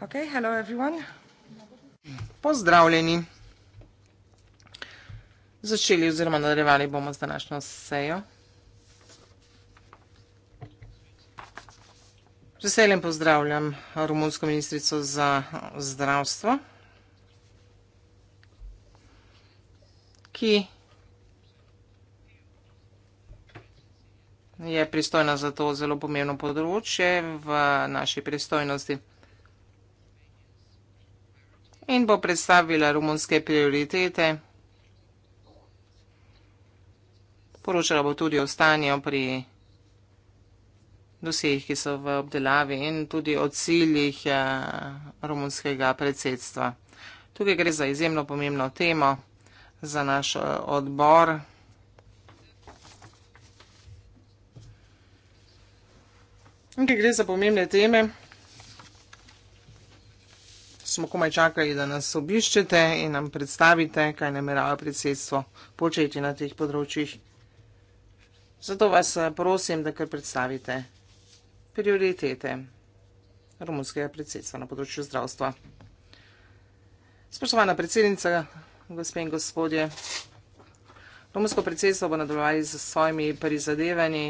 Okay, hello everyone. Pozdravljeni. Začeli oziroma nadaljevali bomo z današnjo sejo. Veseljem pozdravljam romunsko ministrico za zdravstvo, ki je pristojna za to zelo pomembno področje v naši pristojnosti in bo predstavila rumunske prioritete. Poročala bo tudi o stanju pri dosjejih, ki so v obdelavi in tudi o ciljih eh, rumunskega predsedstva. Tukaj gre za izjemno pomembno temo za naš eh, odbor. In ki gre za pomembne teme, smo komaj čakali, da nas obiščete in nam predstavite, kaj namerava predsedstvo početi na teh področjih. Zato vas eh, prosim, da kar predstavite prioritete romunskega predsedstva na področju zdravstva. Spoštovana predsednica, gospe in gospodje, romunsko predsedstvo bo nadaljevali z svojimi prizadevanji.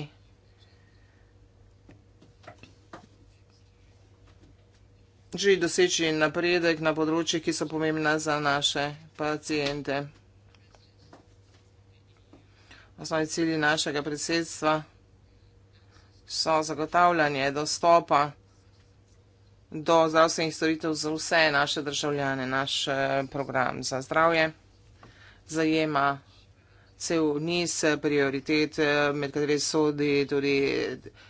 že doseči napredek na področji, ki so pomembna za naše pacijente. Osnovni cilji našega predsedstva so zagotavljanje dostopa do zdravstvenih storitev za vse naše državljane. Naš eh, program za zdravje zajema cel niz prioritet, eh, med kateri sodi tudi zdravstvenih storitev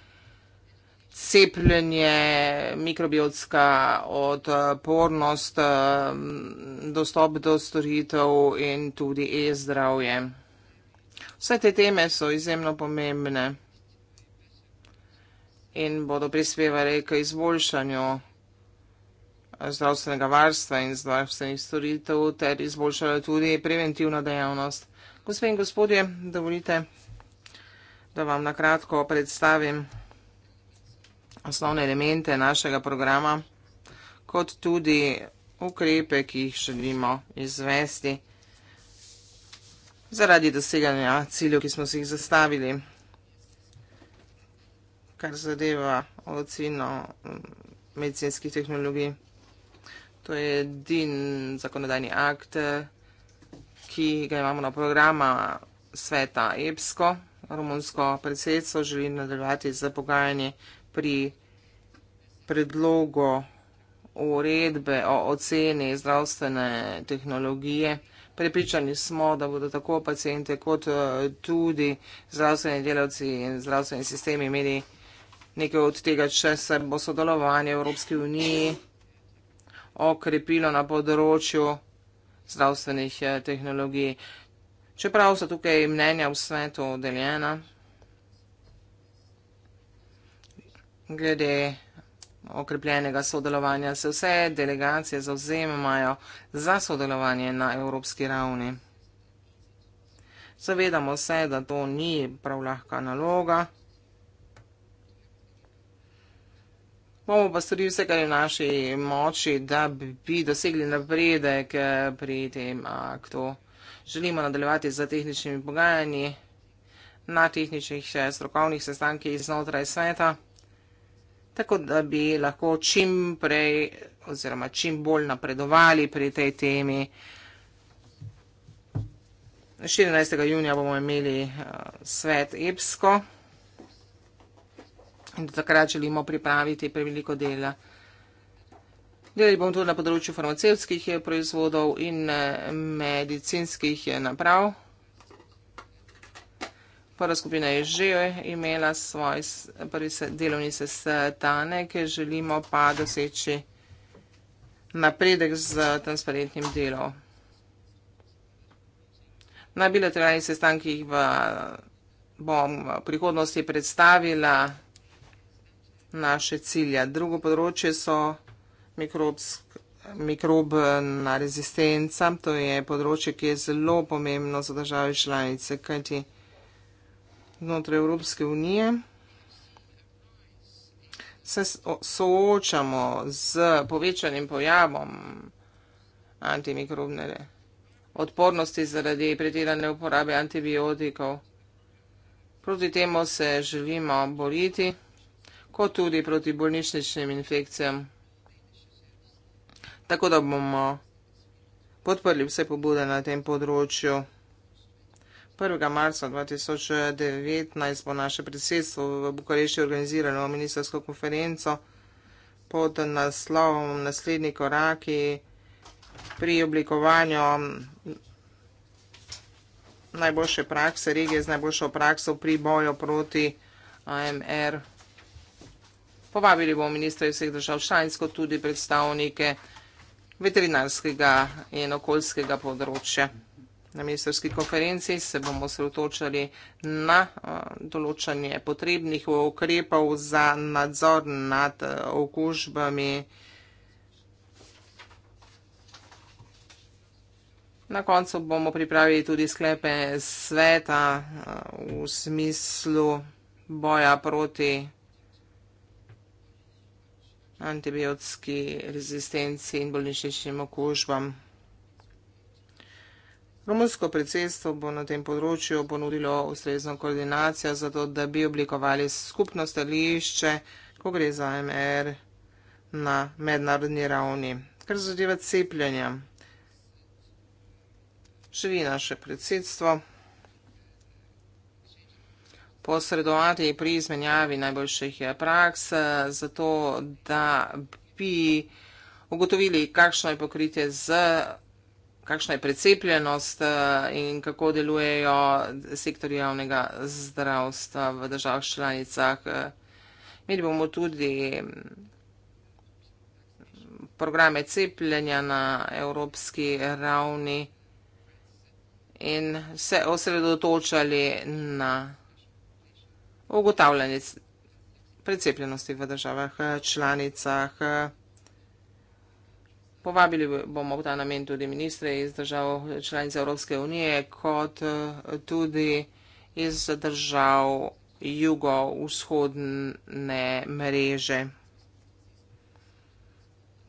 cepljenje, mikrobiotska odpornost, eh, dostop do storitev in tudi e-zdravje. Vse te teme so izjemno pomembne in bodo prispevali k izboljšanju zdravstvenega varstva in zdravstvenih storitev ter izboljšali tudi preventivno dejavnost. Gospe in gospodje, dovolite, da vam nakratko predstavim osnovne elemente našega programa, kot tudi ukrepe, ki jih želimo izvesti zaradi doseganja ciljev, ki smo si jih zastavili, kar zadeva ocino mm, medicinskih tehnologij. To je din zakonodajni akt, ki ga imamo na programa sveta EPSCO. Romunsko predsedstvo želi nadaljevati z pogajanje pri predlogu uredbe o oceni zdravstvene tehnologije. Prepričani smo, da bodo tako pacijente kot eh, tudi zdravstveni delavci in zdravstveni sistemi imeli nekaj od tega, če se bo sodelovanje Evropske unije okrepilo na področju zdravstvenih eh, tehnologij. Čeprav so tukaj mnenja v svetu deljena, glede okrepljenega sodelovanja. Se vse delegacije zauzemajo za sodelovanje na evropski ravni. Zavedamo se, da to ni prav lahka naloga. Bomo pa storili vse, kar je v naši moči, da bi, bi dosegli napredek eh, pri tem aktu. Želimo nadaljevati z tehničnimi pogajanji na tehničnih eh, strokovnih sestankih znotraj sveta tako da bi lahko čim prej oziroma čim bolj napredovali pri tej temi. 14. junija bomo imeli eh, svet EBSCO in do takrat želimo pripraviti preveliko dela. Delali bomo tudi na področju farmacevskih eh, proizvodov in eh, medicinskih naprav. Prva skupina je že imela svoj prvi delovni sestanek, želimo pa doseči napredek z transparentnim delom. Na bilateralnih sestankih bom v prihodnosti predstavila naše cilje. Drugo področje so mikrobna rezistenca, to je področje, ki je zelo pomembno za države članice, kajti nekaj znotraj Evropske unije. Se soočamo z povečanim pojavom antimikrobne odpornosti zaradi pretirane uporabe antibiotikov. Proti temu se želimo boriti, kot tudi proti bolnišničnim infekcijam. Tako da bomo podprli vse pobude na tem področju. 1. marca 2019 bo naše predsedstvo v Bukarešti organiziralo ministersko konferenco pod naslovom Naslednji koraki pri oblikovanju najboljše prakse regije z najboljšo prakso pri boju proti AMR. Povabili bomo ministra vseh držav članjsko tudi predstavnike veterinarskega in okoljskega področja. Na ministerski konferenci se bomo osredotočali na eh, določanje potrebnih ukrepov za nadzor nad eh, okužbami. Na koncu bomo pripravili tudi sklepe sveta eh, v smislu boja proti antibiotski rezistenci in bolnišničnim okužbam. Romunsko predsedstvo bo na tem področju ponudilo ustrezno koordinacijo, zato da bi oblikovali skupno stališče, ko gre za MR na mednarodni ravni. Kar zadeva cepljenja, želi naše predsedstvo posredovati pri izmenjavi najboljših eh, praks, eh, zato da bi ugotovili, kakšno je pokritje z vsega, kakšna je precepljenost eh, in kako delujejo sektori javnega zdravstva v državah članicah. Eh, imeli bomo tudi mm, programe cepljenja na evropski ravni in se osredotočali na ugotavljanje precepljenosti v državah eh, članicah. Povabili bomo v ta namen tudi ministre iz držav članic Evropske unije, kot eh, tudi iz držav jugovzhodne mreže.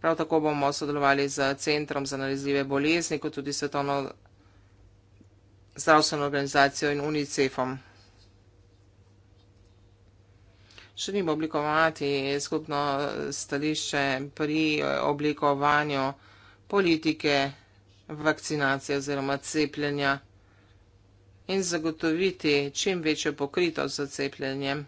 Prav tako bomo sodelovali z Centrom za nalezljive bolezni, kot tudi Svetovno zdravstveno organizacijo in UNICEF-om. želim oblikovati skupno stališče pri eh, oblikovanju politike vakcinacije oziroma cepljenja in zagotoviti čim večjo pokritost za cepljenjem.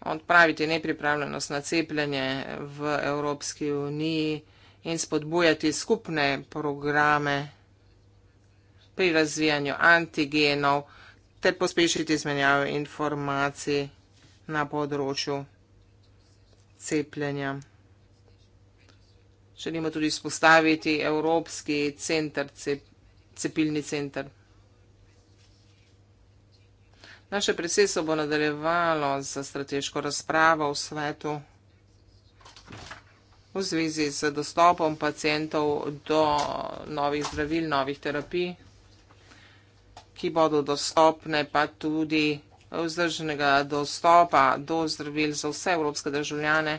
Odpraviti nepripravljenost na cepljenje v Evropski uniji in spodbujati skupne programe pri razvijanju antigenov, ter pospešiti izmenjave informacij na področju cepljenja. Želimo tudi spostaviti Evropski centr, cepilni centr. Naše predsedstvo bo nadaljevalo z strateško razpravo v svetu v zvezi z dostopom pacijentov do novih zdravil, novih terapij ki bodo dostopne, pa tudi vzdržnega dostopa do zdravil za vse evropske državljane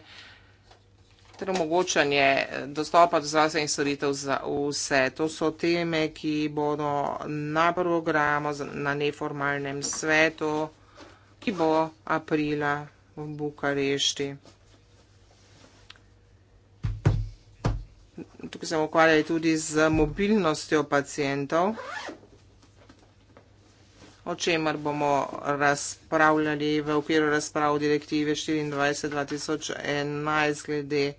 ter omogočanje dostopa do zdravstvenih in storitev za vse. To so teme, ki bodo na programu na neformalnem svetu, ki bo aprila v Bukarešti. Tukaj se bomo ukvarjali tudi z mobilnostjo pacijentov o čemer bomo razpravljali v okviru razprav direktive 24.2011 glede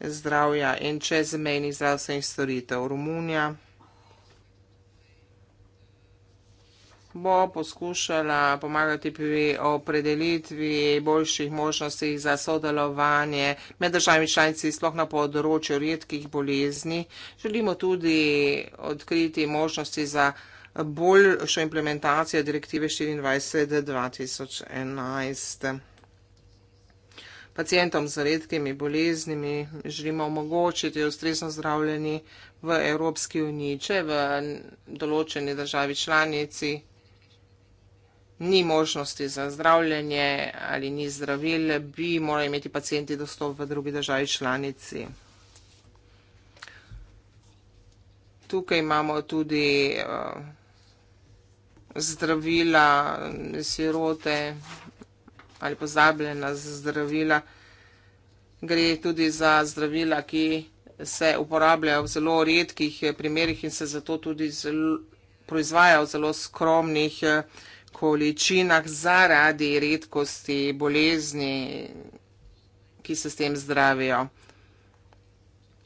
zdravja in čezmejnih zdravstvenih storitev. Romunija bo poskušala pomagati pri opredelitvi boljših možnosti za sodelovanje med državami članici, sploh na področju redkih bolezni. Želimo tudi odkriti možnosti za bolj še implementacija direktive 24.2011. Pacijentom z redkimi boleznimi želimo omogočiti ustrezno zdravljenje v Evropski uniji, če v določeni državi članici ni možnosti za zdravljenje ali ni zdravil, bi morali imeti pacijenti dostop v drugi državi članici. Tukaj imamo tudi uh, zdravila, sirote ali pozabljena zdravila. Gre tudi za zdravila, ki se uporabljajo v zelo redkih eh, primerjih in se zato tudi zelo, proizvajajo v zelo skromnih eh, količinah zaradi redkosti bolezni, ki se s tem zdravijo.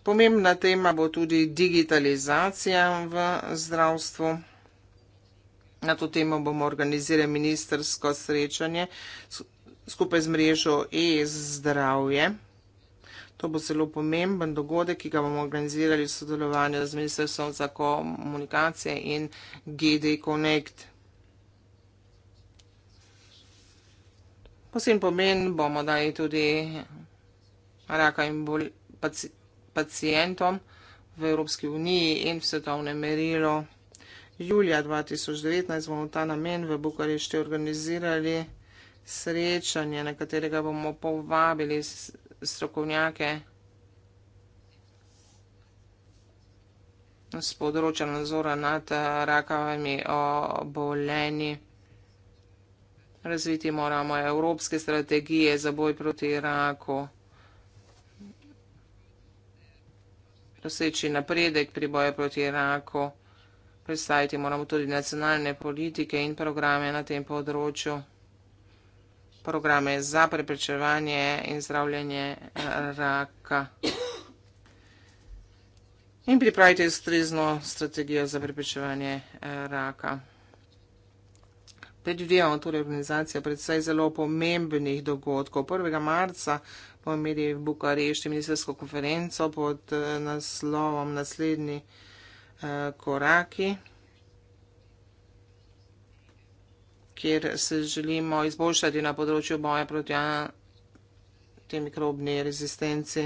Pomembna tema bo tudi digitalizacija v zdravstvu. Na to temo bomo organizirali ministersko srečanje skupaj z mrežo e-zdravje. To bo zelo pomemben dogodek, ki ga bomo organizirali v sodelovanju z Ministrstvom za komunikacije in GD Connect. Posebn pomen bomo dali tudi raka in bolj paci pacijentom v Evropski uniji in v svetovnem merilu julija 2019 bomo ta namen v Bukarešti organizirali srečanje, na katerega bomo povabili strokovnjake z področja nadzora nad rakavami obolenji. Razviti moramo evropske strategije za boj proti raku, doseči napredek pri boju proti raku predstaviti moramo tudi nacionalne politike in programe na tem področju, programe za preprečevanje in zdravljanje eh, raka. In pripraviti ustrezno strategijo za preprečevanje eh, raka. Predvidevamo torej organizacijo predvsej zelo pomembnih dogodkov. 1. marca bomo imeli v Bukarešti ministersko konferenco pod eh, naslovom naslednji koraki, kjer se želimo izboljšati na področju boja proti antimikrobni rezistenci.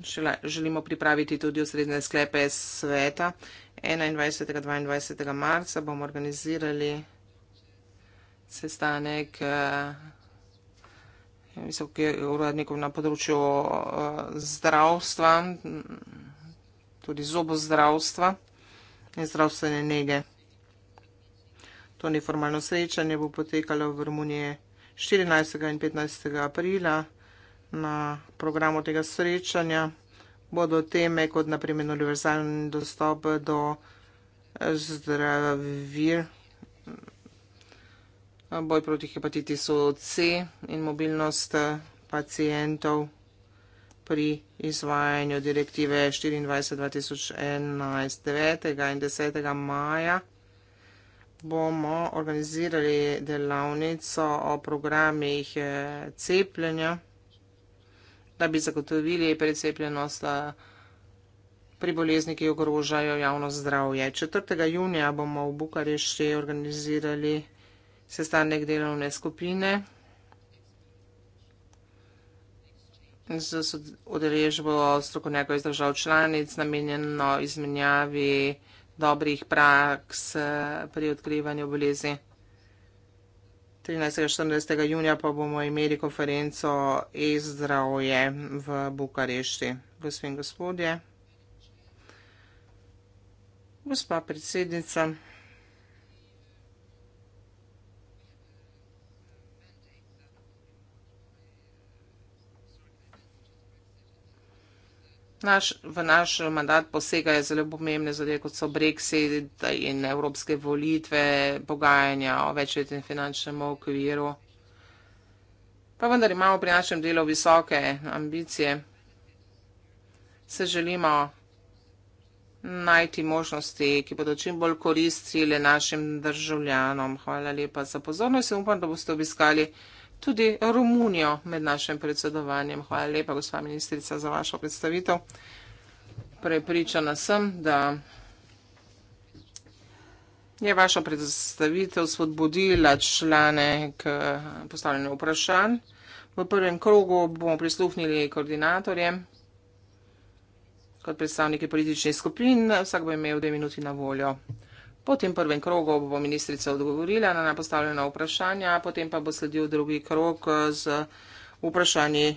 Želimo pripraviti tudi osredne sklepe sveta. 21. 22. marca bomo organizirali sestanek vsega, eh, visoki urednikov na področju eh, zdravstva, tudi zobozdravstva in zdravstvene nege. To ni formalno srečanje, bo potekalo v Romuniji 14. in 15. aprila na programu tega srečanja. Bodo teme kot naprimer univerzalni dostop do zdravil boj proti hepatitisu C in mobilnost eh, pacijentov pri izvajanju direktive 24.2011 9. in 10. maja bomo organizirali delavnico o programih eh, cepljenja, da bi zagotovili precepljenost eh, pri bolezni, ki ogrožajo javno zdravje. 4. junija bomo v Bukarešti organizirali sestanek delovne skupine z odrežbo strokovnjakov iz držav članic, namenjeno izmenjavi dobrih praks eh, pri odkrivanju bolezni. 13. 14. junija pa bomo imeli konferenco e-zdravje v Bukarešti. Gospod in gospodje, gospa predsednica, Naš, v naš mandat posegajo zelo pomembne zadeve, kot so Brexit in evropske volitve, pogajanja o večletnem finančnem okviru. Pa vendar imamo pri našem delu visoke ambicije. Se želimo najti možnosti, ki bodo čim bolj koristile našim državljanom. Hvala lepa za pozornost in upam, da boste obiskali tudi Romunijo med našim predsedovanjem. Hvala lepa, gospa ministrica, za vašo predstavitev. Prepričana sem, da je vaša predstavitev spodbudila člane k postavljanju vprašanj. V prvem krogu bomo prisluhnili koordinatorjem kot predstavniki političnih skupin. Vsak bo imel dve minuti na voljo. Po tem prvem krogu bo ministrica odgovorila na napostavljena vprašanja, potem pa bo sledil drugi krog z vprašanji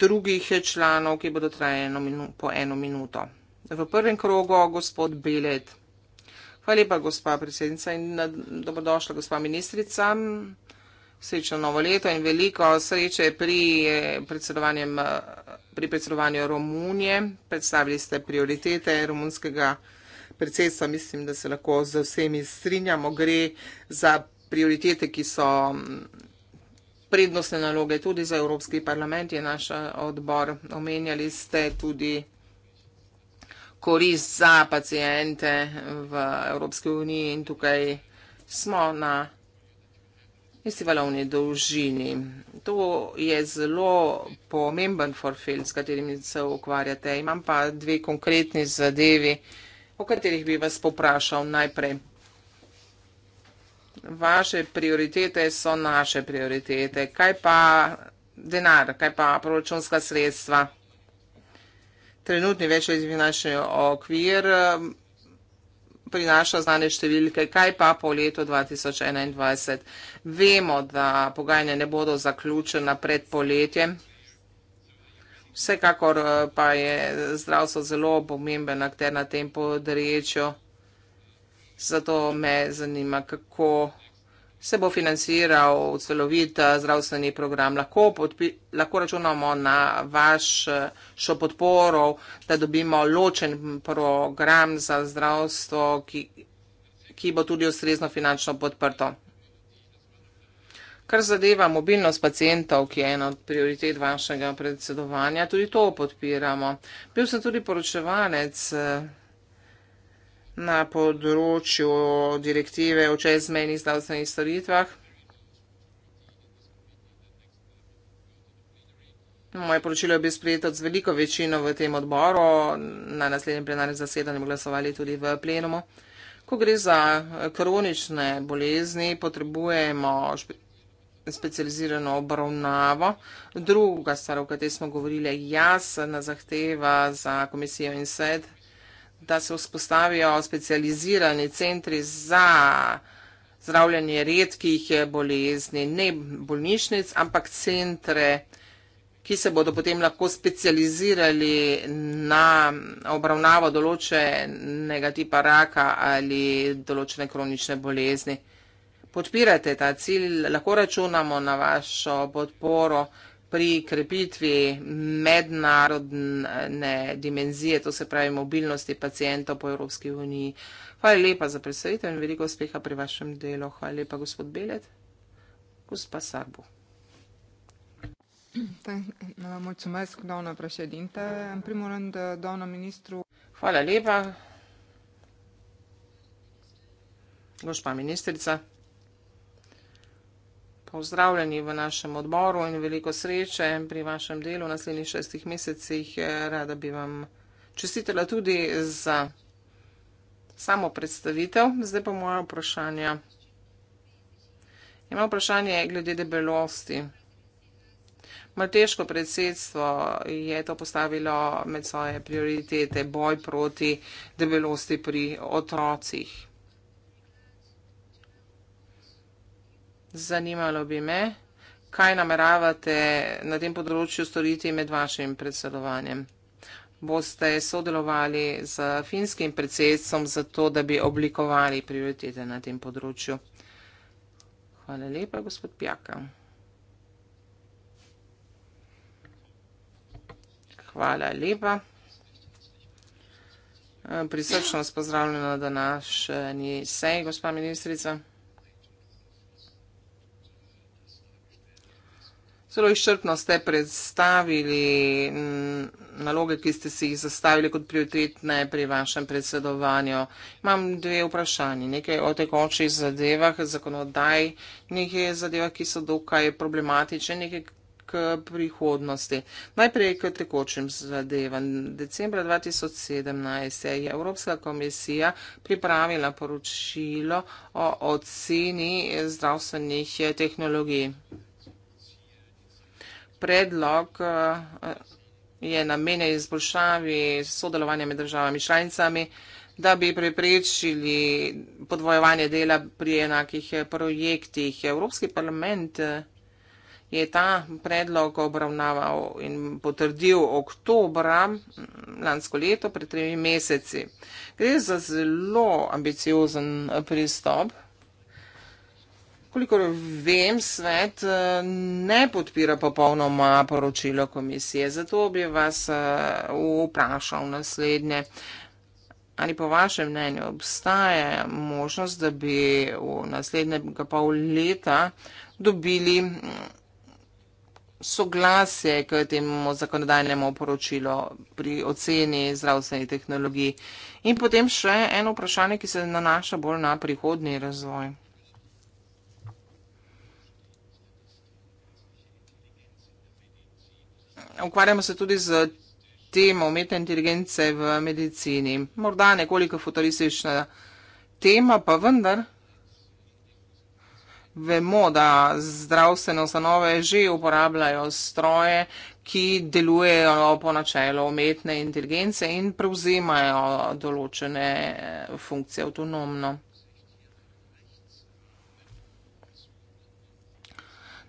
drugih članov, ki bodo trajali po eno minuto. V prvem krogu gospod Bilet. Hvala lepa, gospa predsednica in eh, dobrodošla, gospa ministrica. Srečno novo leto in veliko sreče pri eh, predsedovanju, eh, pri predsedovanju Romunije. Predstavili ste prioritete romunskega predsedstva, mislim, da se lahko z vsemi strinjamo, gre za prioritete, ki so mm, prednostne naloge tudi za Evropski parlament, je naš eh, odbor. Omenjali ste tudi korist za pacijente v Evropski uniji in tukaj smo na festivalovni dolžini. To je zelo pomemben forfil, s katerim se ukvarjate. Imam pa dve konkretni zadevi o katerih bi vas poprašal najprej. Vaše prioritete so naše prioritete. Kaj pa denar, kaj pa proračunska sredstva? Trenutni večji finančni okvir um, prinaša znane številke, kaj pa po letu 2021. Vemo, da pogajanja ne bodo zaključena pred poletjem. Vsekakor eh, pa je zdravstvo zelo pomemben akter na tem področju. Zato me zanima, kako se bo financiral celovit eh, zdravstveni program. Lahko, lahko računamo na vašo podporo, da dobimo ločen program za zdravstvo, ki, ki bo tudi ustrezno finančno podprto. Kar zadeva mobilnost pacijentov, ki je ena od prioritet vašega predsedovanja, tudi to podpiramo. Bil sem tudi poročevalec eh, na področju direktive o čezmejnih zdravstvenih storitvah. Moje poročilo je bil sprejeto z veliko večino v tem odboru, na naslednjem plenarnem zasedanju glasovali tudi v plenumu. Ko gre za eh, kronične bolezni, potrebujemo specializirano obravnavo. Druga stvar, o kateri smo govorili, je jasna zahteva za komisijo in sed, da se vzpostavijo specializirani centri za zdravljanje redkih bolezni, ne bolnišnic, ampak centre, ki se bodo potem lahko specializirali na obravnavo določenega tipa raka ali določene kronične bolezni podpirate ta cilj, lahko računamo na vašo podporo pri krepitvi mednarodne dimenzije, to se pravi mobilnosti pacijentov po Evropski uniji. Hvala lepa za predstavitev in veliko uspeha pri vašem delu. Hvala lepa, gospod Belet. Gospa Sarbo. Hvala lepa. Gospa ministrica pozdravljeni v našem odboru in veliko sreče pri vašem delu v naslednjih šestih mesecih. Rada bi vam čestitela tudi za samo predstavitev. Zdaj pa moja vprašanja. Ima vprašanje glede debelosti. Malteško predsedstvo je to postavilo med svoje prioritete boj proti debelosti pri otrocih. Zanimalo bi me, kaj nameravate na tem področju storiti med vašim predsedovanjem. Boste sodelovali z finskim predsedstvom za to, da bi oblikovali prioritete na tem področju. Hvala lepa, gospod Pjaka. Hvala lepa. Prisrčno vas pozdravljam na današnji sej, gospa ministrica. Zelo izčrpno ste predstavili mm, naloge, ki ste si jih zastavili kot prioritetne pri vašem predsedovanju. Imam dve vprašanje. Nekaj o tekočih zadevah, zakonodaj, nekaj zadevah, ki so dokaj problematične, nekaj k prihodnosti. Najprej k tekočim zadevam. Decembra 2017 je Evropska komisija pripravila poročilo o oceni zdravstvenih tehnologij predlog eh, je namenjen izboljšavi sodelovanja med državami članicami, da bi preprečili podvojevanje dela pri enakih eh, projektih. Evropski parlament eh, je ta predlog obravnaval in potrdil oktobra mm, lansko leto, pred tremi meseci. Gre za zelo ambiciozen pristop. Kolikor vem, svet eh, ne podpira popolnoma poročilo komisije, zato bi vas eh, vprašal naslednje. Ali po vašem mnenju obstaja možnost, da bi v naslednjega pol leta dobili mm, soglasje k temu zakonodajnemu poročilu pri oceni zdravstvenih tehnologij? In potem še eno vprašanje, ki se nanaša bolj na prihodni razvoj. ukvarjamo se tudi z temo umetne inteligence v medicini. Morda nekoliko futuristična tema, pa vendar vemo, da zdravstvene ustanove že uporabljajo stroje, ki delujejo po načelu umetne inteligence in prevzemajo določene funkcije avtonomno.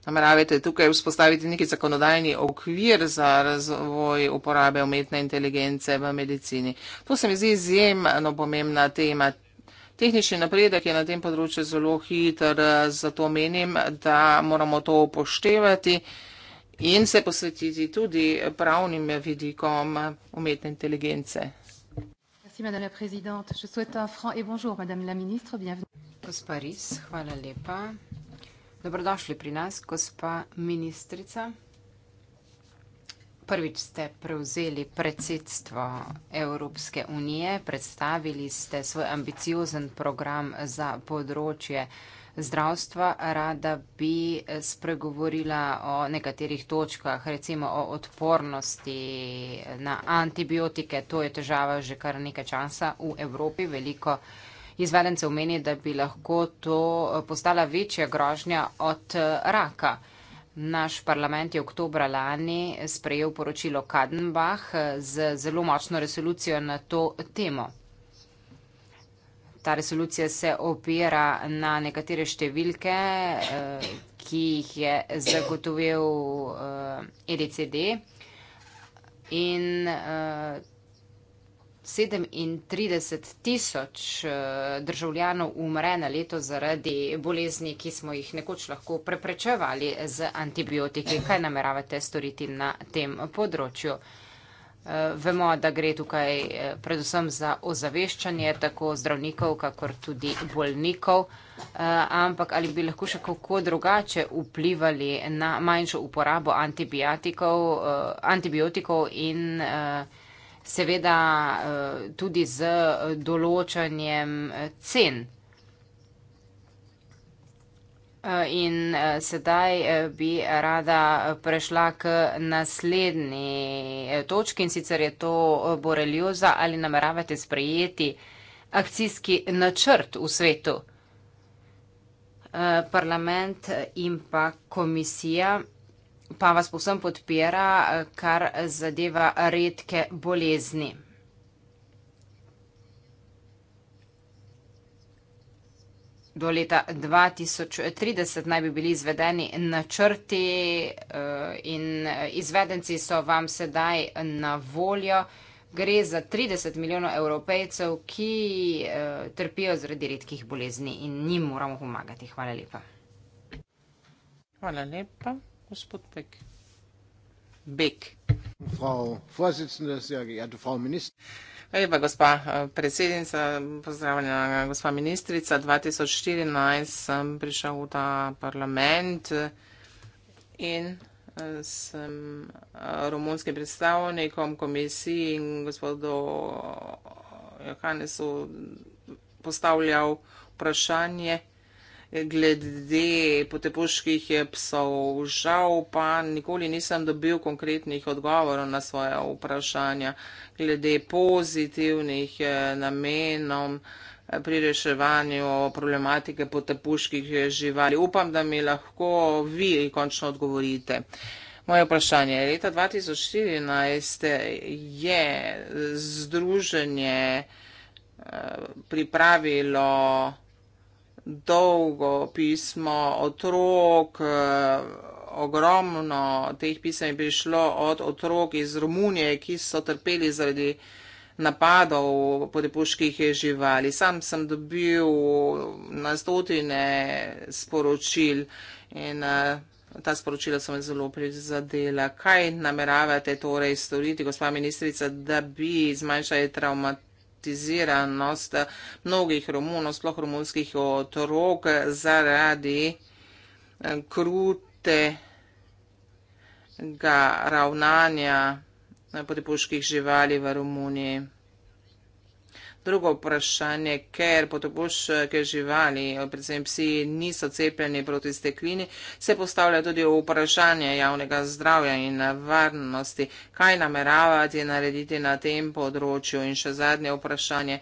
nameravate tukaj vzpostaviti neki zakonodajni okvir za razvoj uporabe umetne inteligence v medicini. To se mi zdi izjemno pomembna tema. Tehnični napredek je na tem področju zelo hiter, zato menim, da moramo to upoštevati in se posvetiti tudi pravnim vidikom umetne inteligence. Gospa Riz, hvala lepa. Dobrodošli pri nas, gospa ministrica. Prvič ste prevzeli predsedstvo Evropske unije, predstavili ste svoj ambiciozen program za področje zdravstva. Rada bi spregovorila o nekaterih točkah, recimo o odpornosti na antibiotike. To je težava že kar nekaj časa v Evropi. Veliko Izvedence omeni, da bi lahko to eh, postala večja grožnja od eh, raka. Naš parlament je oktober lani sprejel poročilo Kadenbach eh, z zelo močno resolucijo na to temo. Ta resolucija se opira na nekatere številke, ki jih je zagotovil EDCD e in 37 tisoč eh, državljanov umre na leto zaradi bolezni, ki smo jih nekoč lahko preprečevali z antibiotiki. Kaj nameravate storiti na tem področju? Eh, vemo, da gre tukaj eh, predvsem za ozaveščanje tako zdravnikov, kakor tudi bolnikov, ampak ali bi lahko še kako drugače vplivali na manjšo uporabo antibiotikov in antibiotikov? seveda eh, tudi z eh, določanjem eh, cen. In sedaj bi rada prešla k naslednji točki in sicer je to borelioza ali nameravate sprejeti akcijski načrt v svetu. Parlament in pa komisija pa vas povsem podpira, eh, kar zadeva redke bolezni. Do leta 2030 naj bi bili izvedeni načrti eh, in eh, izvedenci so vam sedaj na voljo. Gre za 30 milijonov evropejcev, ki trpijo zaradi redkih bolezni in njim moramo pomagati. Hvala lepa. Hvala lepa. Lepa, gospa eh, predsednica, pozdravljena gospa ministrica. 2014 sem prišel v ta parlament in eh, sem eh, romunskim predstavnikom komisiji in gospodu Johannesu postavljal vprašanje, glede potepuških psov. Žal pa nikoli nisem dobil konkretnih odgovorov na svoje vprašanja glede pozitivnih eh, namenom eh, pri reševanju problematike potepuških živali. Upam, da mi lahko vi končno odgovorite. Moje vprašanje. Leta 2014 je združenje eh, pripravilo dolgo pismo otrok, eh, ogromno teh pisem je prišlo od otrok iz Romunije, ki so trpeli zaradi napadov po depuških živali. Sam sem dobil na stotine sporočil in eh, ta sporočila so me zelo prizadela. Kaj nameravate torej storiti, gospa ministrica, da bi zmanjšali traumat? stigmatiziranost mnogih Romunov, sploh romunskih otrok, zaradi eh, krutega ravnanja eh, podpuških živali v Romuniji drugo vprašanje, ker potopuške živali, predvsem psi, niso cepljeni proti steklini, se postavlja tudi vprašanje javnega zdravja in varnosti. Kaj nameravate narediti na tem področju? In še zadnje vprašanje,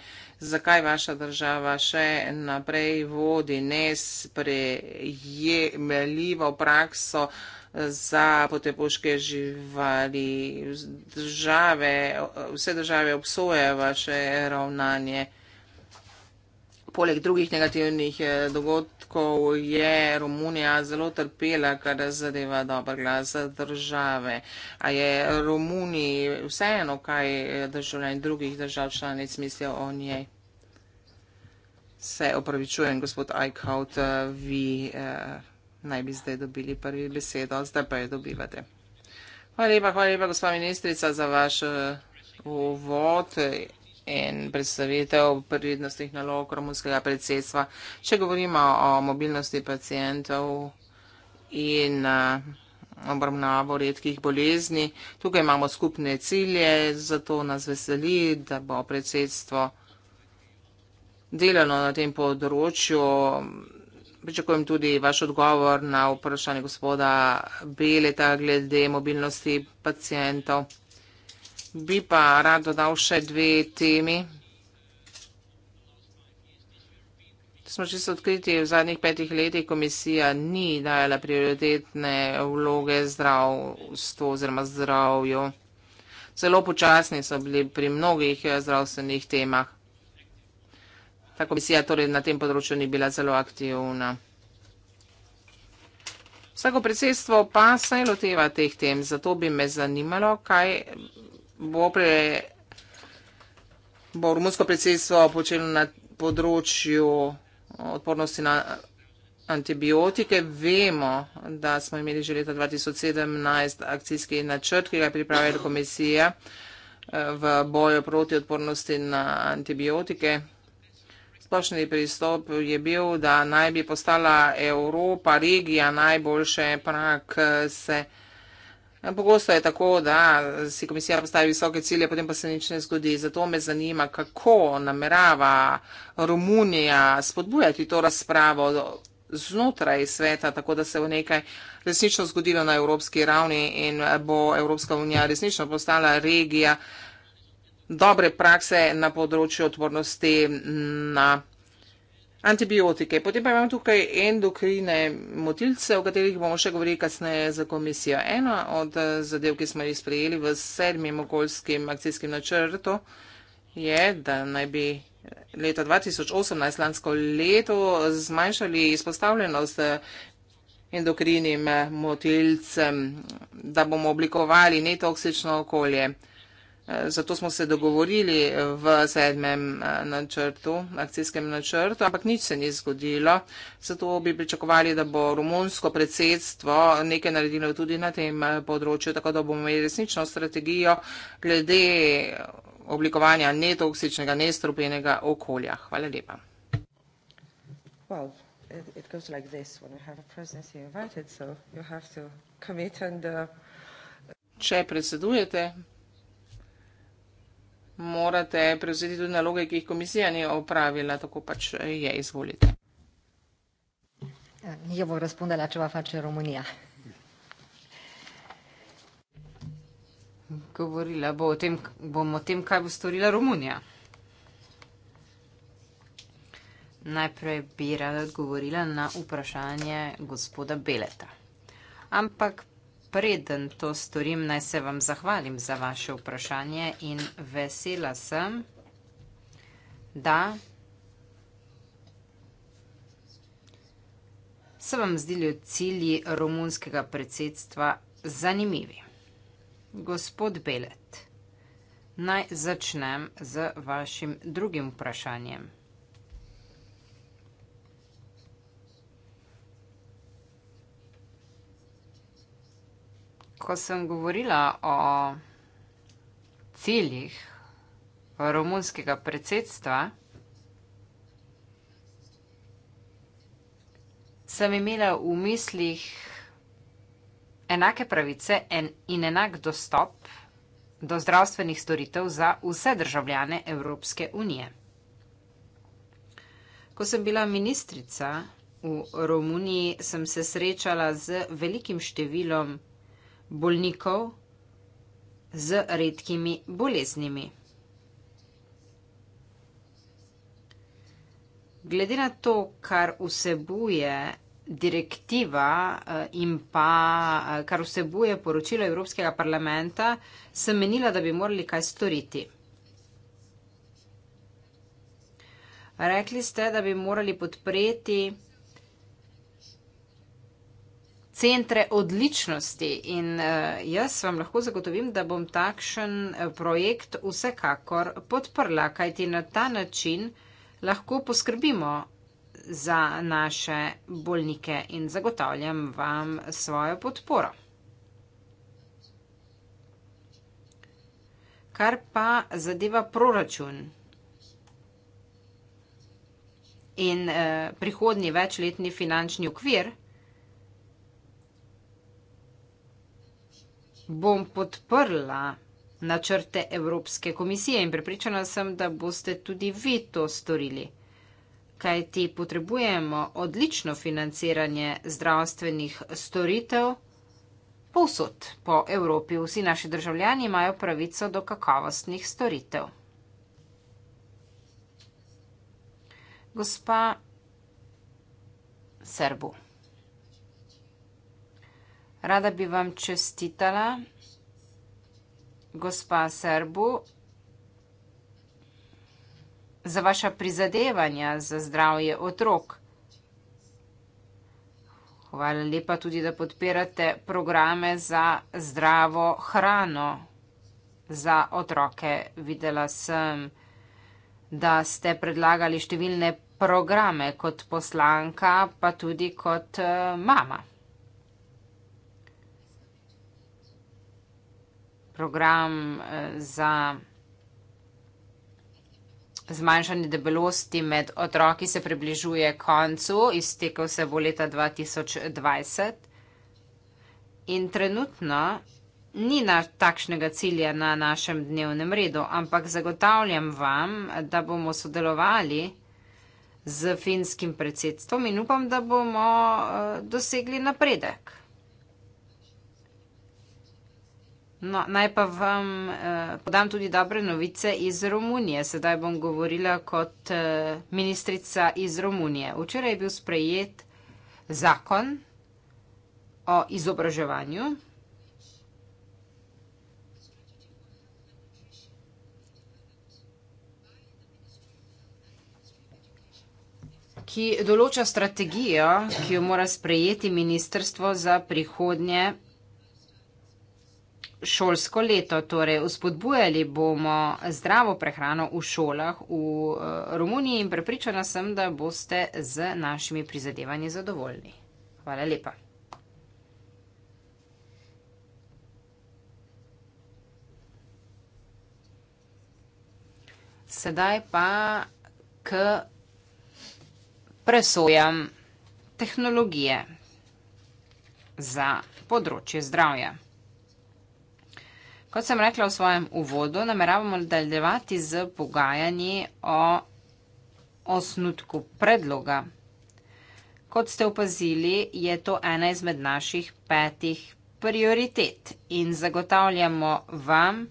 zakaj vaša država še naprej vodi nesprejemljivo prakso? za potepuške živali. Države, vse države obsojajo vaše ravnanje. Poleg drugih negativnih eh, dogodkov je Romunija zelo trpela, kar zadeva dober glas države. A je Romuniji vseeno, kaj eh, državljani drugih držav članic mislijo o njej? Se opravičujem, gospod Eichhout, eh, vi. Eh, naj bi zdaj dobili prvi besedo, zdaj pa jo dobivate. Hvala lepa, hvala lepa, gospa ministrica, za vaš eh, uvod in predstavitev prednostnih nalog romunskega predsedstva. Če govorimo o mobilnosti pacijentov in eh, obravnavo redkih bolezni, tukaj imamo skupne cilje, zato nas veseli, da bo predsedstvo delalo na tem področju. Pričakujem tudi vaš odgovor na vprašanje gospoda Beleta glede mobilnosti pacijentov. Bi pa rad dodal še dve temi. Smo čisto odkriti v zadnjih petih letih, komisija ni dajala prioritetne vloge zdravstvo oziroma zdravju. Zelo počasni so bili pri mnogih zdravstvenih temah. Ta komisija torej na tem področju ni bila zelo aktivna. Vsako predsedstvo pa se je loteva teh tem, zato bi me zanimalo, kaj bo, pre, bo rumunsko predsedstvo počelo na področju odpornosti na antibiotike. Vemo, da smo imeli že leta 2017 akcijski načrt, ki ga je pripravila komisija eh, v boju proti odpornosti na antibiotike. Splošni pristop je bil, da naj bi postala Evropa regija najboljše prak se. Pogosto je tako, da si komisija postavi visoke cilje, potem pa se nič ne zgodi. Zato me zanima, kako namerava Romunija spodbujati to razpravo znotraj sveta, tako da se v nekaj resnično zgodilo na evropski ravni in bo Evropska unija resnično postala regija dobre prakse na področju odpornosti na antibiotike. Potem pa imam tukaj endokrine motilce, o katerih bomo še govorili kasneje za komisijo. Ena od zadev, ki smo jih sprejeli v sedmim okoljskim akcijskim načrtu, je, da naj bi leta 2018, lansko leto, zmanjšali izpostavljenost endokrinim motilcem, da bomo oblikovali netoksično okolje. Zato smo se dogovorili eh, v sedmem eh, načrtu, akcijskem načrtu, ampak nič se ni zgodilo. Zato bi pričakovali, da bo romunsko predsedstvo nekaj naredilo tudi na tem eh, področju, tako da bomo imeli resnično strategijo glede oblikovanja netoksičnega, nestrupenega okolja. Hvala lepa. Well. It goes like this when you have a presidency invited, so you have to commit and. Uh, Če predsedujete, morate prevzeti tudi naloge, ki jih komisija ni opravila, tako pač je, izvolite. Io vorrei rispondere alla tua faccia in Romania. Govorila bo o tem, bom o tem, kaj bo storila Romunija. Najprej bi rada odgovorila na vprašanje gospoda Beleta. Ampak preden to storim, naj se vam zahvalim za vaše vprašanje in vesela sem, da se vam zdeli od cilji romunskega predsedstva zanimivi. Gospod Belet, naj začnem z vašim drugim vprašanjem. ko sem govorila o ciljih romunskega predsedstva, sem imela v mislih enake pravice in enak dostop do zdravstvenih storitev za vse državljane Evropske unije. Ko sem bila ministrica v Romuniji, sem se srečala z velikim številom bolnikov z redkimi boleznimi. Glede na to, kar vsebuje direktiva eh, in pa eh, kar vsebuje poročilo Evropskega parlamenta, sem menila, da bi morali kaj storiti. Rekli ste, da bi morali podpreti centre odličnosti in eh, jaz vam lahko zagotovim, da bom takšen eh, projekt vsekakor podprla, kajti na ta način lahko poskrbimo za naše bolnike in zagotavljam vam svojo podporo. Kar pa zadeva proračun in eh, prihodnji večletni finančni okvir, bom podprla načrte Evropske komisije in prepričana sem, da boste tudi vi to storili. Kaj ti potrebujemo odlično financiranje zdravstvenih storitev povsod po Evropi. Vsi naši državljani imajo pravico do kakovostnih storitev. Gospa Serbu. Rada bi vam čestitala, gospa Serbu, za vaša prizadevanja za zdravje otrok. Hvala lepa tudi, da podpirate programe za zdravo hrano za otroke. Videla sem, da ste predlagali številne programe kot poslanka, pa tudi kot eh, mama. program eh, za zmanjšanje debelosti med otroki se približuje koncu, iztekel se bo leta 2020 in trenutno ni na takšnega cilja na našem dnevnem redu, ampak zagotavljam vam, da bomo sodelovali z finskim predsedstvom in upam, da bomo eh, dosegli napredek. No, naj pa vam eh, podam tudi dobre novice iz Romunije. Sedaj bom govorila kot eh, ministrica iz Romunije. Včeraj je bil sprejet zakon o izobraževanju. ki določa strategijo, ki jo mora sprejeti Ministrstvo za prihodnje šolsko leto. Torej, uspodbujali bomo zdravo prehrano v šolah v eh, Romuniji in prepričana sem, da boste z našimi prizadevanji zadovoljni. Hvala lepa. Sedaj pa k presojam tehnologije za področje zdravja. Kot sem rekla v svojem uvodu, nameravamo nadaljevati z pogajanji o osnutku predloga. Kot ste opazili, je to ena izmed naših petih prioritet in zagotavljamo vam,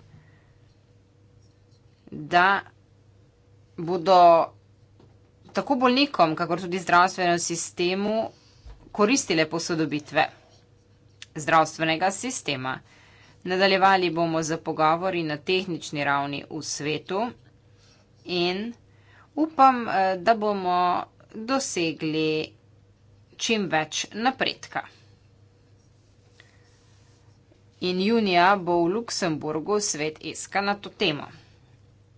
da bodo tako bolnikom, kakor tudi zdravstvenem sistemu, koristile posodobitve zdravstvenega sistema. Nadaljevali bomo z pogovori na tehnični ravni v svetu in upam, eh, da bomo dosegli čim več napredka. In junija bo v Luksemburgu svet iska na to temo.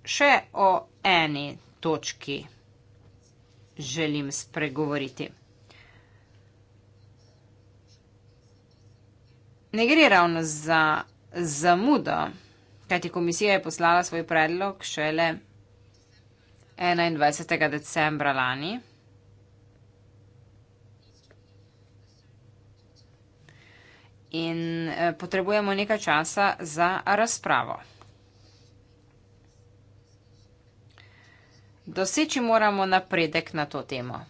Še o eni točki želim spregovoriti. Ne gre ravno za zamudo, kajti komisija je poslala svoj predlog šele 21. decembra lani. In eh, potrebujemo nekaj časa za razpravo. Doseči moramo napredek na to temo.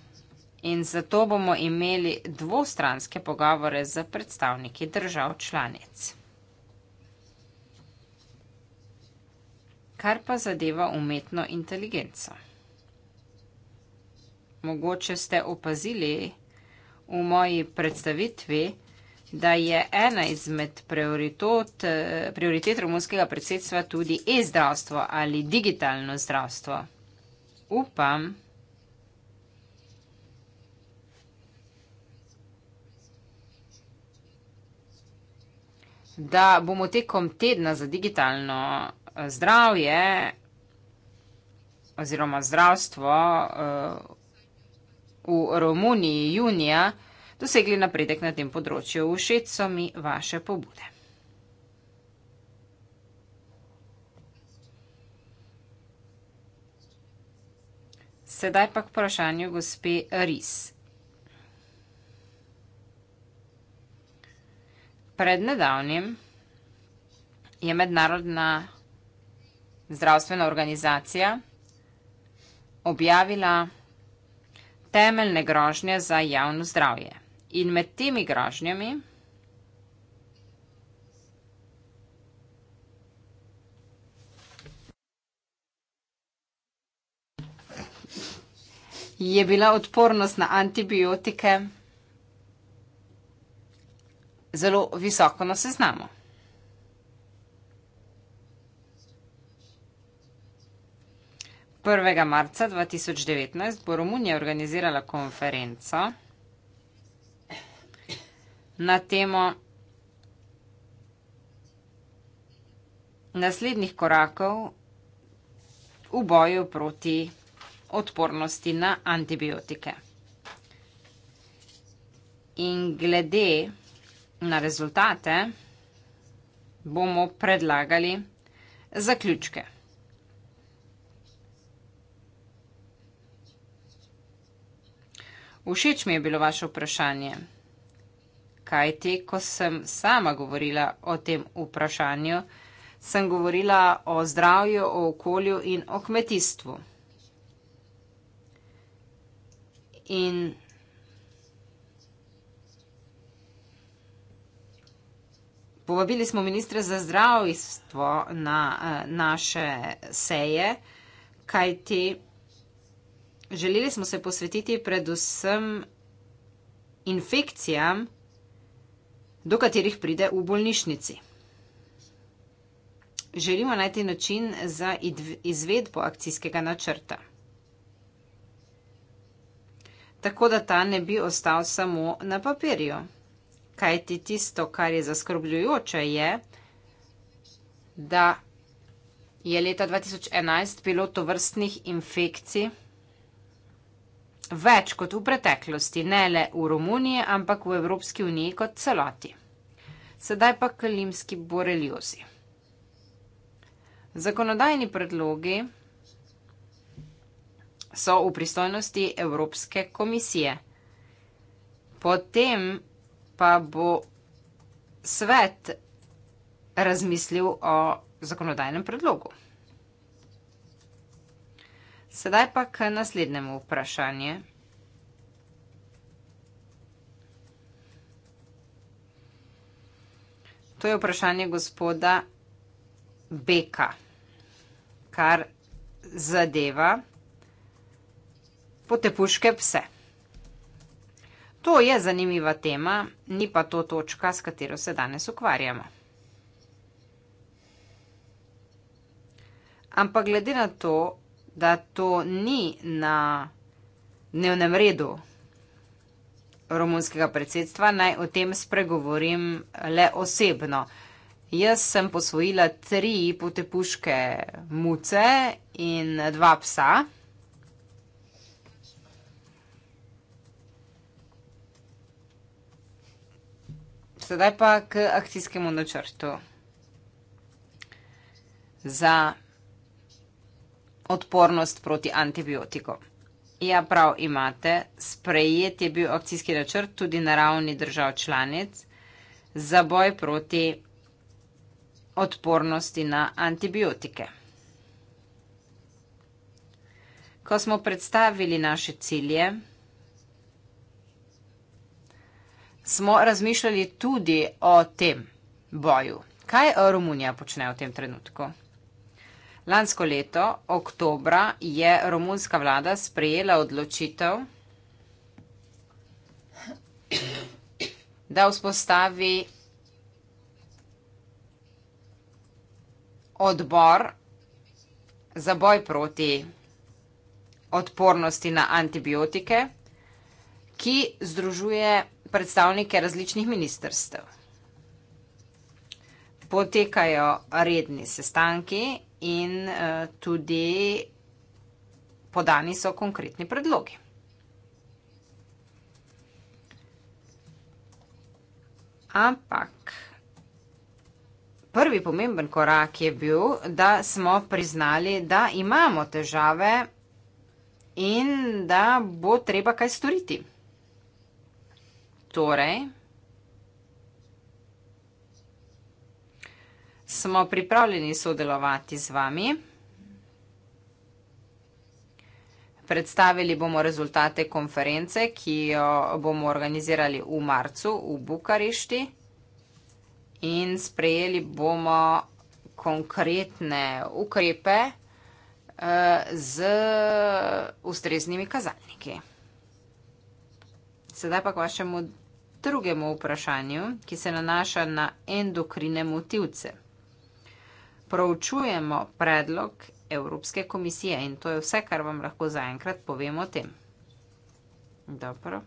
In zato bomo imeli dvostranske pogovore z predstavniki držav članic. kar pa zadeva umetno inteligenco. Mogoče ste opazili v moji predstavitvi, da je ena izmed prioritet, eh, prioritet romunskega predsedstva tudi e-zdravstvo ali digitalno zdravstvo. Upam, da bomo tekom tedna za digitalno zdravstvo zdravje oziroma zdravstvo eh, v Romuniji junija dosegli napredek na tem področju. Všeč so mi vaše pobude. Sedaj pa k vprašanju gospe Ris. Pred nedavnim je mednarodna zdravstvena organizacija objavila temeljne grožnje za javno zdravje. In med temi grožnjami je bila odpornost na antibiotike zelo visoko na seznamu. 1. marca 2019 bo Romunija organizirala konferenco na temo naslednjih korakov v boju proti odpornosti na antibiotike. In glede na rezultate bomo predlagali zaključke. Všeč mi je bilo vaše vprašanje. Kajti, ko sem sama govorila o tem vprašanju, sem govorila o zdravju, o okolju in o kmetijstvu. In povabili smo ministra za zdravstvo na eh, naše seje, kajti želeli smo se posvetiti predvsem infekcijam, do katerih pride v bolnišnici. Želimo najti način za izvedbo akcijskega načrta, tako da ta ne bi ostal samo na papirju. Kaj ti tisto, kar je zaskrbljujoče, je, da je leta 2011 bilo to vrstnih infekcij več kot v preteklosti, ne le v Romuniji, ampak v Evropski uniji kot celoti. Sedaj pa k limski boreliozi. Zakonodajni predlogi so v pristojnosti Evropske komisije. Potem pa bo svet razmislil o zakonodajnem predlogu. Sedaj pa k naslednjemu vprašanju. To je vprašanje gospoda Beka, kar zadeva potepuške pse. To je zanimiva tema, ni pa to točka, s katero se danes ukvarjamo. Ampak glede na to, da to ni na dnevnem redu romunskega predsedstva, naj o tem spregovorim le osebno. Jaz sem posvojila tri potepuške muce in dva psa. Sedaj pa k akcijskemu načrtu. Za odpornost proti antibiotikom. Ja, prav imate, sprejet je bil akcijski načrt tudi na ravni držav članic za boj proti odpornosti na antibiotike. Ko smo predstavili naše cilje, smo razmišljali tudi o tem boju. Kaj Romunija počne v tem trenutku? Lansko leto, oktobra, je romunska vlada sprejela odločitev, da vzpostavi odbor za boj proti odpornosti na antibiotike, ki združuje predstavnike različnih ministrstev. Potekajo redni sestanki in eh, tudi podani so konkretni predlogi. Ampak prvi pomemben korak je bil, da smo priznali, da imamo težave in da bo treba kaj storiti. Torej, smo pripravljeni sodelovati z vami. Predstavili bomo rezultate konference, ki jo bomo organizirali v marcu v Bukarišti in sprejeli bomo konkretne ukrepe eh, z ustreznimi kazalniki. Sedaj pa k vašemu drugemu vprašanju, ki se nanaša na endokrine motivce proučujemo predlog Evropske komisije in to je vse, kar vam lahko zaenkrat povem o tem. Dobro.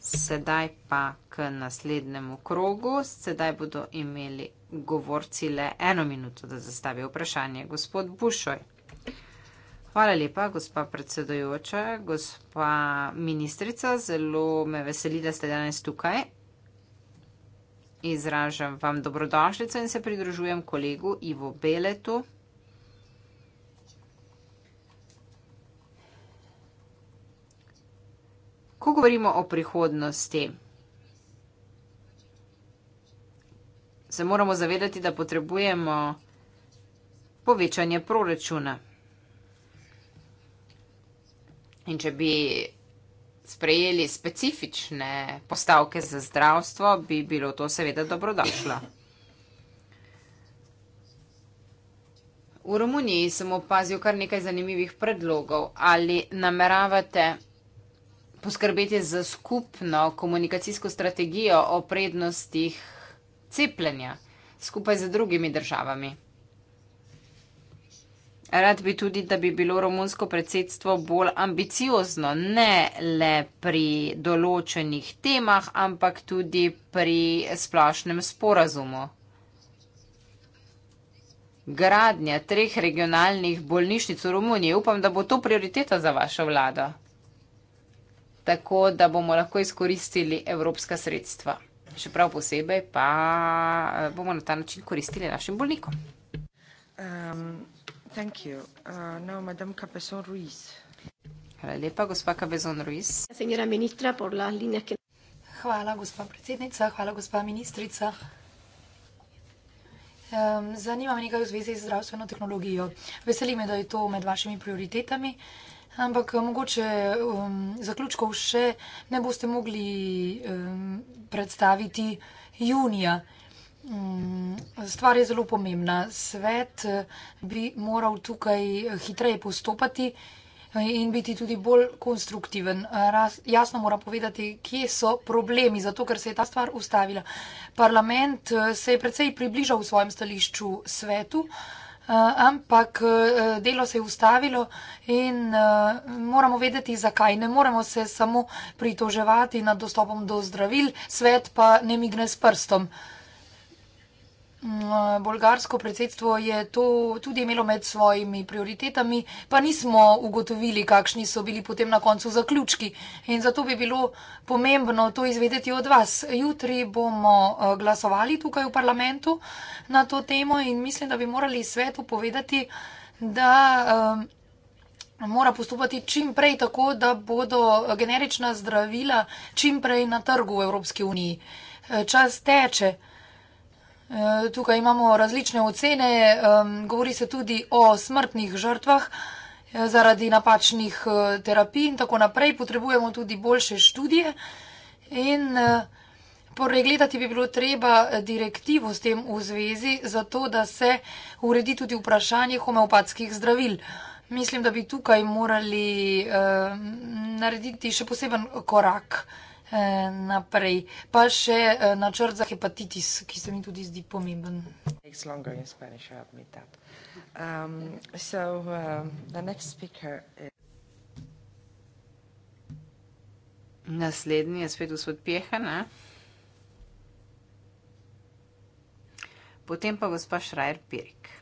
Sedaj pa k naslednjemu krogu. Sedaj bodo imeli govorci le eno minuto, da zastavijo vprašanje. Gospod Bušoj. Hvala lepa, gospa predsedojoča, gospa ministrica. Zelo me veseli, da ste danes tukaj. Izražam vam dobrodošljico in se pridružujem kolegu Ivo Beletu. Ko govorimo o prihodnosti, se moramo zavedati, da potrebujemo povečanje proračuna. In če bi sprejeli specifične postavke za zdravstvo, bi bilo to seveda dobrodošlo. V Romuniji sem opazil kar nekaj zanimivih predlogov. Ali nameravate poskrbeti za skupno komunikacijsko strategijo o prednostih cepljenja skupaj z drugimi državami? Rad bi tudi, da bi bilo romunsko predsedstvo bolj ambiciozno, ne le pri določenih temah, ampak tudi pri splošnem sporazumu. Gradnja treh regionalnih bolnišnic v Romuniji, upam, da bo to prioriteta za vašo vlado, tako da bomo lahko izkoristili evropska sredstva. Še prav posebej pa eh, bomo na ta način koristili našim bolnikom. Um. Thank you. Uh, now, Madame Capesón Ruiz. Hvala lepa, gospa Capesón Ruiz. Señora ministra, por las líneas que... Hvala, gospa predsednica, hvala, gospa ministrica. Um, zanima me nekaj v zvezi z zdravstveno tehnologijo. Veseli me, da je to med vašimi prioritetami, ampak mogoče um, zaključkov še ne boste mogli um, predstaviti junija. Mm, stvar je zelo pomembna. Svet eh, bi moral tukaj eh, hitreje postopati eh, in biti tudi bolj konstruktiven. Jasno moram povedati, kje so problemi, zato ker se je ta stvar ustavila. Parlament se je precej približal v svojem stališču svetu, ampak delo se je ustavilo in moramo vedeti, zakaj. Ne moremo se samo pritoževati nad dostopom do zdravil, svet pa ne migne s prstom. Mm, bolgarsko predsedstvo je to tudi imelo med svojimi prioritetami, pa nismo ugotovili, kakšni so bili potem na koncu zaključki. In zato bi bilo pomembno to izvedeti od vas. Jutri bomo eh, glasovali tukaj v parlamentu na to temo in mislim, da bi morali svetu povedati, da um, mora postupati čim prej tako, da bodo generična zdravila čim prej na trgu v Evropski uniji. Eh, čas teče. Eh, tukaj imamo različne ocene, govori se tudi o smrtnih žrtvah eh, zaradi napačnih eh, terapij in tako naprej. Potrebujemo tudi boljše študije in pregledati bi bilo treba direktivo s tem v zvezi, zato da se uredi tudi vprašanje homeopatskih zdravil. Mislim, da bi tukaj morali narediti še poseben korak. Eh, naprej. Pa še eh, načrt za hepatitis, ki se mi tudi zdi pomemben. Um, uh, Naslednji je spet gospod Pjehan. Potem pa gospa Šrajer Pirik.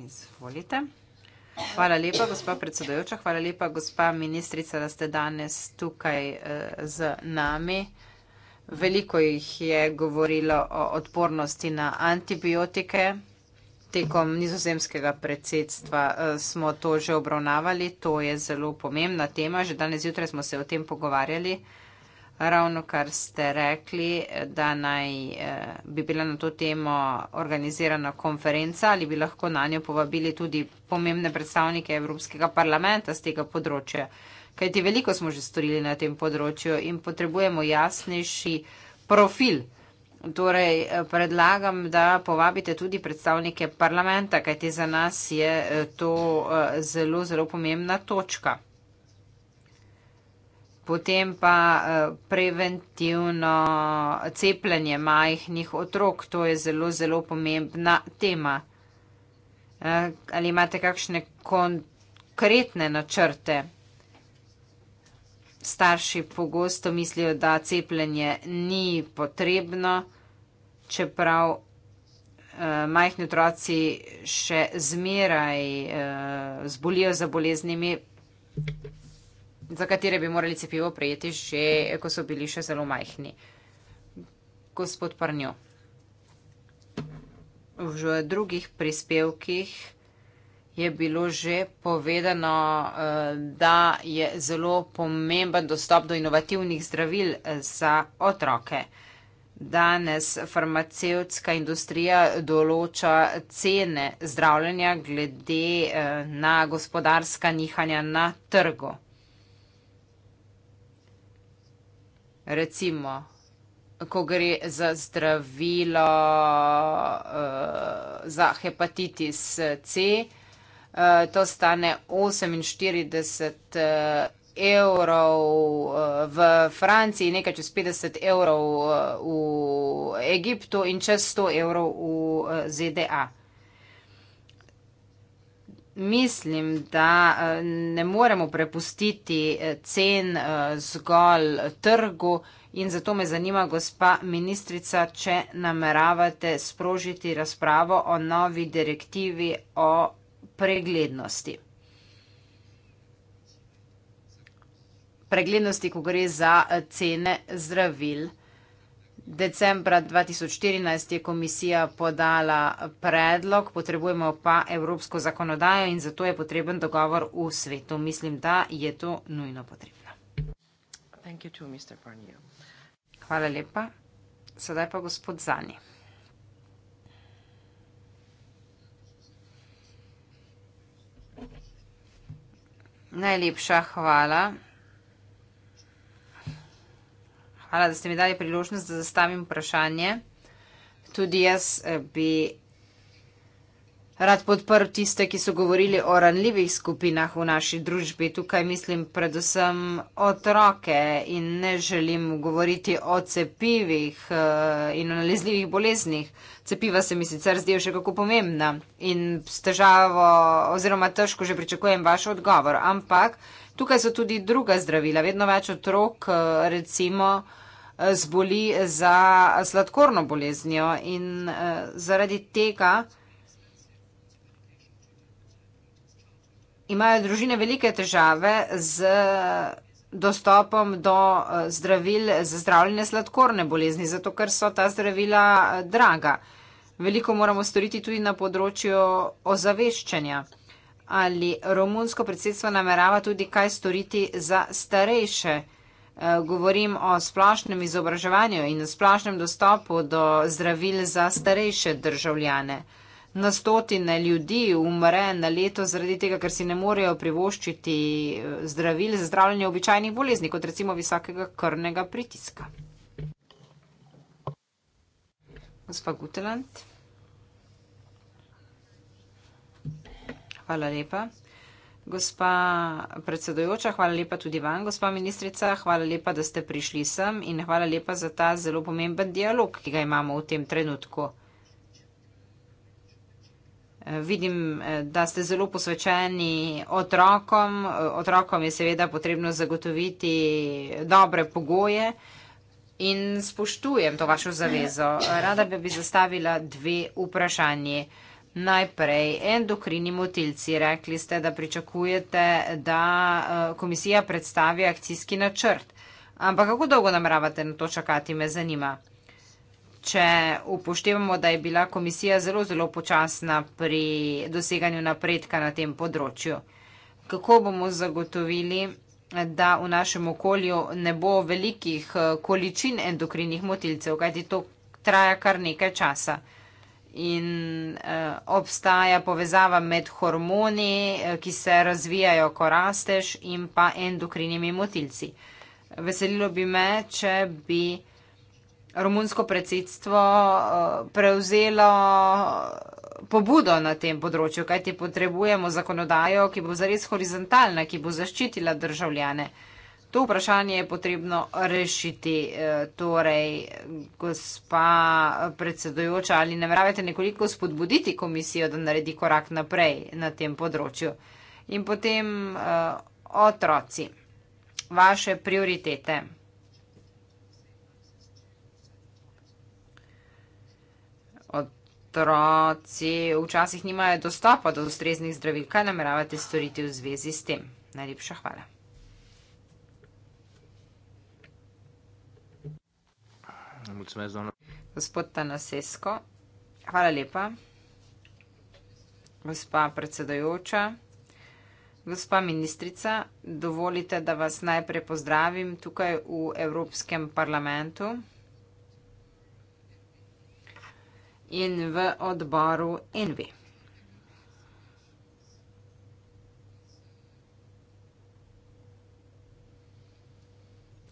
Izvolite. Hvala lepa, gospa predsedojoča. Hvala lepa, gospa ministrica, da ste danes tukaj eh, z nami. Veliko jih je govorilo o odpornosti na antibiotike. Tekom nizozemskega predsedstva eh, smo to že obravnavali. To je zelo pomembna tema. Že danes zjutraj smo se o tem pogovarjali. Eh, ravno kar ste rekli, da naj eh, bi bila na to temo organizirana konferenca ali bi lahko na njo povabili tudi pomembne predstavnike Evropskega parlamenta z tega področja. Kajti veliko smo že storili na tem področju in potrebujemo jasnejši profil. Torej, eh, predlagam, da povabite tudi predstavnike parlamenta, kajti za nas je eh, to zelo, zelo pomembna točka potem pa eh, preventivno cepljenje majhnih otrok. To je zelo, zelo pomembna tema. Eh, ali imate kakšne konkretne načrte? Starši pogosto mislijo, da cepljenje ni potrebno, čeprav eh, majhni otroci še zmeraj zbolijo za boleznimi za katere bi morali cepivo prijeti, že ko so bili še zelo majhni. Gospod Parnjo, v drugih prispevkih je bilo že povedano, eh, da je zelo pomemben dostop do inovativnih zdravil eh, za otroke. Danes farmacevtska industrija določa cene zdravljenja glede eh, na gospodarska nihanja na trgu. recimo, ko gre za zdravilo uh, za hepatitis C, uh, to stane 48 eh, evrov uh, v Franciji, nekaj čez 50 evrov uh, v Egiptu in čez 100 evrov v uh, ZDA. Mislim, da eh, ne moremo prepustiti eh, cen eh, zgolj trgu in zato me zanima, gospa ministrica, če nameravate sprožiti razpravo o novi direktivi o preglednosti. Preglednosti, ko gre za cene zdravil. Decembra 2014 je komisija podala predlog, potrebujemo pa evropsko zakonodajo in zato je potreben dogovor v svetu. Mislim, da je to nujno potrebno. Too, Hvala lepa. Sedaj pa gospod Zani. Najlepša hvala. Hvala, da ste mi dali priložnost, da zastavim vprašanje. Tudi jaz eh, bi rad podprl tiste, ki so govorili o ranljivih skupinah v naši družbi. Tukaj mislim predvsem otroke in ne želim govoriti o cepivih eh, in o nalezljivih boleznih. Cepiva se mi sicer zdijo še kako pomembna in s težavo oziroma težko že pričakujem vaš odgovor, ampak. Tukaj so tudi druga zdravila. Vedno več otrok, eh, recimo, eh, zboli za sladkorno boleznjo in eh, zaradi tega imajo družine velike težave z dostopom do zdravil za zdravljene sladkorne bolezni, zato ker so ta zdravila draga. Veliko moramo storiti tudi na področju ozaveščanja ali romunsko predsedstvo namerava tudi kaj storiti za starejše. Eh, govorim o splošnem izobraževanju in splošnem dostopu do zdravil za starejše državljane. Na stotine ljudi umre na leto zaradi tega, ker si ne morejo privoščiti eh, zdravil za zdravljanje običajnih bolezni, kot recimo visokega krvnega pritiska. Gospa Gutelant. Hvala lepa. Gospa predsedojoča, hvala lepa tudi vam, gospa ministrica, hvala lepa, da ste prišli sem in hvala lepa za ta zelo pomemben dialog, ki ga imamo v tem trenutku. Vidim, da ste zelo posvečeni otrokom. Otrokom je seveda potrebno zagotoviti dobre pogoje in spoštujem to vašo zavezo. Rada bi zastavila dve vprašanje. Najprej endokrini motilci. Rekli ste, da pričakujete, da eh, komisija predstavi akcijski načrt. Ampak kako dolgo nameravate na to čakati, me zanima. Če upoštevamo, da je bila komisija zelo, zelo počasna pri doseganju napredka na tem področju, kako bomo zagotovili, da v našem okolju ne bo velikih eh, količin endokrinih motilcev, kajti to traja kar nekaj časa in uh, obstaja povezava med hormoni, eh, ki se razvijajo, ko rasteš, in pa endokrinimi motilci. Veselilo bi me, če bi romunsko predsedstvo uh, prevzelo pobudo na tem področju, kajti potrebujemo zakonodajo, ki bo zares horizontalna, ki bo zaščitila državljane. Uh, To vprašanje je potrebno rešiti. Eh, torej, gospa predsedujoča, ali ne vravete nekoliko spodbuditi komisijo, da naredi korak naprej na tem področju? In potem eh, otroci, vaše prioritete. Otroci včasih nimajo dostopa do ustreznih zdravil. Kaj nameravate storiti v zvezi s tem? Najlepša hvala. Mulcmez Donald. Gospod Tanasesko, hvala lepa. Gospa predsedojoča, gospa ministrica, dovolite, da vas najprej pozdravim tukaj v Evropskem parlamentu in v odboru Envi.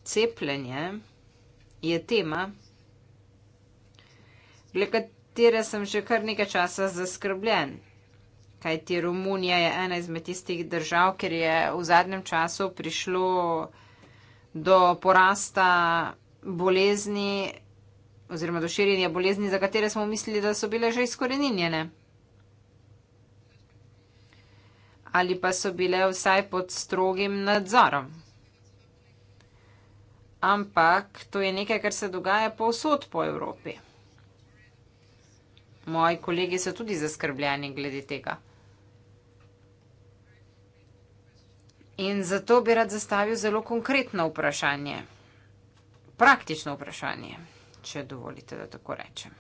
Cepljenje je tema, glede katere sem že kar nekaj časa zaskrbljen. Kaj ti Romunija je ena izmed tistih držav, kjer je v zadnjem času prišlo do porasta bolezni oziroma do širjenja bolezni, za katere smo mislili, da so bile že izkoreninjene. Ali pa so bile vsaj pod strogim nadzorom. Ampak to je nekaj, kar se dogaja povsod po Evropi. Moji kolegi so tudi zaskrbljeni glede tega. In zato bi rad zastavil zelo konkretno vprašanje, praktično vprašanje, če dovolite, da tako rečem.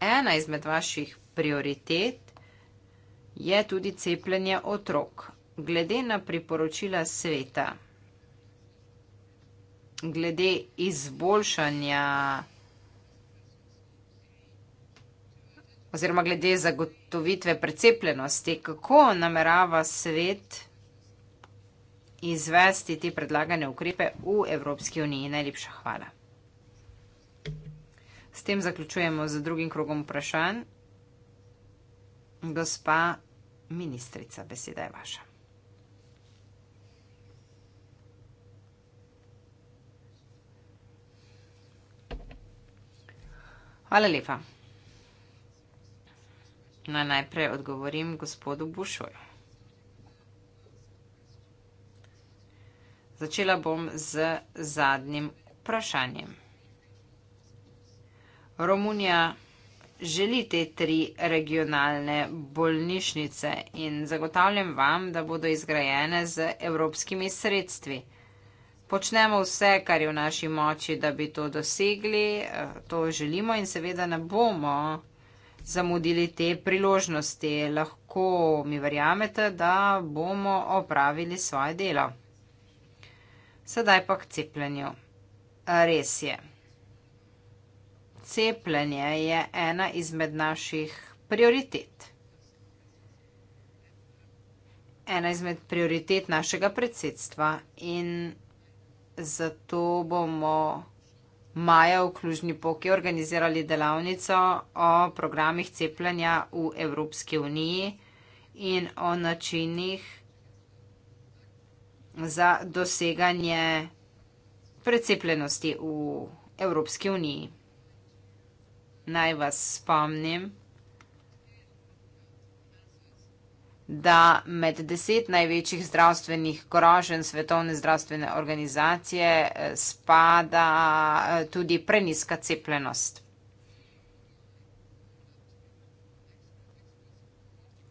Ena izmed vaših prioritet je tudi cepljenje otrok. Glede na priporočila sveta, glede izboljšanja. oziroma glede zagotovitve precepljenosti, kako namerava svet izvesti te predlagane ukrepe v Evropski uniji. Najlepša hvala. S tem zaključujemo z drugim krogom vprašanj. Gospa ministrica, beseda je vaša. Hvala lepa. No, najprej odgovorim gospodu Bušoju. Začela bom z zadnjim vprašanjem. Romunija želi te tri regionalne bolnišnice in zagotavljam vam, da bodo izgrajene z evropskimi sredstvi. Počnemo vse, kar je v naši moči, da bi to dosegli. Eh, to želimo in seveda ne bomo zamudili te priložnosti. Lahko mi verjamete, da bomo opravili svoje delo. Sedaj pa k cepljenju. Res je. Cepljenje je ena izmed naših prioritet. Ena izmed prioritet našega predsedstva in zato bomo maja v Klužni Poki organizirali delavnico o programih cepljenja v Evropski uniji in o načinih za doseganje precepljenosti v Evropski uniji. Naj vas spomnim. da med deset največjih zdravstvenih groženj Svetovne zdravstvene organizacije eh, spada eh, tudi preniska cepljenost.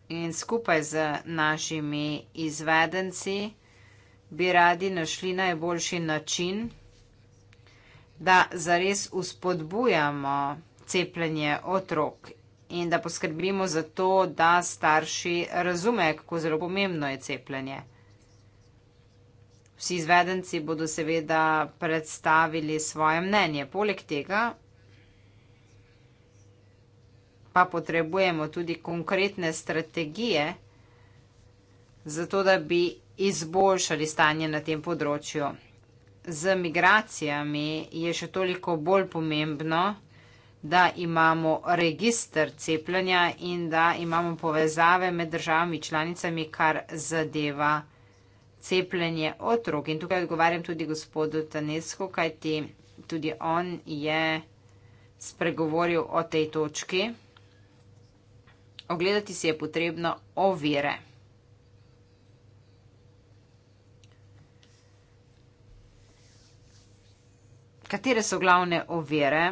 In skupaj z našimi izvedenci bi radi našli najboljši način, da zares uspodbujamo cepljenje otrok in da poskrbimo za to, da starši razumejo, kako zelo pomembno je cepljenje. Vsi izvedenci bodo seveda predstavili svoje mnenje. Poleg tega pa potrebujemo tudi konkretne strategije, zato da bi izboljšali stanje na tem področju. Z migracijami je še toliko bolj pomembno, da imamo registr cepljenja in da imamo povezave med državami članicami, kar zadeva cepljenje otrok. In tukaj odgovarjam tudi gospodu Tanesku, kajti tudi on je spregovoril o tej točki. Ogledati si je potrebno ovire. Katere so glavne ovire?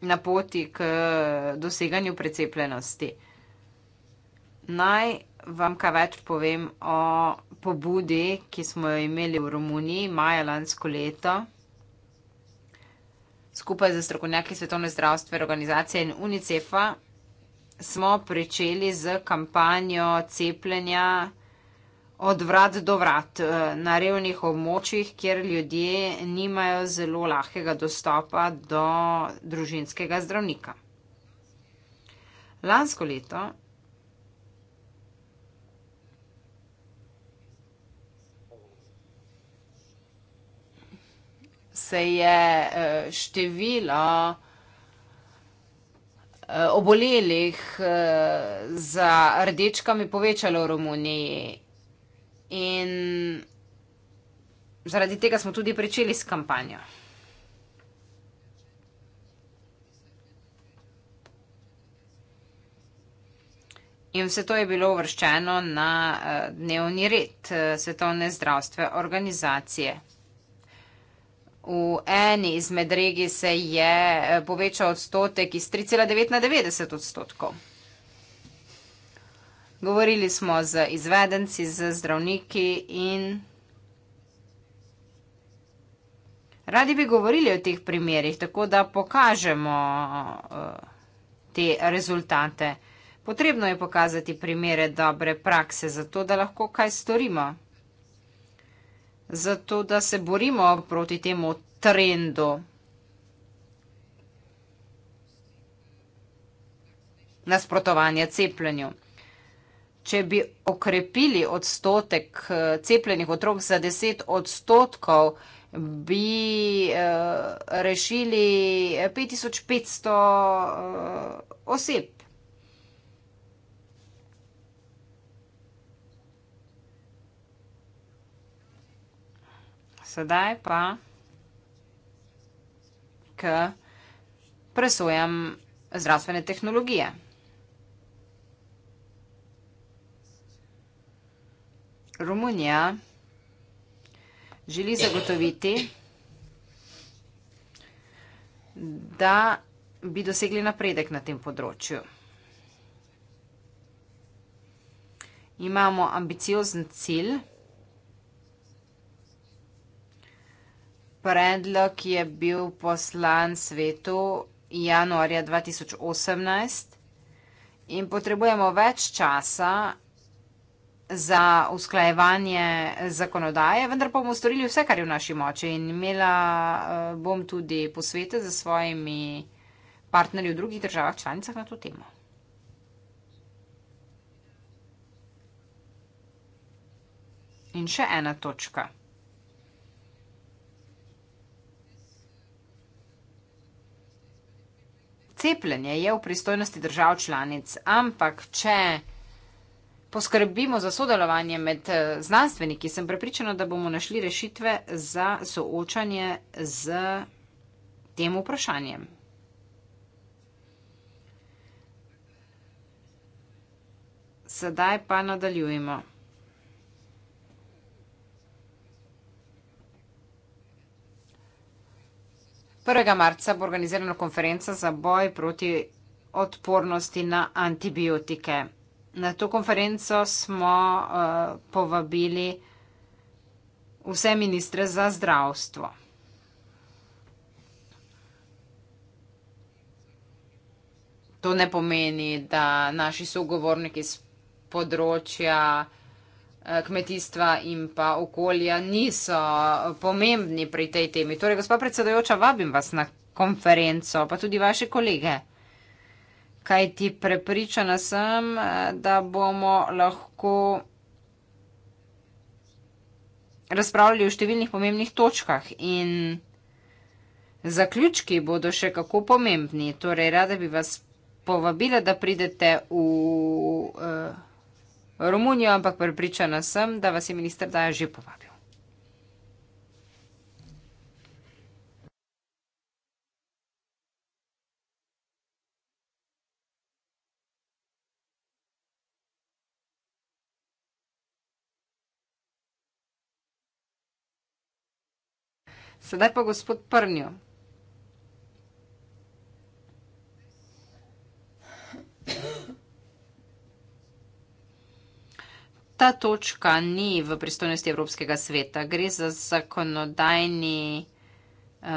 na poti k doseganju precepljenosti. Naj vam kaj več povem o pobudi, ki smo jo imeli v Romuniji maja lansko leto. Skupaj z strokovnjaki Svetovne zdravstvene organizacije in UNICEF-a smo pričeli z kampanjo cepljenja od vrat do vrat eh, na revnih območjih, kjer ljudje nimajo zelo lahkega dostopa do družinskega zdravnika. Lansko leto se je eh, število eh, obolelih za rdečkami povečalo v Romuniji. In zaradi tega smo tudi pričeli s kampanjo. In vse to je bilo uvrščeno na eh, dnevni red eh, Svetovne zdravstve organizacije. V eni izmed regij se je eh, povečal odstotek iz 3,9 na 90 odstotkov. Govorili smo z izvedenci, z zdravniki in radi bi govorili o teh primerih, tako da pokažemo eh, te rezultate. Potrebno je pokazati primere dobre prakse, zato da lahko kaj storimo. Zato da se borimo proti temu trendu. nasprotovanja cepljenju. Če bi okrepili odstotek eh, cepljenih otrok za 10 odstotkov, bi eh, rešili 5500 eh, oseb. Sedaj pa k presojam zdravstvene tehnologije. Romunija želi zagotoviti, da bi dosegli napredek na tem področju. Imamo ambiciozen cilj. Predlog je bil poslan svetu januarja 2018 in potrebujemo več časa, za usklajevanje zakonodaje, vendar pa bomo storili vse, kar je v naši moči. In imela eh, bom tudi posvete za svojimi partnerji v drugih državah članicah na to temo. In še ena točka. Cepljenje je v pristojnosti držav članic, ampak če poskrbimo za sodelovanje med eh, znanstveniki, sem prepričana, da bomo našli rešitve za soočanje z tem vprašanjem. Sedaj pa nadaljujemo. Prvega marca bo organizirana konferenca za boj proti odpornosti na antibiotike. Na to konferenco smo uh, povabili vse ministre za zdravstvo. To ne pomeni, da naši sogovorniki z področja eh, kmetijstva in pa okolja niso pomembni pri tej temi. Torej, gospa predsedojoča, vabim vas na konferenco, pa tudi vaše kolege kaj ti prepričana sem, da bomo lahko razpravljali o številnih pomembnih točkah in zaključki bodo še kako pomembni. Torej, rada bi vas povabila, da pridete v uh, Romunijo, ampak prepričana sem, da vas je minister Daja že povabil. Sedaj pa gospod Prnjo. Ta točka ni v pristojnosti Evropskega sveta. Gre za zakonodajni eh,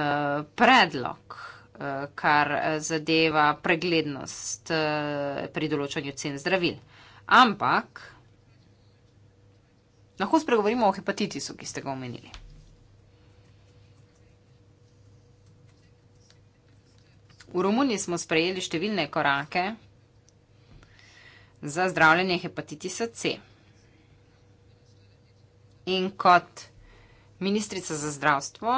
predlog, eh, kar zadeva preglednost eh, pri določanju cen zdravil. Ampak lahko spregovorimo o hepatitisu, ki ste ga omenili. V Romuniji smo sprejeli številne korake za zdravljenje hepatitisa C. In kot ministrica za zdravstvo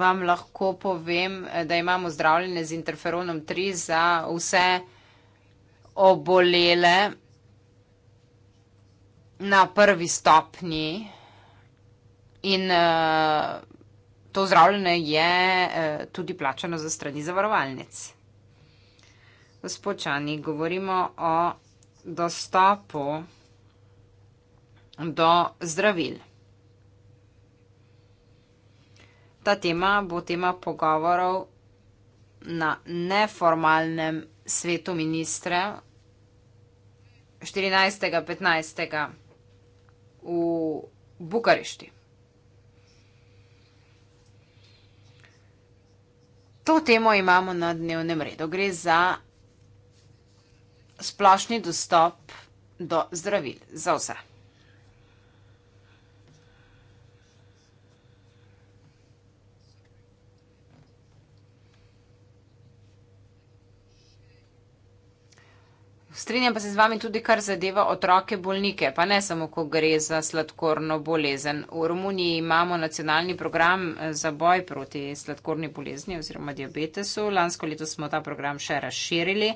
vam lahko povem, da imamo zdravljenje z interferonom 3 za vse obolele na prvi stopni in uh, to zdravljenje je eh, tudi plačano za strani zavarovalnic. Gospod Čani, govorimo o dostopu do zdravil. Ta tema bo tema pogovorov na neformalnem svetu ministra 14.15. v Bukarešti. To temo imamo na dnevnem redu. Gre za splošni dostop do zdravil za vse. Strinjam pa se z vami tudi, kar zadeva otroke bolnike, pa ne samo, ko gre za sladkorno bolezen. V Romuniji imamo nacionalni program eh, za boj proti sladkorni bolezni oziroma diabetesu. Lansko leto smo ta program še razširili.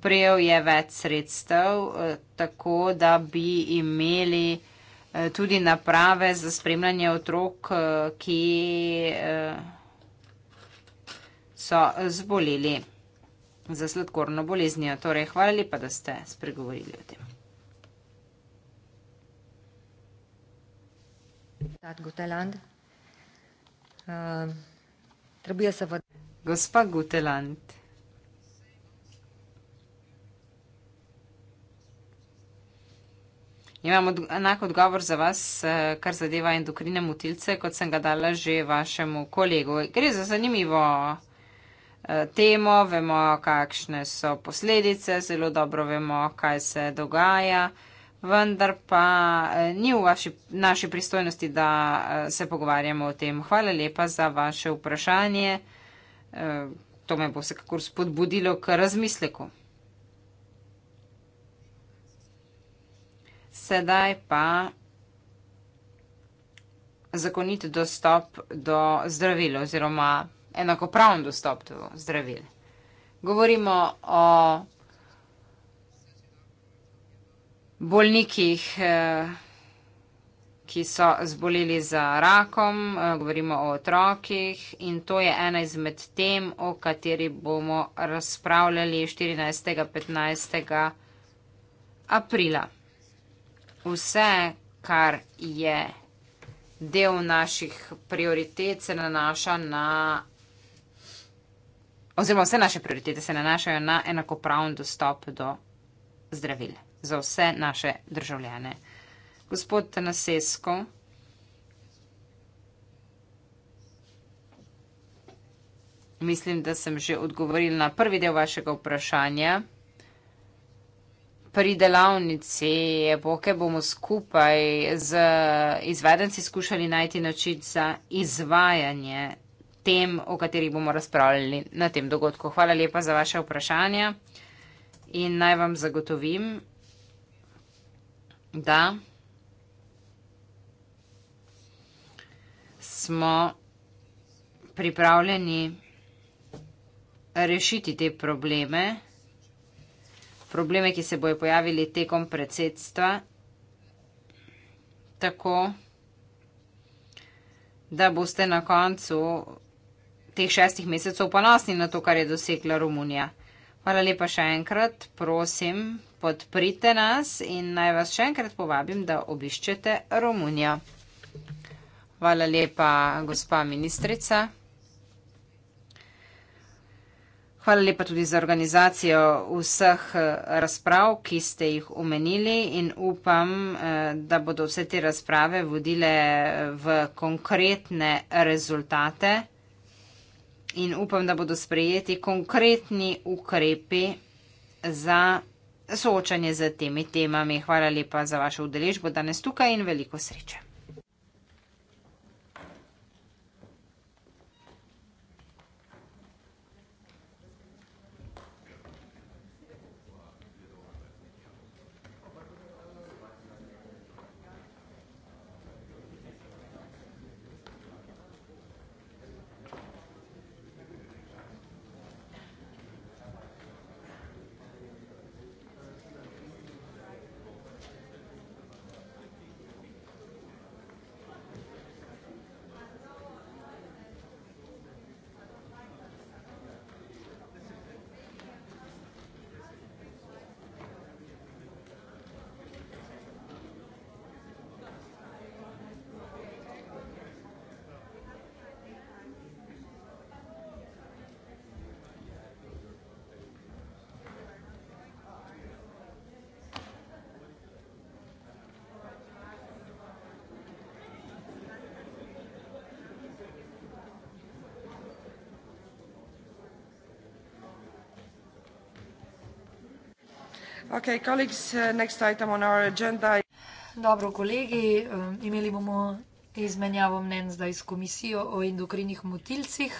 Prejel je več sredstev, eh, tako da bi imeli eh, tudi naprave za spremljanje otrok, ki so zboleli za sladkorno boleznijo. Torej, hvala lepa, da ste spregovorili o tem. Eh, Gospa Guteland. Imam od, enak odgovor za vas, eh, kar zadeva endokrine motilce, kot sem ga dala že vašemu kolegu. Gre za zanimivo Eh, temo, vemo, kakšne so posledice, zelo dobro vemo, kaj se dogaja, vendar pa eh, ni v vaši, naši pristojnosti, da eh, se pogovarjamo o tem. Hvala lepa za vaše vprašanje. To me bo vsekakor spodbudilo k razmisleku. Sedaj pa. Zakonit dostop do zdravila oziroma enakopraven dostop do zdravil. Govorimo o bolnikih, eh, ki so zboleli za rakom, eh, govorimo o otrokih in to je ena izmed tem, o kateri bomo razpravljali 14. 15. aprila. Vse, kar je del naših prioritet, se nanaša na oziroma vse naše prioritete se nanašajo na enakopraven dostop do zdravil za vse naše državljane. Gospod Tanasesko. Mislim, da sem že odgovoril na prvi del vašega vprašanja. Pri delavnici je bo, ker bomo skupaj z izvedenci skušali najti način za izvajanje tem, o katerih bomo razpravljali na tem dogodku. Hvala lepa za vaše vprašanje in naj vam zagotovim, da smo pripravljeni rešiti te probleme, probleme, ki se bojo pojavili tekom predsedstva, tako da boste na koncu teh šestih mesecev ponosni na to, kar je dosegla Romunija. Hvala lepa še enkrat, prosim, podprite nas in naj vas še enkrat povabim, da obiščete Romunijo. Hvala lepa, gospa ministrica. Hvala lepa tudi za organizacijo vseh eh, razprav, ki ste jih omenili in upam, eh, da bodo vse te razprave vodile eh, v konkretne rezultate in upam, da bodo sprejeti konkretni ukrepi za soočanje z temi temami. Hvala lepa za vašo udeležbo danes tukaj in veliko sreče. Okay, colleagues, uh, next item on our agenda. Dobro, kolegi, eh, imeli bomo izmenjavo mnen zdaj s komisijo o endokrinih motilcih.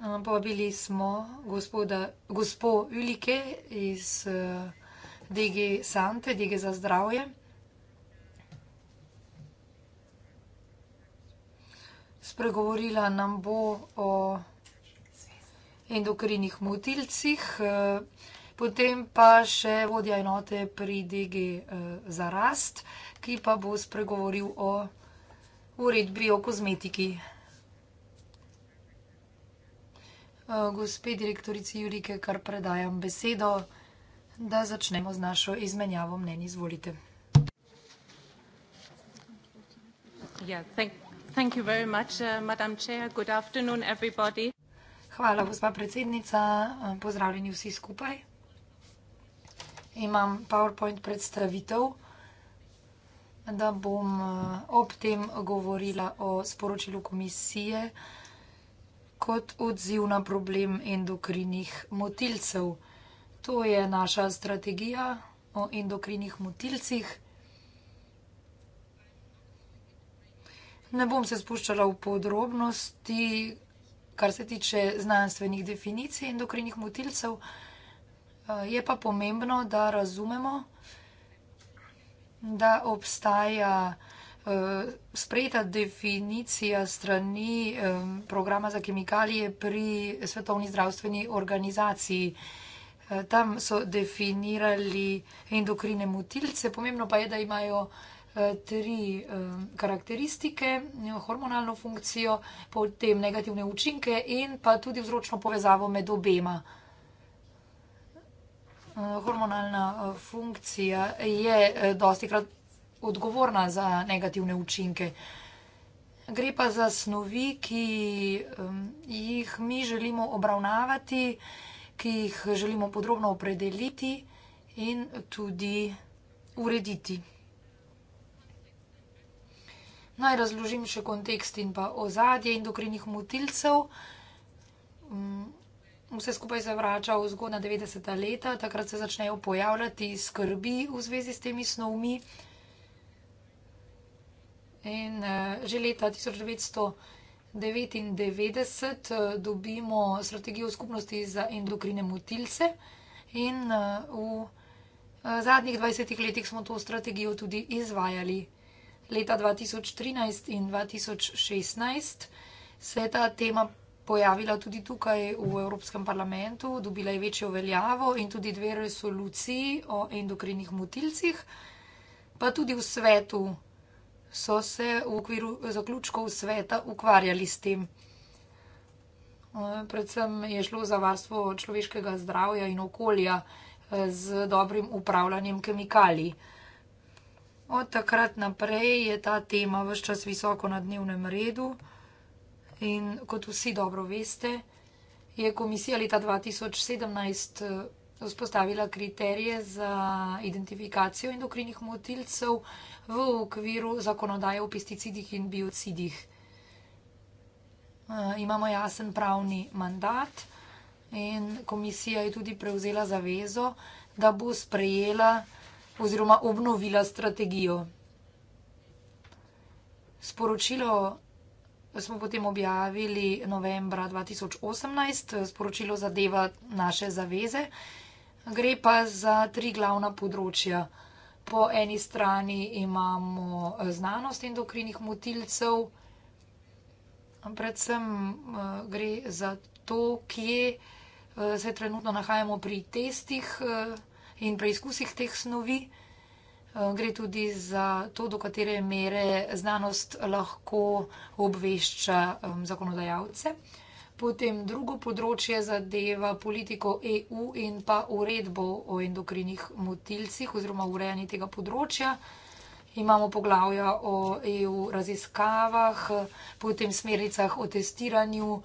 Eh, povabili smo gospoda, gospo Ulike iz eh, DG Sante, DG za zdravje. Spregovorila nam bo o endokrinih motilcih. Potem pa še vodja enote pri DG eh, za rast, ki pa bo spregovoril o uredbi o kozmetiki. Eh, gospe direktorici Jurike, kar predajam besedo, da začnemo z našo izmenjavo mnenj. Izvolite. Uh, Hvala, gospa predsednica. Eh, pozdravljeni vsi skupaj imam PowerPoint predstavitev, da bom eh, ob tem govorila o sporočilu komisije kot odziv na problem endokrinih motilcev. To je naša strategija o endokrinih motilcih. Ne bom se spuščala v podrobnosti, kar se tiče znanstvenih definicij endokrinih motilcev, ampak Eh, je pa pomembno, da razumemo, da obstaja eh, sprejeta definicija strani eh, programa za kemikalije pri Svetovni zdravstveni organizaciji. Tam so definirali endokrine motilce, pomembno pa je, da imajo tri karakteristike, hormonalno funkcijo, potem negativne učinke in pa tudi vzročno povezavo med obema. Eh, hormonalna eh, funkcija je eh, dosti krat odgovorna za negativne učinke. Gre pa za snovi, ki jih mi želimo obravnavati, ki jih želimo podrobno opredeliti in tudi urediti. Naj razložim še kontekst in pa ozadje endokrinih motilcev. Mm, vse skupaj zavrača v zgodna 90-ta leta, takrat se začnejo pojavljati skrbi v zvezi s temi snovmi. In eh, že leta 1999 eh, dobimo strategijo skupnosti za endokrine motilce in eh, v zadnjih 20 letih smo to strategijo tudi izvajali. Leta 2013 in 2016 se je ta tema pojavila pojavila tudi tukaj v Evropskem parlamentu, dobila je večjo veljavo in tudi dve resoluciji o endokrinih motilcih, pa tudi v svetu so se v okviru zaključkov sveta ukvarjali s tem. Predvsem je šlo za varstvo človeškega zdravja in okolja z dobrim upravljanjem kemikalij. Od takrat naprej je ta tema vse čas visoko na dnevnem redu. In kot vsi dobro veste, je komisija leta 2017 eh, vzpostavila kriterije za identifikacijo endokrinih motilcev v okviru zakonodaje o pesticidih in biocidih. Eh, imamo jasen pravni mandat in komisija je tudi prevzela zavezo, da bo sprejela oziroma obnovila strategijo. Sporočilo smo potem objavili novembra 2018 sporočilo zadeva naše zaveze. Gre pa za tri glavna področja. Po eni strani imamo eh, znanost endokrinih motilcev, predvsem eh, gre za to, kje eh, se trenutno nahajamo pri testih in preizkusih teh snovi. Eh, gre tudi za to, do katere mere znanost lahko obvešča zakonodajalce. Potem drugo področje zadeva politiko EU in pa uredbo o endokrinih motilcih oziroma urejanje tega področja. Imamo poglavja o EU raziskavah, potem smernicah o testiranju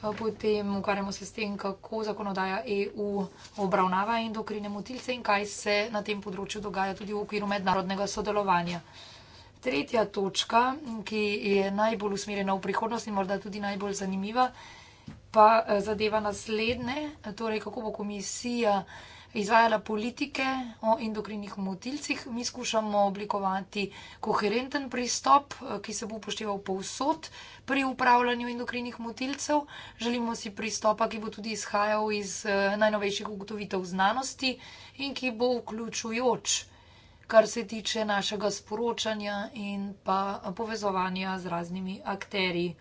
potem ukvarjamo se s tem, kako zakonodaja EU obravnava endokrine motilce in kaj se na tem področju dogaja tudi v okviru mednarodnega sodelovanja. Tretja točka, ki je najbolj usmerjena v prihodnost in morda tudi najbolj zanimiva, pa eh, zadeva naslednje, torej kako bo komisija izvajala politike o endokrinih motilcih. Mi skušamo oblikovati koherenten pristop, eh, ki se bo upošteval povsod pri upravljanju endokrinih motilcev. Želimo si pristopa, ki bo tudi izhajal iz eh, najnovejših ugotovitev znanosti in ki bo vključujoč, kar se tiče našega sporočanja in pa povezovanja z raznimi akteri.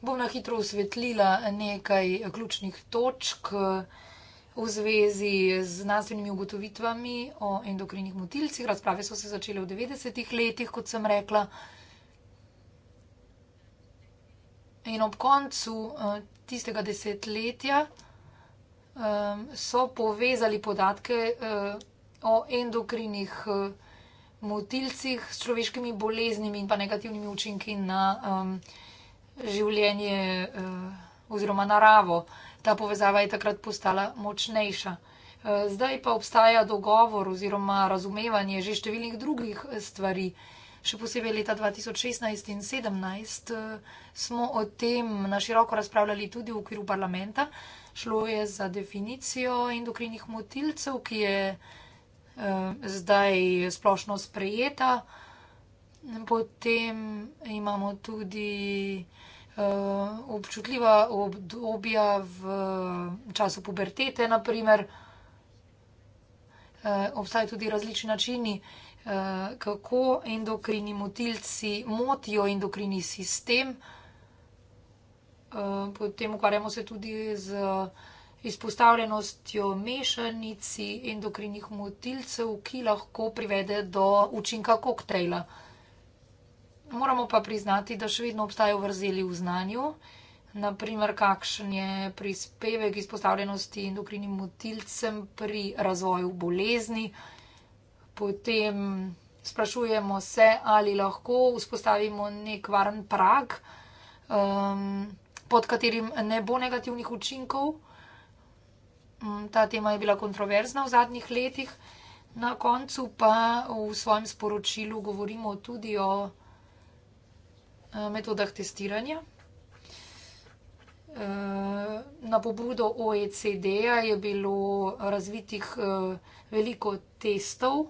Bom na hitro osvetlila nekaj ključnih točk eh, v zvezi z znanstvenimi ugotovitvami o endokrinih motilcih. Razprave so se začele v 90-ih letih, kot sem rekla. In ob koncu eh, tistega desetletja eh, so povezali podatke o endokrinih motilcih s človeškimi boleznimi in pa negativnimi učinki na um, življenje eh, oziroma naravo. Ta povezava je takrat postala močnejša. Eh, zdaj pa obstaja dogovor oziroma razumevanje že številnih drugih eh, stvari. Še posebej leta 2016 in 2017 smo o tem naširoko razpravljali tudi v okviru parlamenta. Šlo je za definicijo endokrinih motilcev, ki je zdaj splošno sprejeta. Potem imamo tudi Eh, občutljiva obdobja v času pubertete, naprimer. Eh, obstajajo tudi različni načini, eh, kako endokrini motilci motijo endokrini sistem. Potem ukvarjamo se tudi z izpostavljenostjo mešanici endokrinih motilcev, ki lahko privede do učinka koktejla. Moramo pa priznati, da še vedno obstajajo vrzeli v znanju, naprimer, kakšen je prispevek izpostavljenosti endokrinim motilcem pri razvoju bolezni. Potem sprašujemo se, ali lahko vzpostavimo nek varen prag, um, pod katerim ne bo negativnih učinkov. Mm, ta tema je bila kontroverzna v zadnjih letih. Na koncu pa v svojem sporočilu govorimo tudi o. Eh, metodah testiranja. Eh, na pobudo OECD-ja je bilo razvitih eh, veliko testov,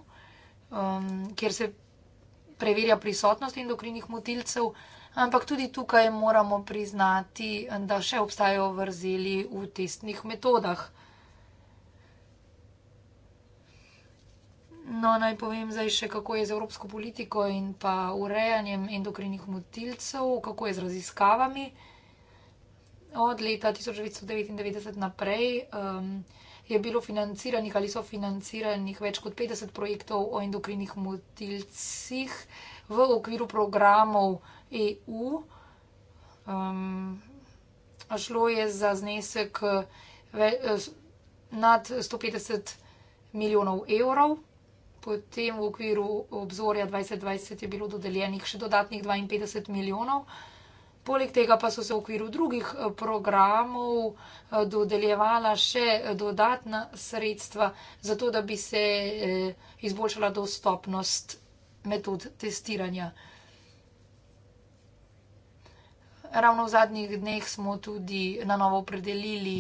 kjer se preverja prisotnost endokrinih motilcev, ampak tudi tukaj moramo priznati, da še obstajajo vrzeli v testnih metodah. No, naj povem zdaj še, kako je z evropsko politiko in pa urejanjem endokrinih motilcev, kako je z raziskavami od leta 1999 naprej. Um, je bilo financiranih ali so financiranih več kot 50 projektov o endokrinih motilcih v okviru programov EU. Um, šlo je za znesek ve, nad 150 milijonov evrov. Potem v okviru obzorja 2020 je bilo dodeljenih še dodatnih 52 milijonov. Poleg tega pa so se v okviru drugih eh, programov eh, dodeljevala še dodatna sredstva, zato da bi se eh, izboljšala dostopnost metod testiranja. Ravno v zadnjih dneh smo tudi na novo opredelili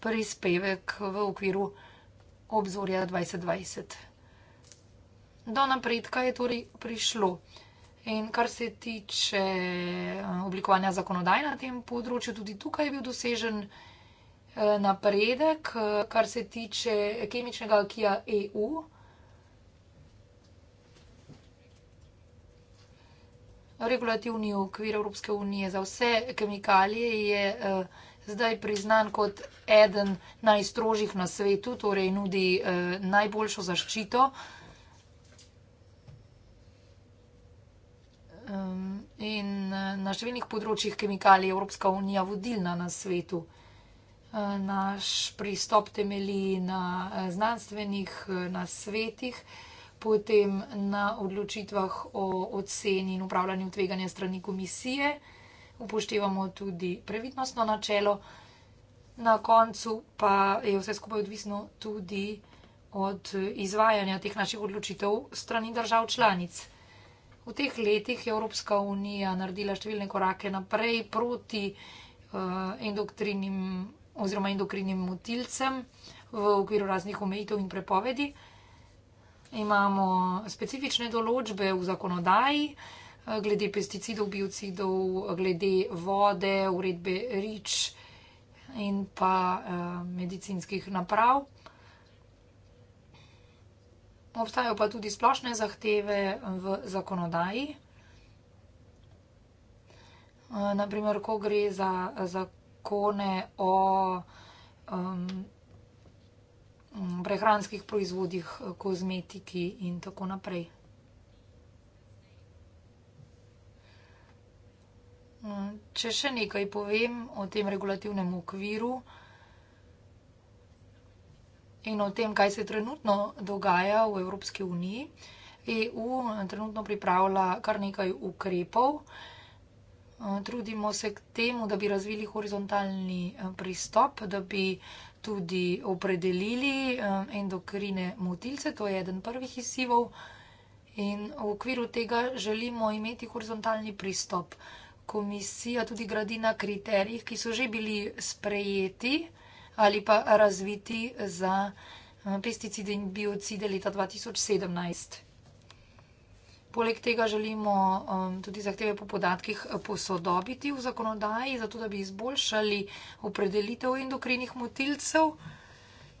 prispevek v okviru programov obzorja 2020. Do napredka je torej prišlo. In kar se tiče eh, oblikovanja zakonodaj na tem področju, tudi tukaj je bil dosežen eh, napredek, eh, kar se tiče kemičnega akija EU. Regulativni okvir Evropske unije za vse kemikalije je eh, zdaj priznan kot eden najstrožjih na svetu, torej nudi eh, najboljšo zaščito. Um, in eh, na številnih področjih kemikalij je Evropska unija vodilna na svetu. Eh, naš pristop temeli na eh, znanstvenih, na svetih, potem na odločitvah o oceni in upravljanju tveganja strani komisije upoštevamo tudi previdnostno načelo. Na koncu pa je vse skupaj odvisno tudi od izvajanja teh naših odločitev strani držav članic. V teh letih je Evropska unija naredila številne korake naprej proti eh, endokrinim oziroma endokrinim motilcem v okviru raznih omejitev in prepovedi. Imamo specifične določbe v zakonodaji, Eh, glede pesticidov, biocidov, eh, glede vode, uredbe rič in pa eh, medicinskih naprav. Obstajajo pa tudi splošne zahteve v zakonodaji. Naprimer, ko gre za zakone o prehranskih proizvodih, kozmetiki in tako naprej. Če še nekaj povem o tem regulativnem okviru in o tem, kaj se trenutno dogaja v Evropski uniji, EU trenutno pripravlja kar nekaj ukrepov. Trudimo se k temu, da bi razvili horizontalni eh, pristop, da bi tudi opredelili eh, endokrine motilce, to je eden prvih izzivov. In v okviru tega želimo imeti horizontalni pristop komisija tudi gradi na kriterijih, ki so že bili sprejeti ali pa razviti za eh, pesticide in biocide leta 2017. Poleg tega želimo eh, tudi zahteve po podatkih eh, posodobiti v zakonodaji, zato da bi izboljšali opredelitev endokrinih motilcev.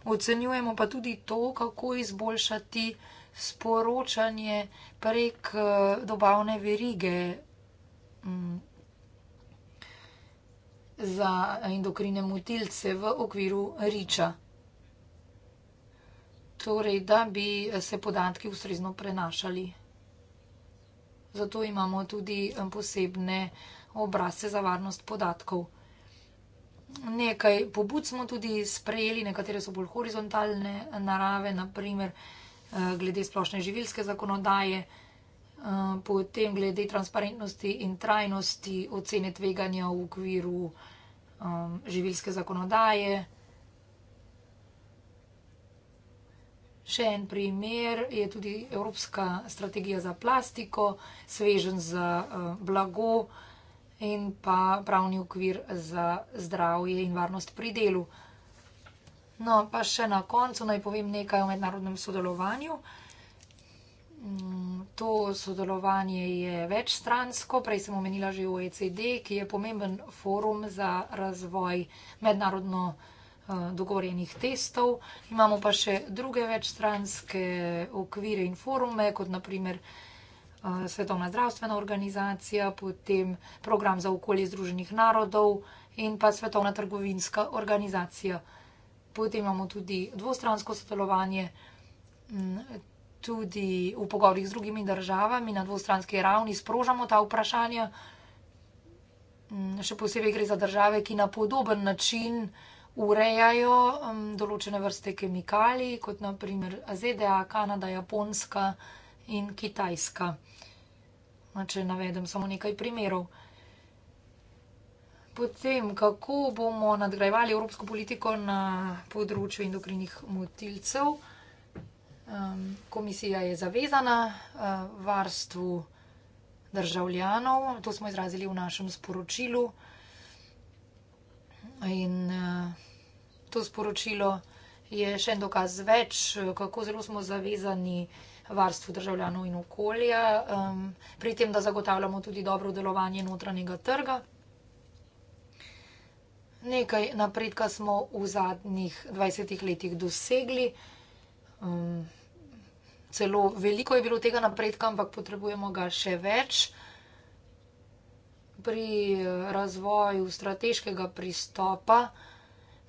Ocenjujemo pa tudi to, kako izboljšati sporočanje prek dobavne verige mm, za endokrine motilce v okviru riča. Torej, da bi se podatki ustrezno prenašali. Zato imamo tudi eh, posebne obrazce za varnost podatkov. Nekaj pobud smo tudi sprejeli, nekatere so bolj horizontalne narave, naprimer eh, glede splošne živilske zakonodaje. Eh, potem glede transparentnosti in trajnosti ocene tveganja v okviru um, živilske zakonodaje. Še en primer je tudi Evropska strategija za plastiko, svežen za uh, blago in pa pravni okvir za zdravje in varnost pri delu. No, pa še na koncu naj povem nekaj o mednarodnem sodelovanju. Uh, Mm, to sodelovanje je večstransko, prej sem omenila že OECD, ki je pomemben forum za razvoj mednarodno eh, dogovorjenih testov. Imamo pa še druge večstranske okvire in forume, kot naprimer eh, Svetovna zdravstvena organizacija, potem program za okolje Združenih narodov in pa Svetovna trgovinska organizacija. Potem imamo tudi dvostransko sodelovanje. Mm, tudi v pogovorih z drugimi državami na dvostranski ravni sprožamo ta vprašanja. Mm, še posebej gre za države, ki na podoben način urejajo mm, določene vrste kemikalij, kot naprimer ZDA, Kanada, Japonska in Kitajska. Če navedem samo nekaj primerov. Potem, kako bomo nadgrajevali evropsko politiko na področju endokrinih motilcev? Um, komisija je zavezana uh, varstvu državljanov, to smo izrazili v našem sporočilu. In uh, to sporočilo je še en dokaz več, kako zelo smo zavezani varstvu državljanov in okolja, um, pri tem, da zagotavljamo tudi dobro delovanje notranjega trga. Nekaj napredka smo v zadnjih 20 letih dosegli. Um, celo veliko je bilo tega napredka, ampak potrebujemo ga še več. Pri eh, razvoju strateškega pristopa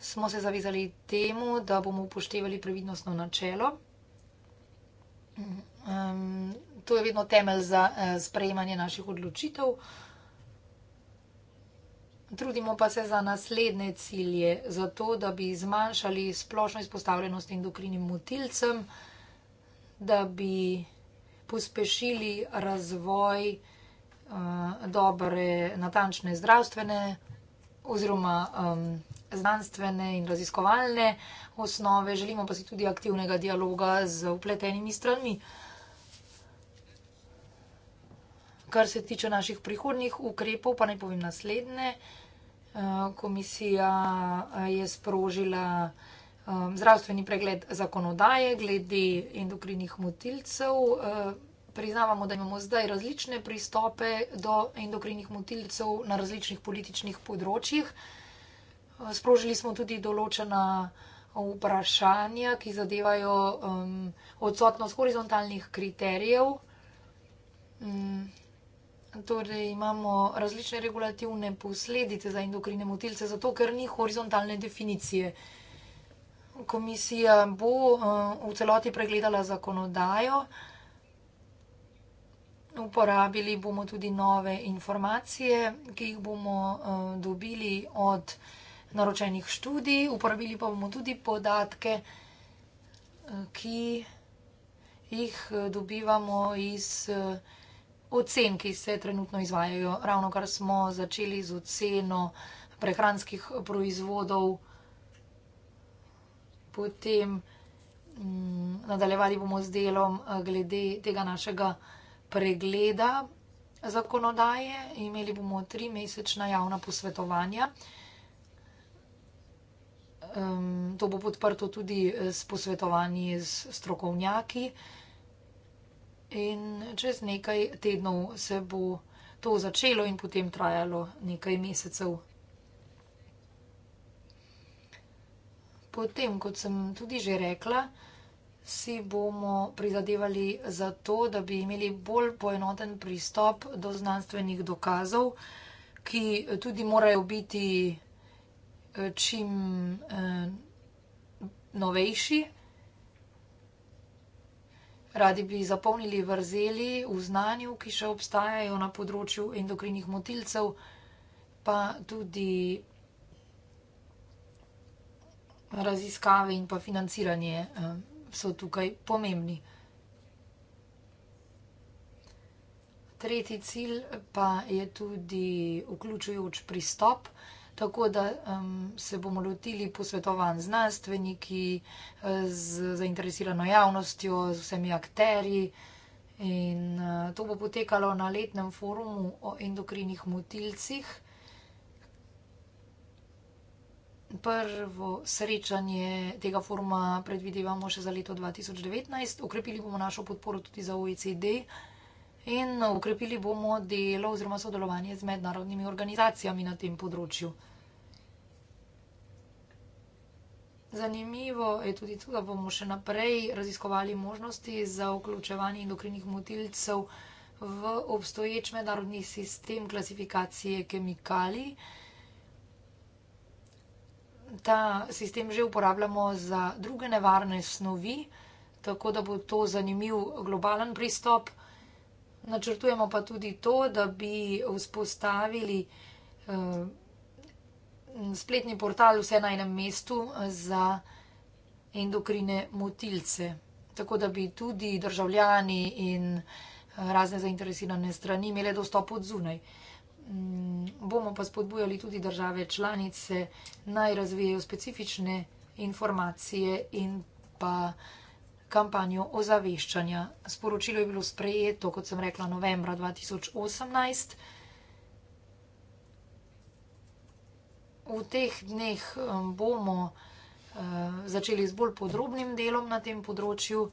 smo se zavezali temu, da bomo upoštevali previdnostno načelo. To je vedno temelj za eh, sprejemanje naših odločitev. Trudimo pa se za naslednje cilje, zato da bi zmanjšali splošno izpostavljenost endokrinim motilcem, da bi pospešili razvoj eh, dobre, natančne zdravstvene oziroma um, znanstvene in raziskovalne osnove. Želimo pa si tudi aktivnega dialoga z upletenimi stranmi. Kar se tiče naših prihodnih ukrepov, pa naj povem naslednje. Eh, komisija eh, je sprožila um, zdravstveni pregled zakonodaje glede endokrinih motilcev. Uh, Priznavamo, da imamo zdaj različne pristope do endokrinih motilcev na različnih političnih področjih. Uh, sprožili smo tudi določena vprašanja, ki zadevajo um, odsotnost horizontalnih kriterijev. Um, torej imamo različne regulativne posledice za endokrine motilce, zato ker ni horizontalne definicije. Uh, komisija bo eh, v celoti pregledala zakonodajo, uporabili bomo tudi nove informacije, ki jih bomo eh, dobili od naročenih študij, uporabili pa bomo tudi podatke, eh, ki jih dobivamo iz ocen, ki se trenutno izvajajo. Ravno kar smo začeli z oceno prehranskih proizvodov vsega, potem m, mm, nadaljevali bomo z delom eh, glede tega našega pregleda zakonodaje. Imeli bomo tri mesečna javna posvetovanja. Um, to bo podprto tudi eh, s posvetovanji z strokovnjaki. In čez nekaj tednov se bo to začelo in potem trajalo nekaj mesecev Potem, kot sem tudi že rekla, si bomo prizadevali za to, da bi imeli bolj poenoten pristop do znanstvenih dokazov, ki tudi morajo biti eh, čim eh, novejši. Radi bi zapolnili vrzeli v znanju, ki še obstajajo na področju endokrinih motilcev, pa tudi raziskave in pa financiranje eh, so tukaj pomembni. Tretji cilj pa je tudi vključujoč pristop, tako da se bomo lotili posvetovanj z znanstveniki, eh, z zainteresirano javnostjo, z vsemi akterji. In eh, to bo potekalo na letnem forumu o endokrinih motilcih prvo srečanje tega foruma predvidevamo še za leto 2019. Ukrepili bomo našo podporo tudi za OECD in ukrepili bomo delo oziroma sodelovanje z mednarodnimi organizacijami na tem področju. Zanimivo je tudi to, da bomo še naprej raziskovali možnosti za vključevanje endokrinih motilcev v obstoječ mednarodni sistem klasifikacije kemikalij ta sistem že uporabljamo za druge nevarne snovi, tako da bo to zanimiv globalen pristop. Načrtujemo pa tudi to, da bi vzpostavili uh, spletni portal vse na enem mestu eh, za endokrine motilce, tako da bi tudi državljani in eh, razne zainteresirane strani imele dostop od zunaj. Uh, Mm, bomo pa spodbujali tudi države članice, naj razvijajo specifične informacije in pa kampanjo ozaveščanja. Sporočilo je bilo sprejeto, kot sem rekla, novembra 2018. V teh dneh um, bomo uh, začeli z bolj podrobnim delom na tem področju,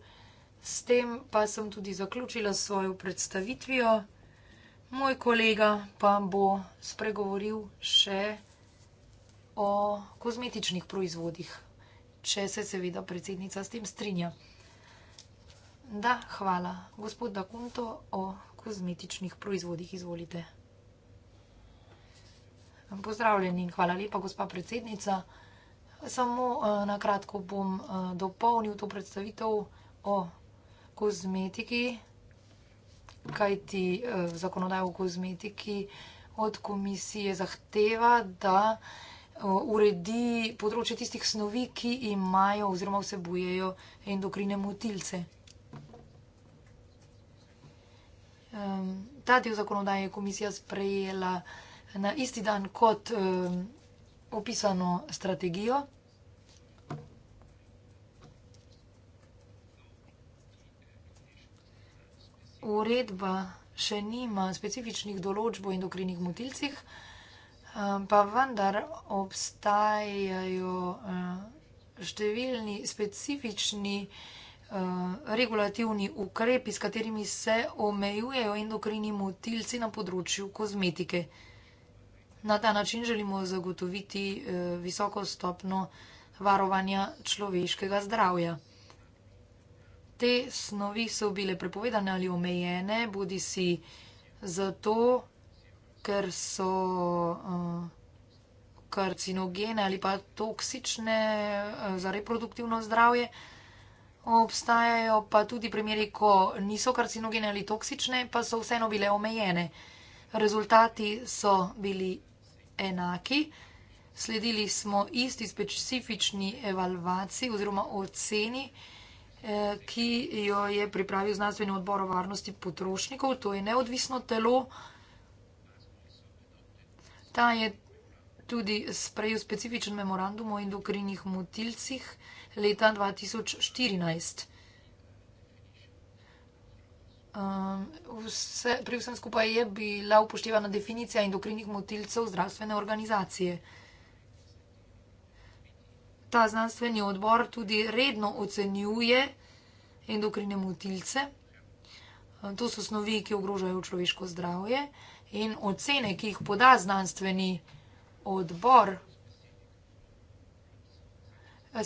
s tem pa sem tudi zaključila svojo predstavitvijo moj kolega pa bo spregovoril še o kozmetičnih proizvodih, če se seveda predsednica s tem strinja. Da, hvala. Gospod Dakunto, o kozmetičnih proizvodih izvolite. Pozdravljeni in hvala lepa, gospa predsednica. Samo eh, na kratko bom eh, dopolnil to predstavitev o kozmetiki, kajti eh, zakonodajo o kozmetiki od komisije zahteva, da eh, uredi področje tistih snovi, ki imajo oziroma vsebujejo endokrine motilce. Ta del zakonodaje je komisija sprejela na isti dan kot opisano strategijo. uredba še nima specifičnih določb o endokrinih motilcih, eh, pa vendar obstajajo eh, številni specifični eh, regulativni ukrepi, s katerimi se omejujejo endokrini motilci na področju kozmetike. Na ta način želimo zagotoviti visoko stopno varovanja človeškega zdravja te snovi so bile prepovedane ali omejene, bodi si zato, ker so uh, karcinogene ali pa toksične uh, za reproduktivno zdravje. Obstajajo pa tudi primeri, ko niso karcinogene ali toksične, pa so vseeno bile omejene. Rezultati so bili enaki. Sledili smo isti specifični evalvaciji oziroma oceni ki jo je pripravil znanstveni odbor o varnosti potrošnikov. To je neodvisno telo. Ta je tudi sprejel specifičen memorandum o endokrinih motilcih leta 2014. Um, vse, pri vsem skupaj je bila upoštevana definicija endokrinih motilcev zdravstvene organizacije ta znanstveni odbor tudi redno ocenjuje endokrine motilce. To so snovi, ki ogrožajo človeško zdravje in ocene, ki jih poda znanstveni odbor,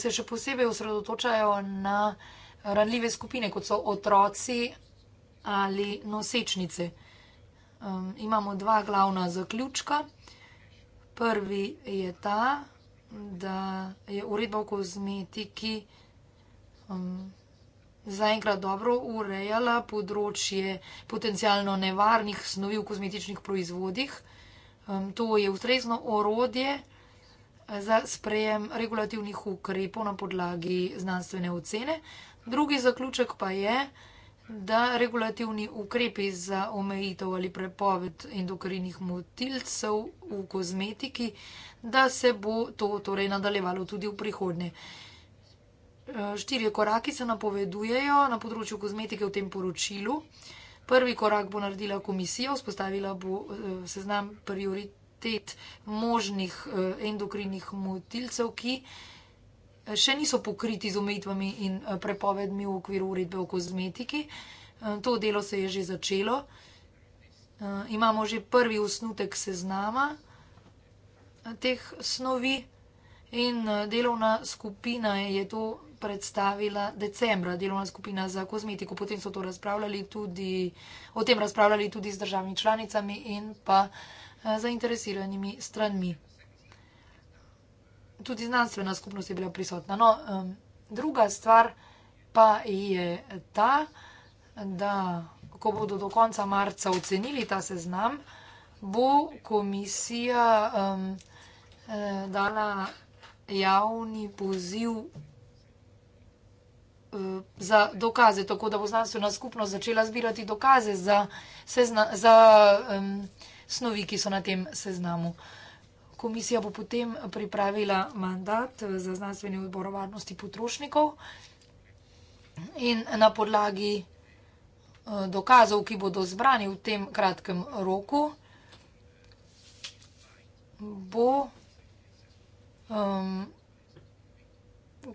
se še posebej osredotočajo na ranljive skupine, kot so otroci ali nosečnice. Imamo dva glavna zaključka. Prvi je ta, da je uredba o kozmetiki um, zaenkrat dobro urejala področje potencijalno nevarnih snovi v kozmetičnih proizvodih. Um, to je ustrezno orodje eh, za sprejem regulativnih ukrepov na podlagi znanstvene ocene. Drugi zaključek pa je, da regulativni ukrepi za omejitev ali prepoved endokrinih motilcev v kozmetiki, da se bo to torej nadaljevalo tudi v prihodnje. E, štirje koraki se napovedujejo na področju kozmetike v tem poročilu. Prvi korak bo naredila komisija, vzpostavila bo e, seznam prioritet možnih e, endokrinih motilcev, ki še niso pokriti z omejitvami in eh, prepovedmi v okviru uredbe o kozmetiki. Eh, to delo se je že začelo. Eh, imamo že prvi usnutek seznama teh snovi in delovna skupina je to predstavila decembra, delovna skupina za kozmetiko. Potem so to razpravljali tudi, o tem razpravljali tudi z državnimi članicami in pa zainteresiranimi stranmi tudi znanstvena skupnost je bila prisotna. No, um, druga stvar pa je ta, da ko bodo do konca marca ocenili ta seznam, bo komisija um, dala javni poziv um, za dokaze, tako da bo znanstvena skupnost začela zbirati dokaze za, sezna, za um, snovi, ki so na tem seznamu. Komisija bo potem pripravila mandat eh, za znanstveni odbor o varnosti potrošnikov in na podlagi eh, dokazov, ki bodo zbrani v tem kratkem roku, bo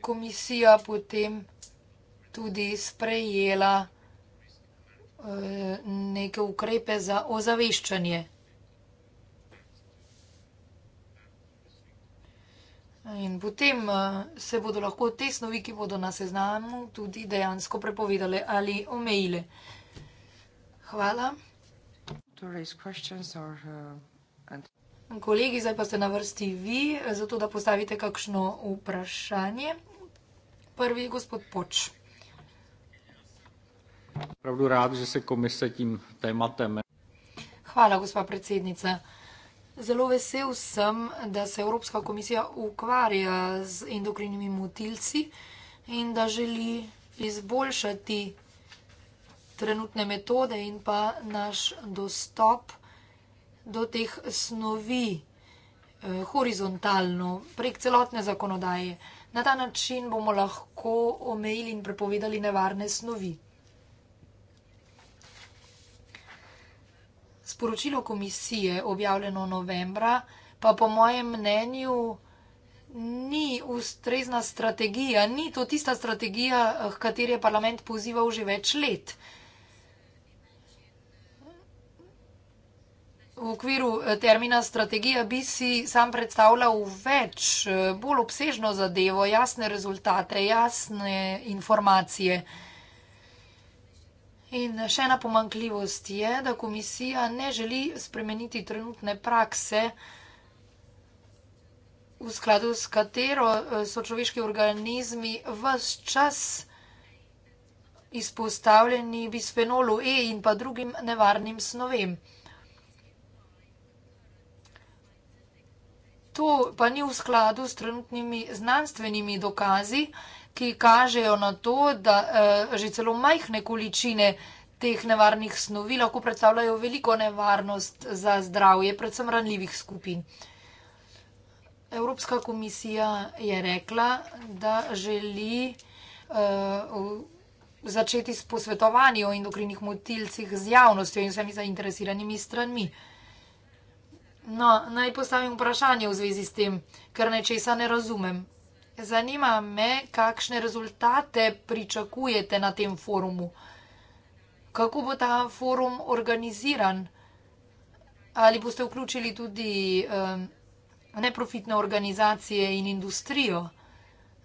komisija potem tudi sprejela eh, neke ukrepe za ozaveščanje. In potem eh, se bodo lahko te snovi, ki bodo na seznamu, tudi dejansko prepovedale ali omejile. Hvala. Uh, Kolegi, zdaj pa ste na vrsti vi, zato da postavite kakšno vprašanje. Prvi gospod Poč. Pravdu rad, že se komise tím tématem. Hvala, gospa predsednica. Zelo vesel sem, da se Evropska komisija ukvarja z endokrinimi motilci in da želi izboljšati trenutne metode in pa naš dostop do teh snovi eh, horizontalno prek celotne zakonodaje. Na ta način bomo lahko omejili in prepovedali nevarne snovi. sporočilo komisije, objavljeno novembra, pa po mojem mnenju ni ustrezna strategija, ni to tista strategija, k kateri je parlament pozival že več let. V okviru eh, termina strategija bi si sam predstavljal več, eh, bolj obsežno zadevo, jasne rezultate, jasne informacije. In še ena pomankljivost je, da komisija ne želi spremeniti trenutne prakse, v skladu s katero eh, so človeški organizmi vse čas izpostavljeni bisfenolu E in pa drugim nevarnim snovem. To pa ni v skladu s trenutnimi znanstvenimi dokazi, ki kažejo na to, da eh, že celo majhne količine teh nevarnih snovi lahko predstavljajo veliko nevarnost za zdravje, predvsem ranljivih skupin. Evropska komisija je rekla, da želi uh, začeti s posvetovanjem o endokrinih motilcih z javnostjo in vsemi zainteresiranimi stranmi. No, naj postavim vprašanje v zvezi s tem, ker nečesa ne razumem. Zanima me, kakšne rezultate pričakujete na tem forumu. Kako bo ta forum organiziran? Ali boste vključili tudi um, neprofitne organizacije in industrijo?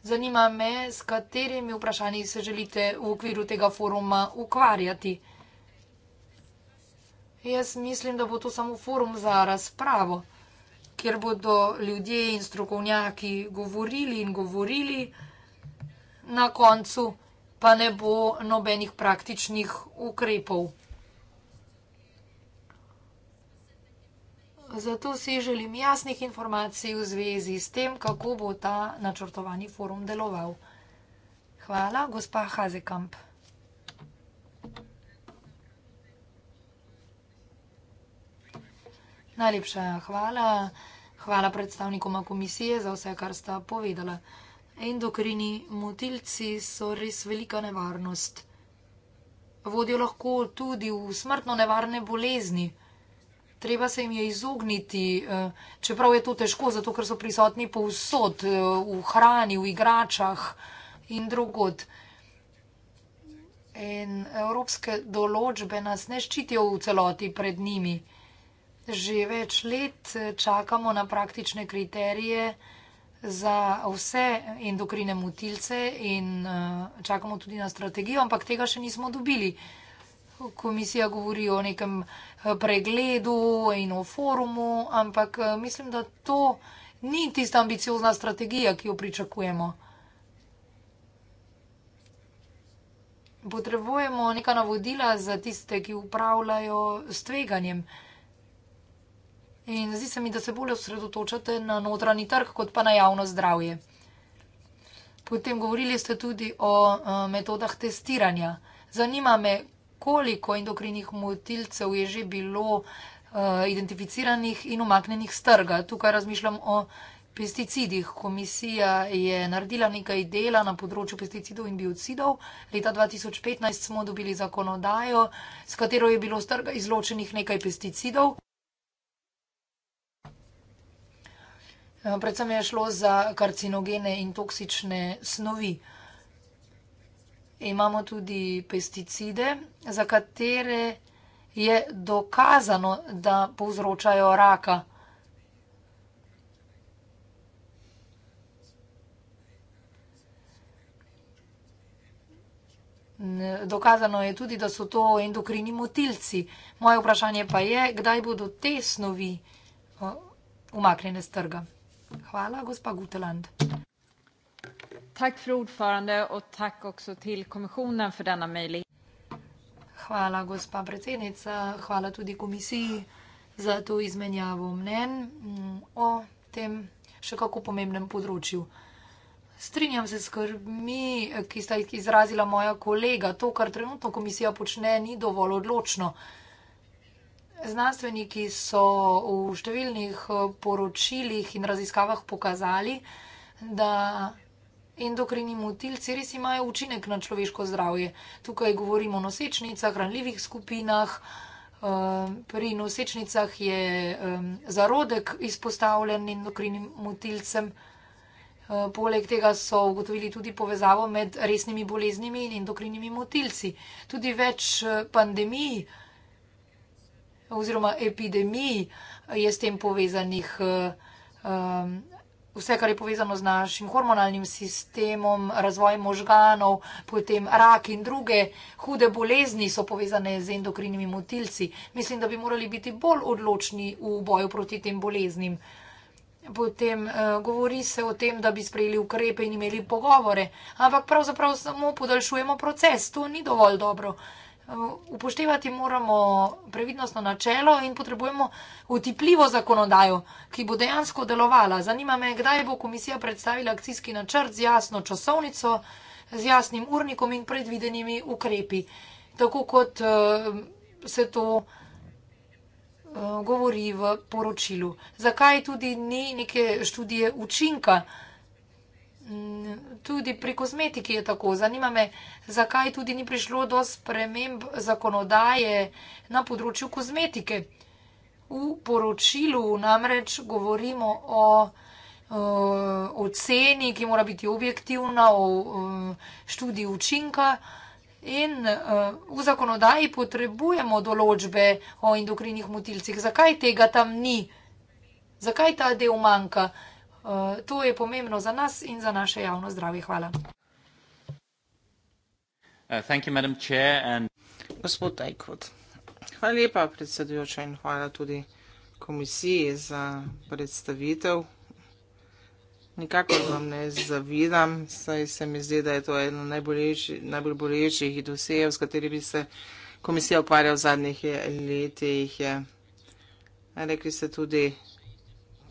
Zanima me, s katerimi vprašanji se želite v okviru tega foruma ukvarjati. Jaz mislim, da bo to samo forum za razpravo kjer bodo ljudje in strokovnjaki govorili in govorili, na koncu pa ne bo nobenih praktičnih ukrepov. Zato si želim jasnih informacij v zvezi s tem, kako bo ta načrtovani forum deloval. Hvala, gospa Hazekamp. Najlepša hvala. Hvala predstavnikoma komisije za vse, kar sta povedala. Endokrini motilci so res velika nevarnost. Vodijo lahko tudi v smrtno nevarne bolezni. Treba se jim je izogniti, eh, čeprav je to težko, zato ker so prisotni povsod, eh, v hrani, v igračah in drugod. In evropske določbe nas ne ščitijo v celoti pred njimi že več let eh, čakamo na praktične kriterije za vse endokrine motilce in eh, čakamo tudi na strategijo, ampak tega še nismo dobili. Komisija govori o nekem eh, pregledu in o forumu, ampak mislim, da to ni tista ambiciozna strategija, ki jo pričakujemo. Potrebujemo neka navodila za tiste, ki upravljajo s tveganjem. In zdi se mi, da se bolj osredotočate na notranji trg, kot pa na javno zdravje. Potem govorili ste tudi o eh, metodah testiranja. Zanima me, koliko endokrinih motilcev je že bilo eh, identificiranih in omaknenih z trga. Tukaj razmišljam o pesticidih. Komisija je naredila nekaj dela na področju pesticidov in biocidov. Leta 2015 smo dobili zakonodajo, s katero je bilo z trga izločenih nekaj pesticidov. Eh, predvsem je šlo za karcinogene in toksične snovi. Imamo tudi pesticide, za katere je dokazano, da povzročajo raka. Dokazano je tudi, da so to endokrini motilci. Moje vprašanje pa je, kdaj bodo te snovi eh, umaknjene z trga. Hvala, gospa Guteland. Tak ordförande, och tack också till kommissionen för denna möjlighet. Hvala, gospa predsednica, hvala tudi komisiji za to izmenjavo mnen mm, o tem še kako pomembnem področju. Strinjam se s skrbmi, ki sta jih izrazila moja kolega. To, kar trenutno komisija počne, ni dovolj odločno. Znanstveniki so v številnih eh, poročilih in raziskavah pokazali, da endokrini motilci res imajo učinek na človeško zdravje. Tukaj govorimo o nosečnicah, hranljivih skupinah. Eh, pri nosečnicah je zarodek izpostavljen endokrinim motilcem. Eh, poleg tega so ugotovili tudi povezavo med resnimi boleznimi in endokrinimi motilci. Tudi več pandemij oziroma epidemiji je s tem povezanih, um, vse, kar je povezano z našim hormonalnim sistemom, razvojem možganov, potem rak in druge hude bolezni so povezane z endokrinimi motilci. Mislim, da bi morali biti bolj odločni v boju proti tem boleznim. Potem uh, govori se o tem, da bi sprejeli ukrepe in imeli pogovore, ampak pravzaprav samo podaljšujemo proces, to ni dovolj dobro. Uh, Eh, upoštevati moramo previdnostno načelo in potrebujemo utipljivo zakonodajo, ki bo dejansko delovala. Zanima me, kdaj bo komisija predstavila akcijski načrt z jasno časovnico, z jasnim urnikom in predvidenimi ukrepi, tako kot eh, se to eh, govori v poročilu. Zakaj tudi ni neke študije učinka? Mm, tudi pri kozmetiki je tako. Zanima me, zakaj tudi ni prišlo do sprememb zakonodaje na področju kozmetike. V poročilu namreč govorimo o, o oceni, ki mora biti objektivna, o, o študiji učinka in o, e, v zakonodaji potrebujemo določbe o endokrinih motilcih. Zakaj tega tam ni? Zakaj ta del manjka? Eh, to je pomembno za nas in za naše javno zdravje. Hvala. Uh, Gospod Dajkot. Hvala lepa predsedujoča in hvala tudi komisiji za predstavitev. Nikakor vam ne zavidam, saj se mi zdi, da je to eno najbolj bolečih dosejev, s katerimi se komisija ukvarja v zadnjih letih. Rekli ste tudi,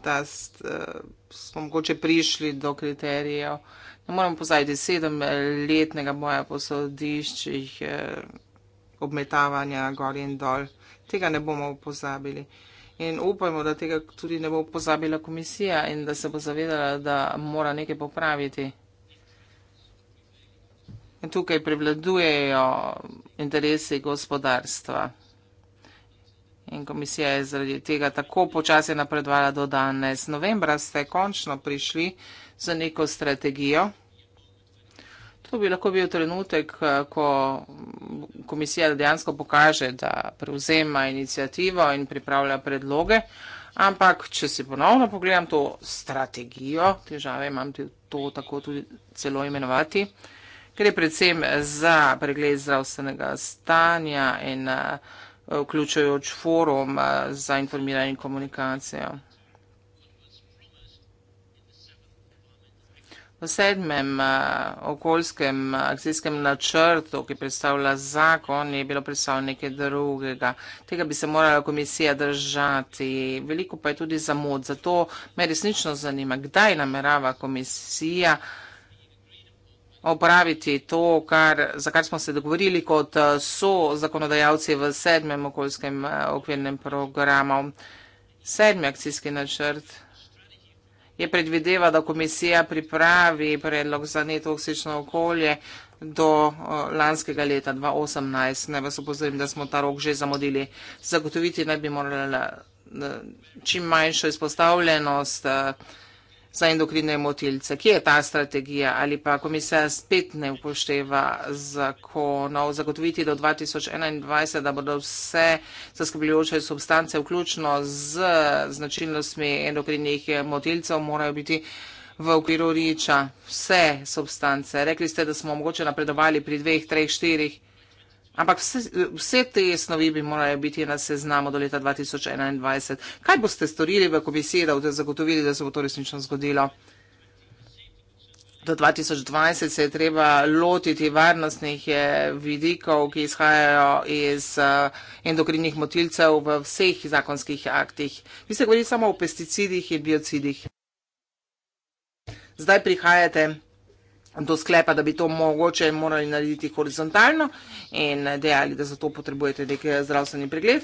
da eh, smo mogoče prišli do kriterijev. Ne moramo pozajati sedemletnega boja po sodiščih, eh, obmetavanja gor in dol. Tega ne bomo pozabili. In upajmo, da tega tudi ne bo pozabila komisija in da se bo zavedala, da mora nekaj popraviti. In tukaj prevladujejo interesi gospodarstva. In komisija je zaradi tega tako počasi napredovala do danes. Novembra ste končno prišli za neko strategijo. To bi lahko bil trenutek, ko komisija dejansko pokaže, da prevzema inicijativo in pripravlja predloge. Ampak, če si ponovno pogledam to strategijo, težave imam to tako tudi celo imenovati, ker je predvsem za pregled zdravstvenega stanja in uh, vključujoč forum eh, za informiranje in komunikacijo. V sedmem eh, okoljskem eh, akcijskem načrtu, ki predstavlja zakon, je bilo predstavljeno nekaj drugega. Tega bi se morala komisija držati. Veliko pa je tudi zamod. Zato me resnično zanima, kdaj namerava komisija vključiti opraviti to, kar, za kar smo se dogovorili kot eh, so zakonodajalci v sedmem okoljskem eh, okvirnem programu. Sedmi akcijski načrt je predvideva, da komisija pripravi predlog za netoksično okolje do eh, lanskega leta 2018. Naj vas opozorim, da smo ta rok že zamodili. Zagotoviti naj bi morala čim manjšo izpostavljenost uh, za endokrine motilce. Kje je ta strategija? Ali pa komisija spet ne upošteva zakonov zagotoviti do 2021, da bodo vse zaskrbljujoče substance, vključno z značilnostmi endokrinih motilcev, morajo biti v okviru riča vse substance. Rekli ste, da smo mogoče napredovali pri dveh, treh, štirih. Ampak vse, vse te snovi bi morajo biti na seznamu do leta 2021. Kaj boste storili v komisiji, da boste zagotovili, da se bo to resnično zgodilo? Do 2020 se je treba lotiti varnostnih eh, vidikov, ki izhajajo iz eh, endokrinih motilcev v vseh zakonskih aktih. Vi ste govorili samo o pesticidih in biocidih. Zdaj prihajate do sklepa, da bi to mogoče morali narediti horizontalno in dejali, da za to potrebujete nek eh, zdravstveni pregled.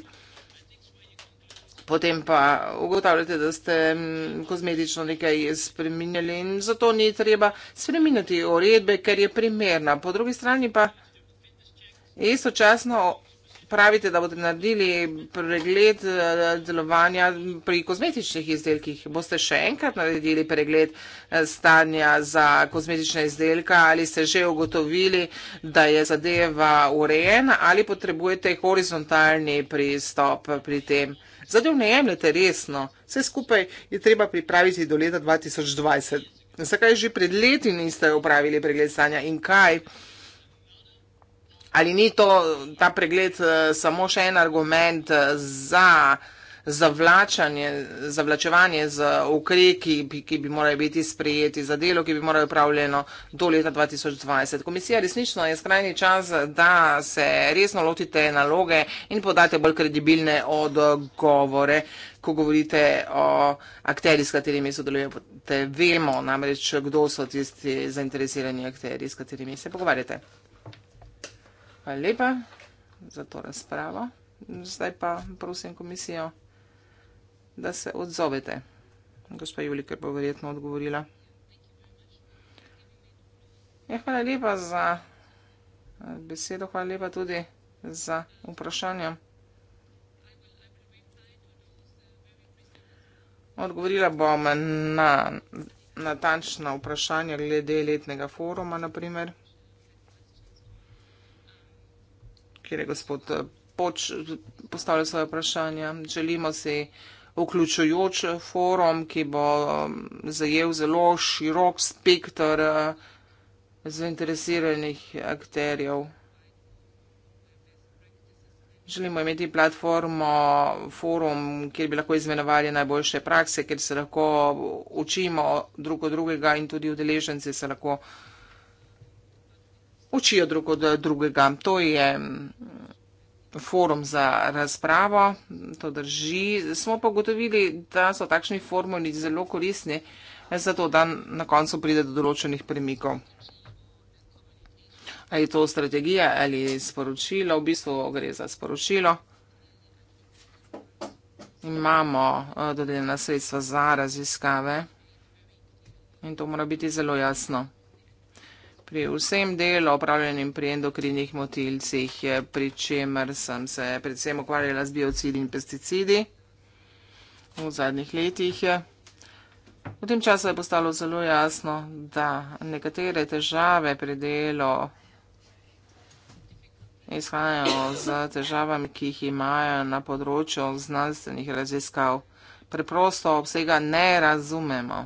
Potem pa ugotavljate, da ste mm, kozmetično nekaj spremenjali in zato ni treba spremenjati uredbe, ker je primerna. Po drugi strani pa istočasno pravite, da boste naredili pregled eh, delovanja pri kozmetičnih izdelkih. Boste še enkrat naredili pregled eh, stanja za kozmetična izdelka ali ste že ugotovili, da je zadeva urejena ali potrebujete horizontalni pristop pri tem. Zadev ne jemljete resno. Vse skupaj je treba pripraviti do leta 2020. Zakaj že pred leti niste upravili pregled stanja in kaj? Ali ni to, ta pregled eh, samo še en argument eh, za zavlačanje, zavlačevanje z ukreki, ki bi morali biti sprejeti, za delo, ki bi moralo biti upravljeno do leta 2020. Komisija resnično je skrajni čas, da se resno lotite naloge in podate bolj kredibilne odgovore, ko govorite o akteri, s katerimi sodelujete. Vemo namreč, kdo so tisti zainteresirani akteri, s katerimi se pogovarjate. Hvala lepa za to razpravo. Zdaj pa prosim komisijo, da se odzovete. Gospa Juliker bo verjetno odgovorila. Ja, hvala lepa za eh, besedo, hvala lepa tudi za vprašanje. Odgovorila bom na natančna vprašanja glede letnega foruma, naprimer. kjer je gospod eh, Poč eh, postavljal svoje vprašanje. Želimo si vključujoč eh, forum, ki bo zajel zelo širok spektr zainteresiranih akterjev. Želimo imeti platformo, forum, kjer bi lahko izmenovali najboljše prakse, kjer se lahko učimo drugo drugega in tudi udeleženci se lahko učimo učijo drug od eh, drugega. To je mm, forum za razpravo, to drži. Smo pa ugotovili, da so takšni formuli zelo korisni, zato da na koncu pride do določenih premikov. Ali je to strategija ali sporočilo, v bistvu gre za sporočilo. Imamo eh, dodeljena sredstva za raziskave in to mora biti zelo jasno pri vsem delu opravljenim pri endokrinih motilcih, pri čemer sem se predvsem ukvarjala z biocidi in pesticidi v zadnjih letih. V tem času je postalo zelo jasno, da nekatere težave pri delu izhajajo z težavami, ki jih imajo na področju znanstvenih raziskav. Preprosto vsega ne razumemo.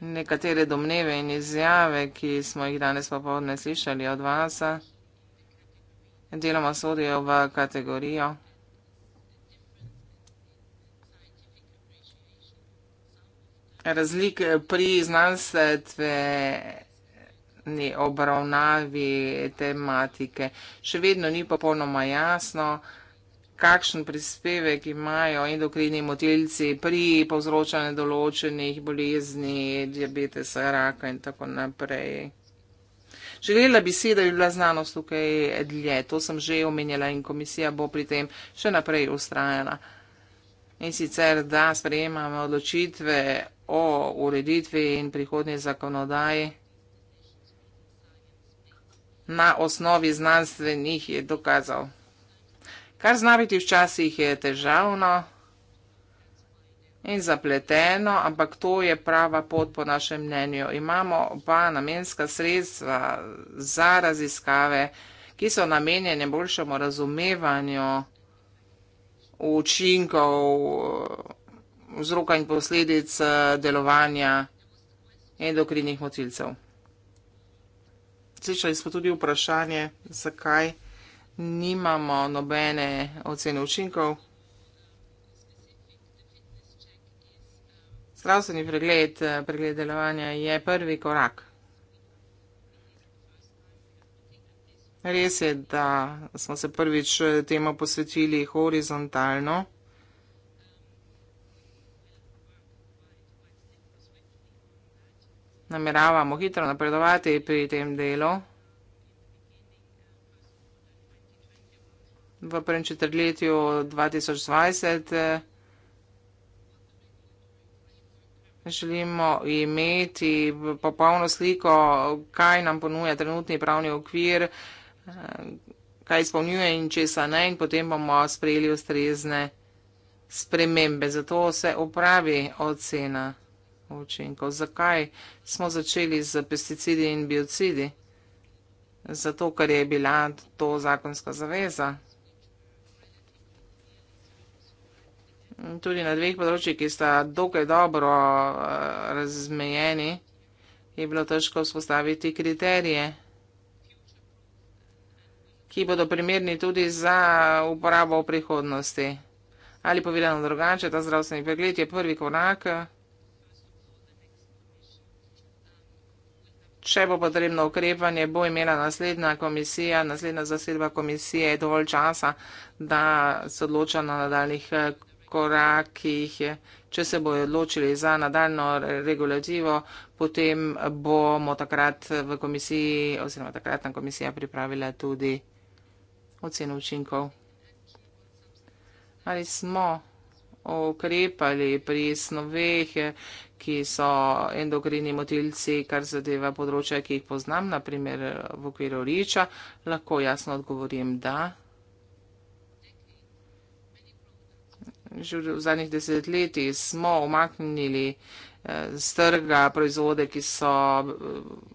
nekatere domneve in izjave, ki smo jih danes popovdne slišali od vas, deloma sodijo v kategorijo. Razlik pri znanstveni obravnavi tematike še vedno ni popolnoma jasno kakšen prispevek imajo endokrini motilci pri povzročanju določenih bolezni, diabetesa, raka in tako naprej. Želela bi si, da bi bila znanost tukaj dlje, to sem že omenjala in komisija bo pri tem še naprej ustrajena. In sicer, da sprejemamo odločitve o ureditvi in prihodnji zakonodaji na osnovi znanstvenih dokazov. Kar zna biti včasih je težavno in zapleteno, ampak to je prava pot po našem mnenju. Imamo pa namenska sredstva za raziskave, ki so namenjene boljšemu razumevanju učinkov, vzroka in posledic delovanja endokrinih motilcev. Slišali smo tudi vprašanje, zakaj nimamo nobene ocene učinkov. Zdravstveni pregled, eh, pregled delovanja je prvi korak. Res je, da smo se prvič eh, temu posvetili horizontalno. Nameravamo hitro napredovati pri tem delu. v prvem četrtletju 2020 eh, želimo imeti popolno sliko, kaj nam ponuja trenutni pravni okvir, eh, kaj izpolnjuje in česa ne, in potem bomo sprejeli ustrezne spremembe. Zato se upravi ocena učinkov. Zakaj smo začeli z pesticidi in biocidi? Zato, ker je bila to zakonska zaveza. tudi na dveh področjih, ki sta dokaj dobro eh, razmejeni, je bilo težko vzpostaviti kriterije, ki bodo primerni tudi za uporabo v prihodnosti. Ali povedano drugače, ta zdravstveni pregled je prvi korak, Če bo potrebno ukrepanje, bo imela naslednja komisija, naslednja zasedba komisije dovolj časa, da se odloča na nadaljnih eh, korakih, če se bojo odločili za nadaljno regulativo, potem bomo takrat v komisiji oziroma takratna komisija pripravila tudi oceno učinkov. Ali smo ukrepali pri snoveh, ki so endokrini motilci, kar zadeva področja, ki jih poznam, naprimer v okviru riča, lahko jasno odgovorim, da. že v zadnjih desetletjih smo omaknili z eh, trga proizvode, ki so eh,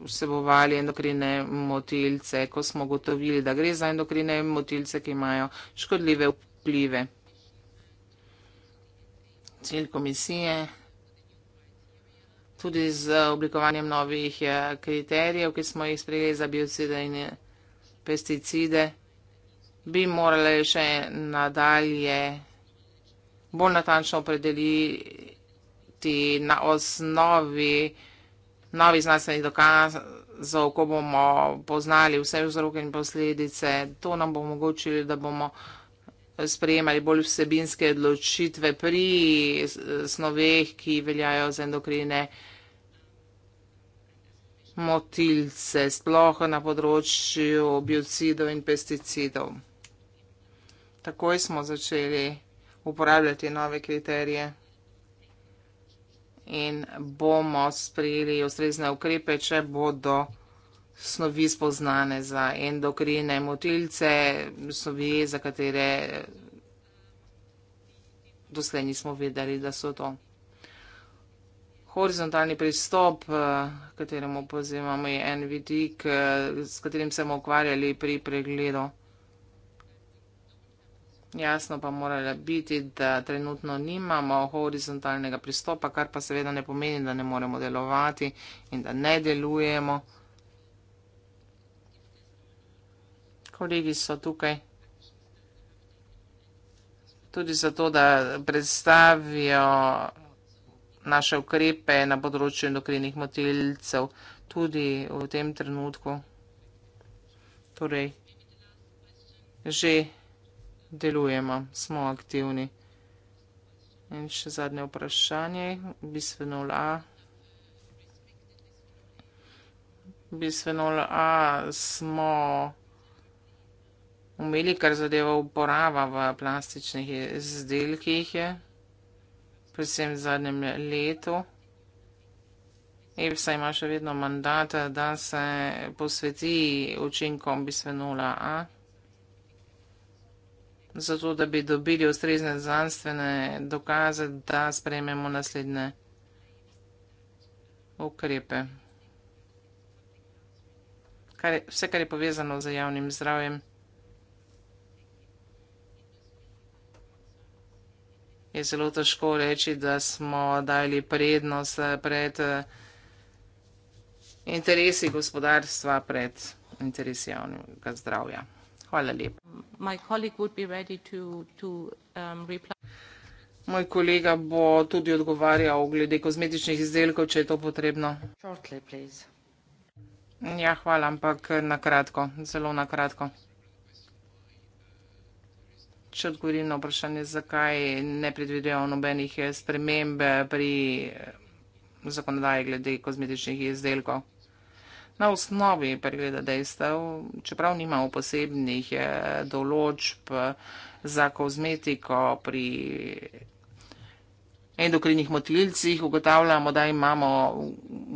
vsebovali endokrine motilce, ko smo gotovili, da gre za endokrine motilce, ki imajo škodljive vplive. Cilj komisije tudi z oblikovanjem novih eh, kriterijev, ki smo jih sprejeli za biocide in pesticide, bi morali še nadalje bolj natančno opredeliti na osnovi novih znanstvenih dokazov, ko bomo poznali vse vzroke in posledice. To nam bo omogočilo, da bomo sprejemali bolj vsebinske odločitve pri snoveh, ki veljajo za endokrine motilce, sploh na področju biocidov in pesticidov. Takoj smo začeli uporabljati nove kriterije in bomo sprejeli ustrezne ukrepe, če bodo snovi spoznane za endokrine motilce, snovi, za katere doslej nismo vedeli, da so to. Horizontalni pristop, eh, kateremu pozivamo, je en vidik, eh, s katerim se bomo ukvarjali pri pregledu. Jasno pa morala biti, da trenutno nimamo horizontalnega pristopa, kar pa seveda ne pomeni, da ne moremo delovati in da ne delujemo. Kolegi so tukaj tudi zato, da predstavijo naše ukrepe na področju endokrinih motilcev tudi v tem trenutku. Torej, že delujemo, smo aktivni. In še zadnje vprašanje, bisvenol A. Bisvenol A smo umeli, kar zadeva uporaba v plastičnih izdelkih, predvsem v zadnjem letu. EFSA ima še vedno mandat, da se posveti učinkom bisvenola A zato da bi dobili ustrezne znanstvene dokaze, da sprejmemo naslednje ukrepe. Kar je, vse, kar je povezano z javnim zdravjem, je zelo težko reči, da smo dali prednost eh, pred eh, interesi gospodarstva, pred interesi javnega zdravja. Hvala lepa. Um, Moj kolega bo tudi odgovarjal glede kozmetičnih izdelkov, če je to potrebno. Ja, hvala, ampak na kratko, zelo na kratko. Če odgovorim na vprašanje, zakaj ne predvidejo nobenih sprememb pri eh, zakonodaji glede kozmetičnih izdelkov na osnovi pregleda dejstev, čeprav nimamo posebnih eh, določb eh, za kozmetiko pri endokrinih motilcih, ugotavljamo, da imamo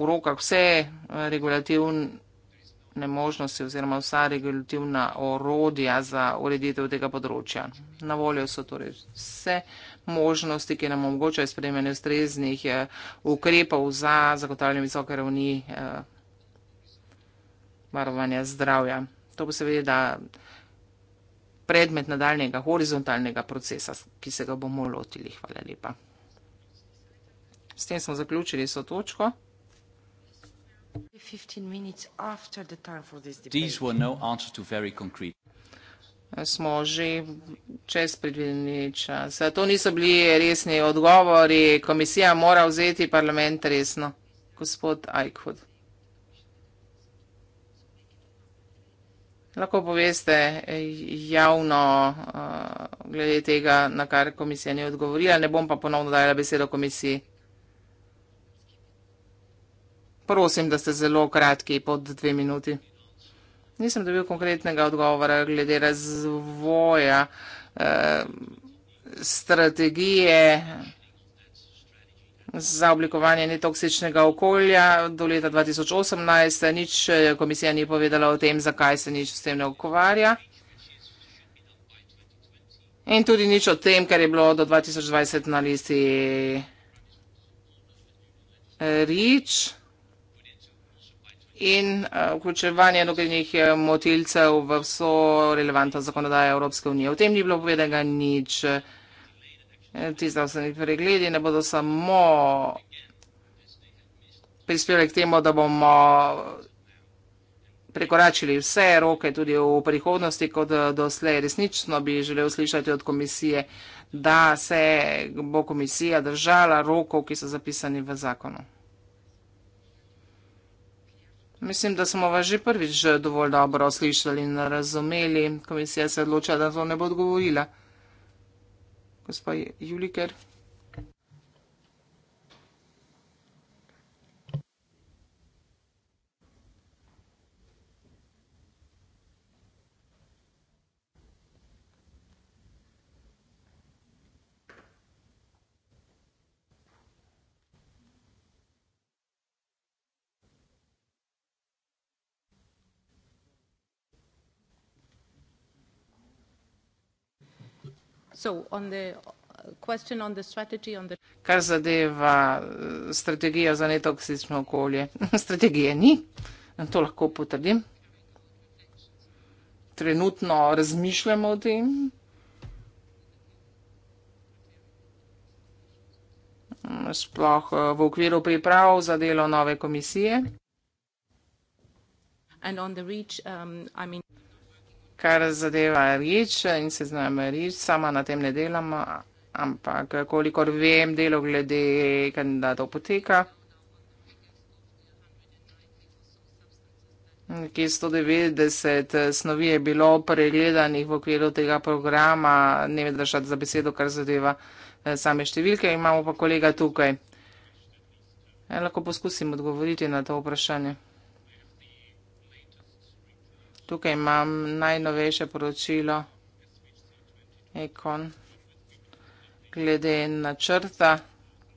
v rokah vse eh, regulativne možnosti oziroma vsa regulativna orodja za ureditev tega področja. Na voljo so torej vse možnosti, ki nam omogočajo sprejemanje ustreznih ukrepov za zagotavljanje visoke ravni varovanja zdravja. To bo seveda predmet nadaljnega horizontalnega procesa, ki se ga bomo lotili. Hvala lepa. S tem smo zaključili so točko. No smo že čez predvideni čas. To niso bili resni odgovori. Komisija mora vzeti parlament resno. Gospod Eichhut. Lahko poveste javno uh, glede tega, na kar komisija ni odgovorila. Ne bom pa ponovno dajala besedo komisiji. Prosim, da ste zelo kratki pod dve minuti. Nisem dobil konkretnega odgovora glede razvoja uh, strategije za oblikovanje netoksičnega okolja. Do leta 2018 nič eh, komisija ni povedala o tem, zakaj se nič s tem ne ukvarja. In tudi nič o tem, kar je bilo do 2020 na listi eh, rič in eh, vključevanje nogrednih motilcev v vso relevanto zakonodaje Evropske unije. O tem ni bilo povedega nič nič ti zdravstveni pregledi ne bodo samo prispevali k temu, da bomo prekoračili vse roke tudi v prihodnosti, kot doslej resnično bi želel slišati od komisije, da se bo komisija držala rokov, ki so zapisani v zakonu. Mislim, da smo vas že prvič dovolj dobro slišali in razumeli. Komisija se odloča, da to ne bo odgovorila gospa Juliker. Uh, Kar zadeva uh, strategijo za netoksično okolje, strategije ni, to lahko potrdim. Trenutno razmišljamo o tem. sploh uh, v okviru priprav za delo nove komisije kar zadeva rič in se znam rič, sama na tem ne delam, ampak kolikor vem, delo glede kandidatov poteka. Nekje 190 snovi je bilo pregledanih v okviru tega programa, ne vem držati za besedo, kar zadeva eh, same številke, imamo pa kolega tukaj. Eh, lahko poskusim odgovoriti na to vprašanje tukaj imam najnovejše poročilo Ekon glede načrta,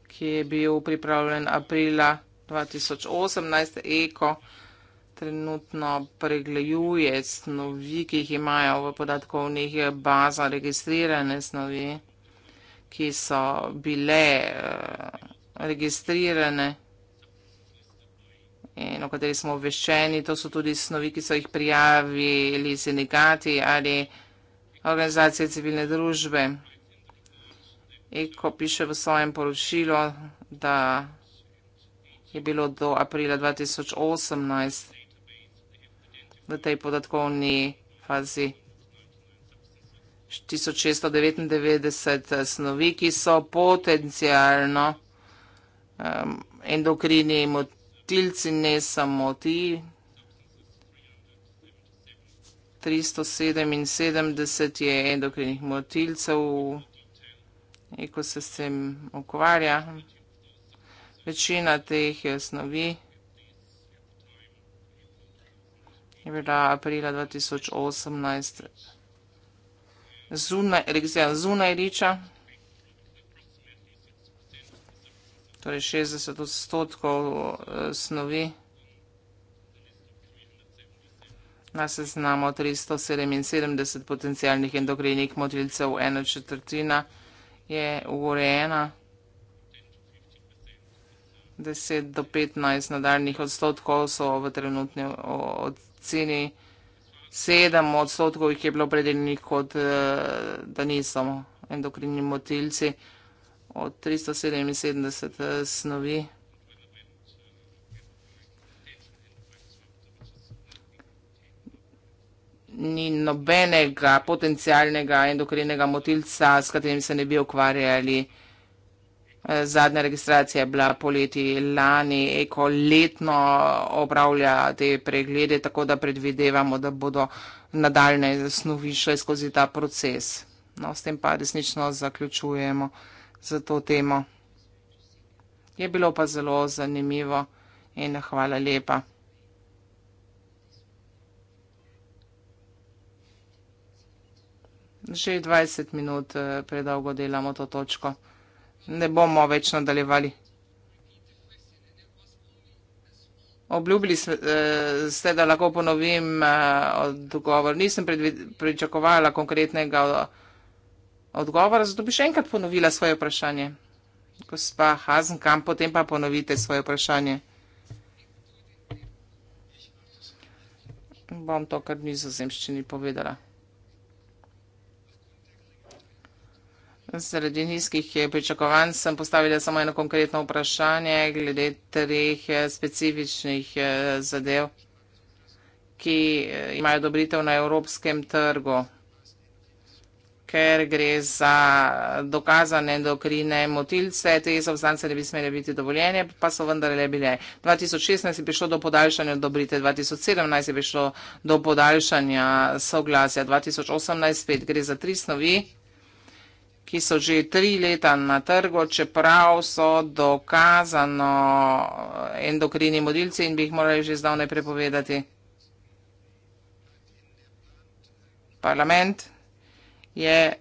ki je bil pripravljen aprila 2018. Eko trenutno pregleduje snovi, ki jih imajo v podatkovnih bazah registrirane snovi, ki so bile eh, registrirane in o kateri smo obveščeni. To so tudi snovi, ki so jih prijavili sindikati ali organizacije civilne družbe. Eko piše v svojem poročilu, da je bilo do aprila 2018 v tej podatkovni fazi 1699 snovi, ki so potencijalno um, endokrini mot svetilci, ne samo ti. 377 je endokrinih motilcev, ekosistem ukvarja. Večina teh je osnovi. Je bila aprila 2018 zunaj, zunaj riča. torej 60 odstotkov e, snovi na seznamo 377 potencijalnih endokrinih motilcev, ena četrtina je ugorejena, 10 do 15 nadaljnih odstotkov so v trenutni oceni, 7 odstotkov jih je bilo predeljenih kot, e, da niso endokrinni motilci, od 377 eh, snovi. Ni nobenega potencijalnega endokrinega motilca, s katerim se ne bi ukvarjali. Eh, zadnja registracija je bila poleti lani, eko letno opravlja te preglede, tako da predvidevamo, da bodo nadaljne snovi šle skozi ta proces. No, s tem pa resnično zaključujemo za to temo. Je bilo pa zelo zanimivo in hvala lepa. Že 20 minut eh, predolgo delamo to točko. Ne bomo več nadaljevali. Obljubili eh, ste, da lahko ponovim eh, odgovor. Nisem pričakovala konkretnega odgovora odgovora, zato bi še enkrat ponovila svoje vprašanje. Gospa Hazenkamp, potem pa ponovite svoje vprašanje. Bom to, kar nizozemščini povedala. Zaradi nizkih pričakovanj sem postavila samo eno konkretno vprašanje glede treh eh, specifičnih eh, zadev, ki eh, imajo dobritev na evropskem trgu ker gre za dokazane endokrine motilce, te substance ne bi smele biti dovoljene, pa so vendarle bile. 2016 je prišlo do podaljšanja odobrite, 2017 je prišlo do podaljšanja soglasja, 2018 spet gre za tri snovi ki so že tri leta na trgu, čeprav so dokazano endokrini modilci in bi jih morali že zdavne prepovedati. Parlament je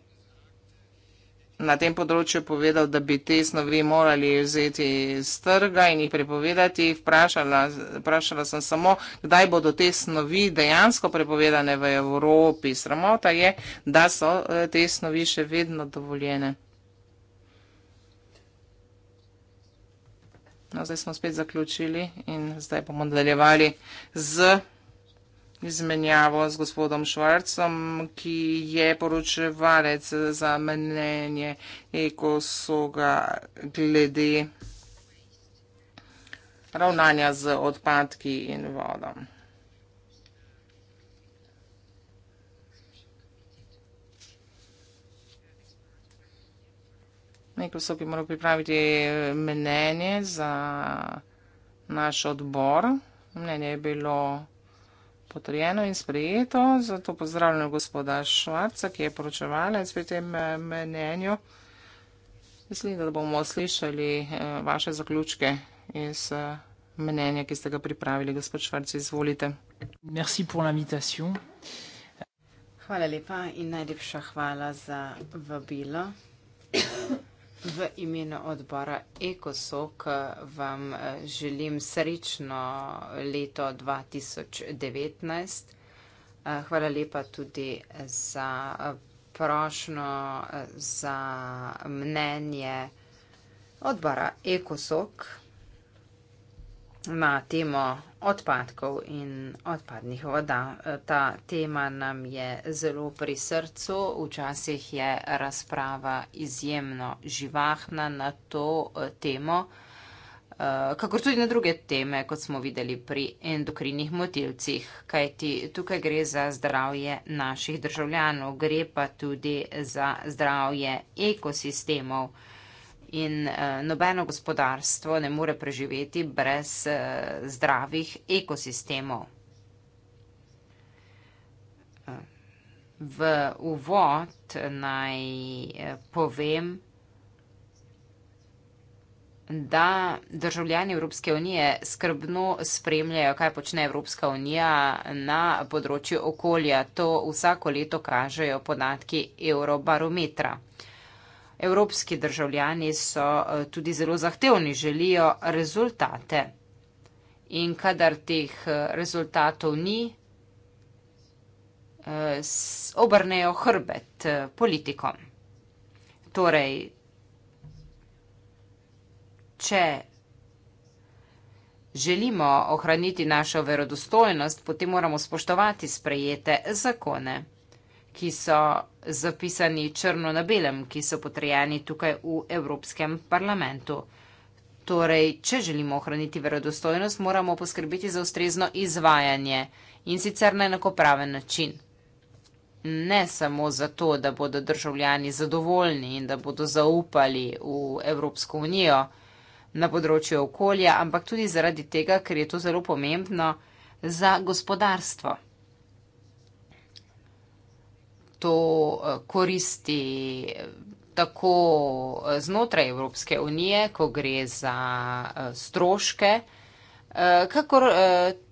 na tem področju povedal, da bi te snovi morali vzeti z trga in jih prepovedati. Vprašala, vprašala sem samo, kdaj bodo te snovi dejansko prepovedane v Evropi. Sramota je, da so eh, te snovi še vedno dovoljene. No, zdaj smo spet zaključili in zdaj bomo nadaljevali z izmenjavo z gospodom Švarcom, ki je poročevalec za mnenje ekosoga glede ravnanja z odpadki in vodom. Microsoft je moral pripraviti mnenje za naš odbor. Mnenje je bilo potrjeno in sprejeto. Zato pozdravljam gospoda Švarca, ki je poročevalec pri tem eh, mnenju. Mislim, da bomo slišali eh, vaše zaključke iz eh, mnenja, ki ste ga pripravili. Gospod Švarc, izvolite. Merci pour l'invitation. Hvala lepa in najlepša hvala za vabilo. V imenu odbora Ekosok eh, vam eh, želim srečno leto 2019. Eh, hvala lepa tudi za prošno, za mnenje odbora Ekosok na temo odpadkov in odpadnih voda. Ta tema nam je zelo pri srcu. Včasih je razprava izjemno živahna na to eh, temo, eh, kako tudi na druge teme, kot smo videli pri endokrinih motilcih, kajti tukaj gre za zdravje naših državljanov, gre pa tudi za zdravje ekosistemov. In uh, nobeno gospodarstvo ne more preživeti brez uh, zdravih ekosistemov. Uh, v uvod naj uh, povem, da državljani Evropske unije skrbno spremljajo, kaj počne Evropska unija na področju okolja. To vsako leto kažejo podatki Eurobarometra. Uh, Evropski državljani so eh, tudi zelo zahtevni, želijo rezultate. In kadar teh eh, rezultatov ni, eh, obrnejo hrbet politikom. Torej, če želimo ohraniti našo verodostojnost, potem moramo spoštovati sprejete zakone ki so zapisani črno na belem, ki so potrejeni tukaj v Evropskem parlamentu. Torej, če želimo ohraniti verodostojnost, moramo poskrbiti za ustrezno izvajanje in sicer na enakopraven način. Ne samo zato, da bodo državljani zadovoljni in da bodo zaupali v Evropsko unijo na področju okolja, ampak tudi zaradi tega, ker je to zelo pomembno za gospodarstvo to eh, koristi eh, tako eh, znotraj Evropske unije, ko gre za stroške, kakor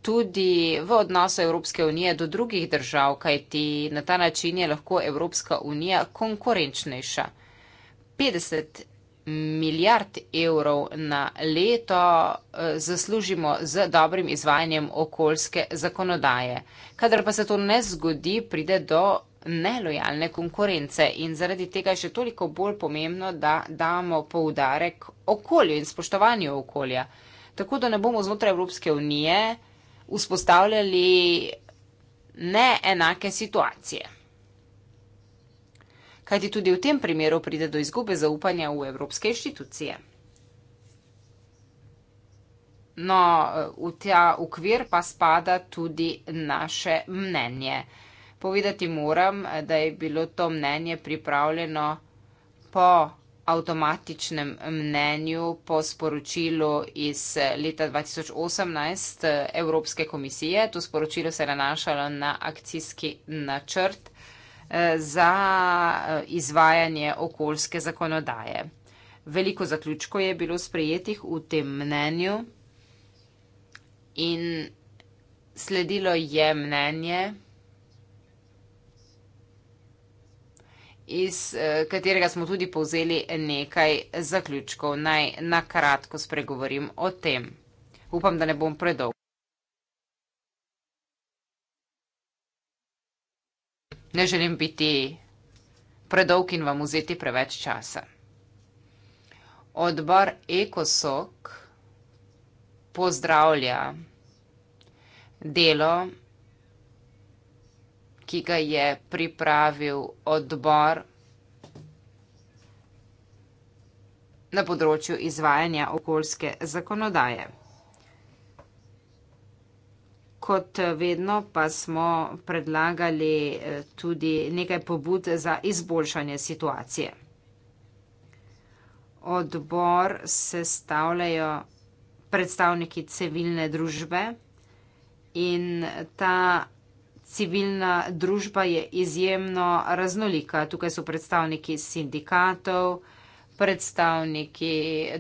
tudi v odnosu Evropske unije do drugih držav, kajti na ta način je lahko Evropska unija konkurenčnejša. 50 milijard evrov na leto zaslužimo z dobrim izvajanjem okoljske zakonodaje. Kadar pa se to ne zgodi, pride do nelojalne konkurence in zaradi tega je še toliko bolj pomembno, da damo poudarek okolju in spoštovanju okolja. Tako da ne bomo znotraj Evropske unije vzpostavljali neenake situacije. Kajti tudi v tem primeru pride do izgube zaupanja v evropske inštitucije. No, v ta ukvir pa spada tudi naše mnenje. Povedati moram, da je bilo to mnenje pripravljeno po avtomatičnem mnenju, po sporočilu iz leta 2018 eh, Evropske komisije. To sporočilo se je nanašalo na akcijski načrt eh, za eh, izvajanje okoljske zakonodaje. Veliko zaključko je bilo sprejetih v tem mnenju in sledilo je mnenje, iz eh, katerega smo tudi povzeli nekaj zaključkov. Naj na kratko spregovorim o tem. Upam, da ne bom predolg. Ne želim biti predolg in vam vzeti preveč časa. Odbor Ekosok pozdravlja delo ki ga je pripravil odbor na področju izvajanja okoljske zakonodaje. Kot vedno pa smo predlagali eh, tudi nekaj pobud za izboljšanje situacije. Odbor se stavljajo predstavniki civilne družbe in ta civilna družba je izjemno raznolika. Tukaj so predstavniki sindikatov, predstavniki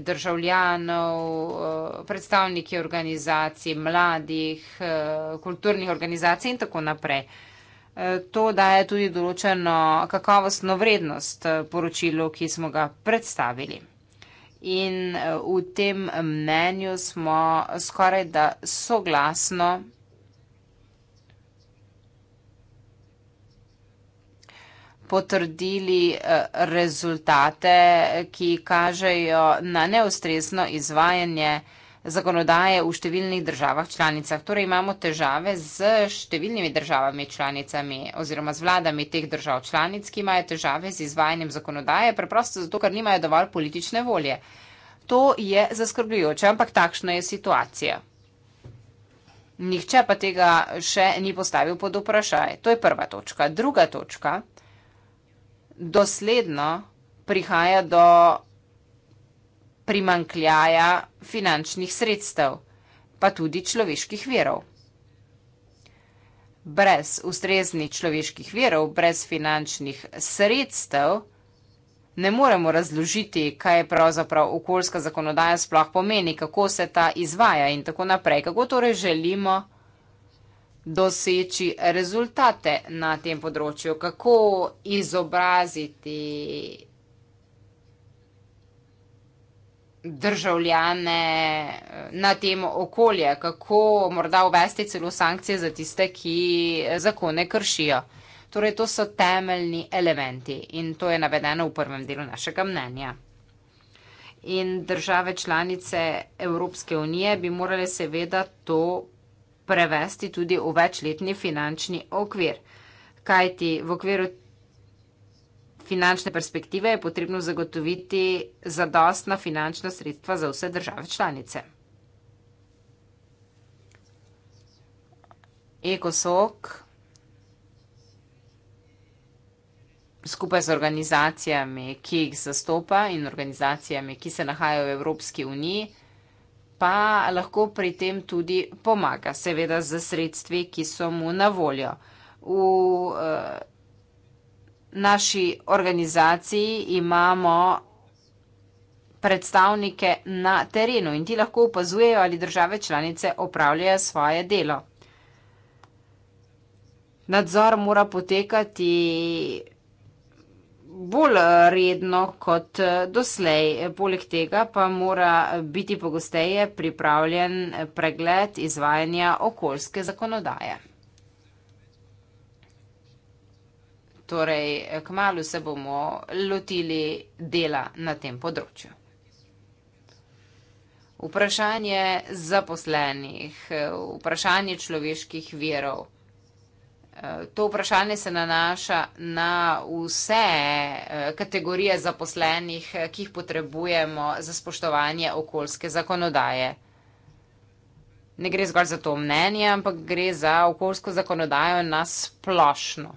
državljanov, eh, predstavniki organizacij mladih, eh, kulturnih organizacij in tako naprej. Eh, to daje tudi določeno kakovostno vrednost poročilu, ki smo ga predstavili. In v tem mnenju smo skoraj da soglasno potrdili eh, rezultate, ki kažejo na neustrezno izvajanje zakonodaje v številnih državah članicah. Torej imamo težave z številnimi državami članicami oziroma z vladami teh držav članic, ki imajo težave z izvajanjem zakonodaje, preprosto zato, ker nimajo dovolj politične volje. To je zaskrbljujoče, ampak takšna je situacija. Nihče pa tega še ni postavil pod vprašaj. To je prva točka. Druga točka dosledno prihaja do primankljaja finančnih sredstev, pa tudi človeških verov. Brez ustreznih človeških verov, brez finančnih sredstev, ne moremo razložiti, kaj pravzaprav okoljska zakonodaja sploh pomeni, kako se ta izvaja in tako naprej, kako torej želimo, doseči rezultate na tem področju, kako izobraziti državljane eh, na tem okolje, kako morda uvesti celo sankcije za tiste, ki eh, zakone kršijo. Torej, to so temeljni elementi in to je navedeno v prvem delu našega mnenja. In države članice Evropske unije bi morale seveda to prevesti tudi v večletni finančni okvir. Kajti v okviru finančne perspektive je potrebno zagotoviti zadostna finančna sredstva za vse države članice. Ekosok skupaj z organizacijami, ki jih zastopa in organizacijami, ki se nahajajo v Evropski uniji, pa lahko pri tem tudi pomaga, seveda z sredstvi, ki so mu na voljo. V eh, naši organizaciji imamo predstavnike na terenu in ti lahko upazujejo, ali države članice opravljajo svoje delo. Nadzor mora potekati vsega, bolj redno kot eh, doslej. Eh, poleg tega pa mora biti pogosteje pripravljen eh, pregled izvajanja okoljske zakonodaje. Torej, kmalo se bomo lotili dela na tem področju. Vprašanje zaposlenih, vprašanje človeških verov. To vprašanje se nanaša na vse eh, kategorije zaposlenih, eh, ki jih potrebujemo za spoštovanje okoljske zakonodaje. Ne gre zgolj za to mnenje, ampak gre za okoljsko zakonodajo na splošno.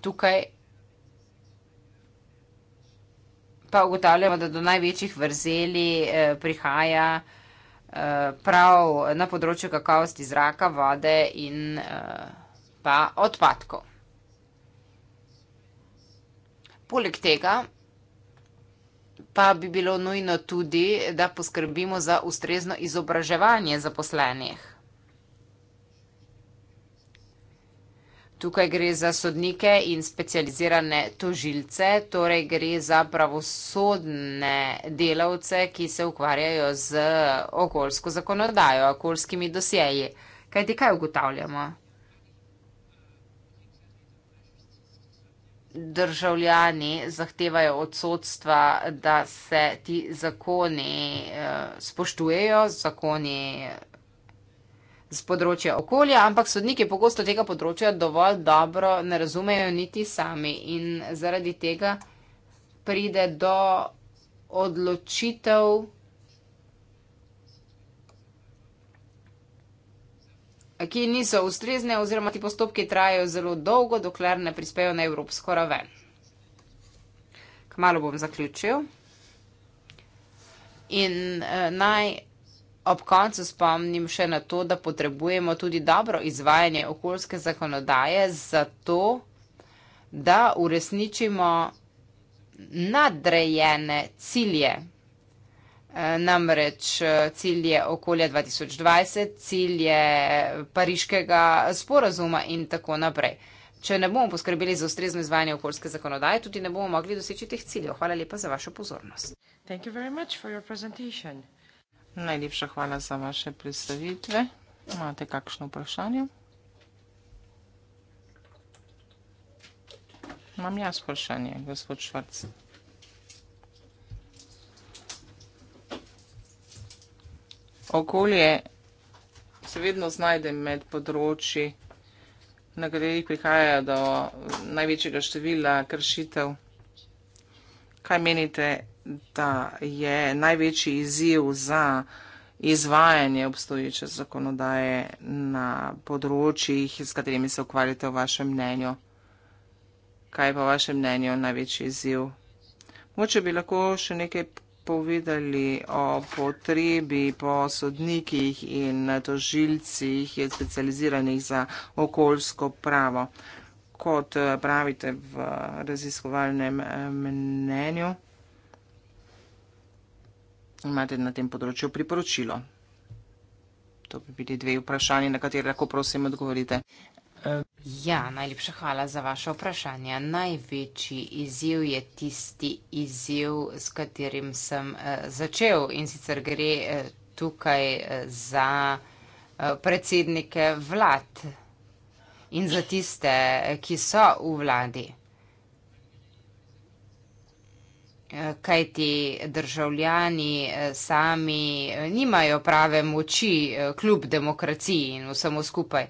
Tukaj pa ugotavljamo, da do največjih vrzeli eh, prihaja. Eh, prav na področju kakovosti zraka, vode in eh, pa odpadkov. Poleg tega pa bi bilo nujno tudi, da poskrbimo za ustrezno izobraževanje zaposlenih. Tukaj gre za sodnike in specializirane tožilce, torej gre za pravosodne delavce, ki se ukvarjajo z okoljsko zakonodajo, okoljskimi dosjeji. Kaj ti kaj ugotavljamo? Državljani zahtevajo od sodstva, da se ti zakoni eh, spoštujejo, zakoni z področja okolja, ampak sodniki pogosto tega področja dovolj dobro ne razumejo niti sami in zaradi tega pride do odločitev. Ki niso ustrezne, oziroma ti postopki trajajo zelo dolgo, dokler ne prispejo na evropsko raven. Kmalo bom zaključil. In eh, naj Ob koncu spomnim še na to, da potrebujemo tudi dobro izvajanje okoljske zakonodaje za to, da uresničimo nadrejene cilje. E, namreč e, cilj je okolja 2020, cilj je pariškega sporazuma in tako naprej. Če ne bomo poskrbeli za ustrezno izvajanje okoljske zakonodaje, tudi ne bomo mogli doseči teh ciljev. Hvala lepa za vašo pozornost. Thank you very much for your presentation. Najlepša hvala za vaše predstavitve. Imate kakšno vprašanje? Imam jaz vprašanje, gospod Švarc. Okolje se vedno znajde med področji, na katerih prihaja do največjega števila kršitev. Kaj menite, da je največji izziv za izvajanje obstoječe zakonodaje na področjih, s katerimi se ukvarjate v vašem mnenju. Kaj je pa vaše mnenje o največji izziv? Moče bi lahko še nekaj povedali o potrebi po sodnikih in tožilcih, specializiranih za okoljsko pravo. Kot pravite v raziskovalnem mnenju, imate na tem področju priporočilo? To bi bili dve vprašanje, na katere lahko prosim odgovorite. Ja, najlepša hvala za vaše vprašanje. Največji izziv je tisti izziv, s katerim sem eh, začel in sicer gre eh, tukaj eh, za predsednike vlad in za tiste, ki so v vladi kaj ti državljani eh, sami eh, nimajo prave moči eh, kljub demokraciji in vsemu skupaj.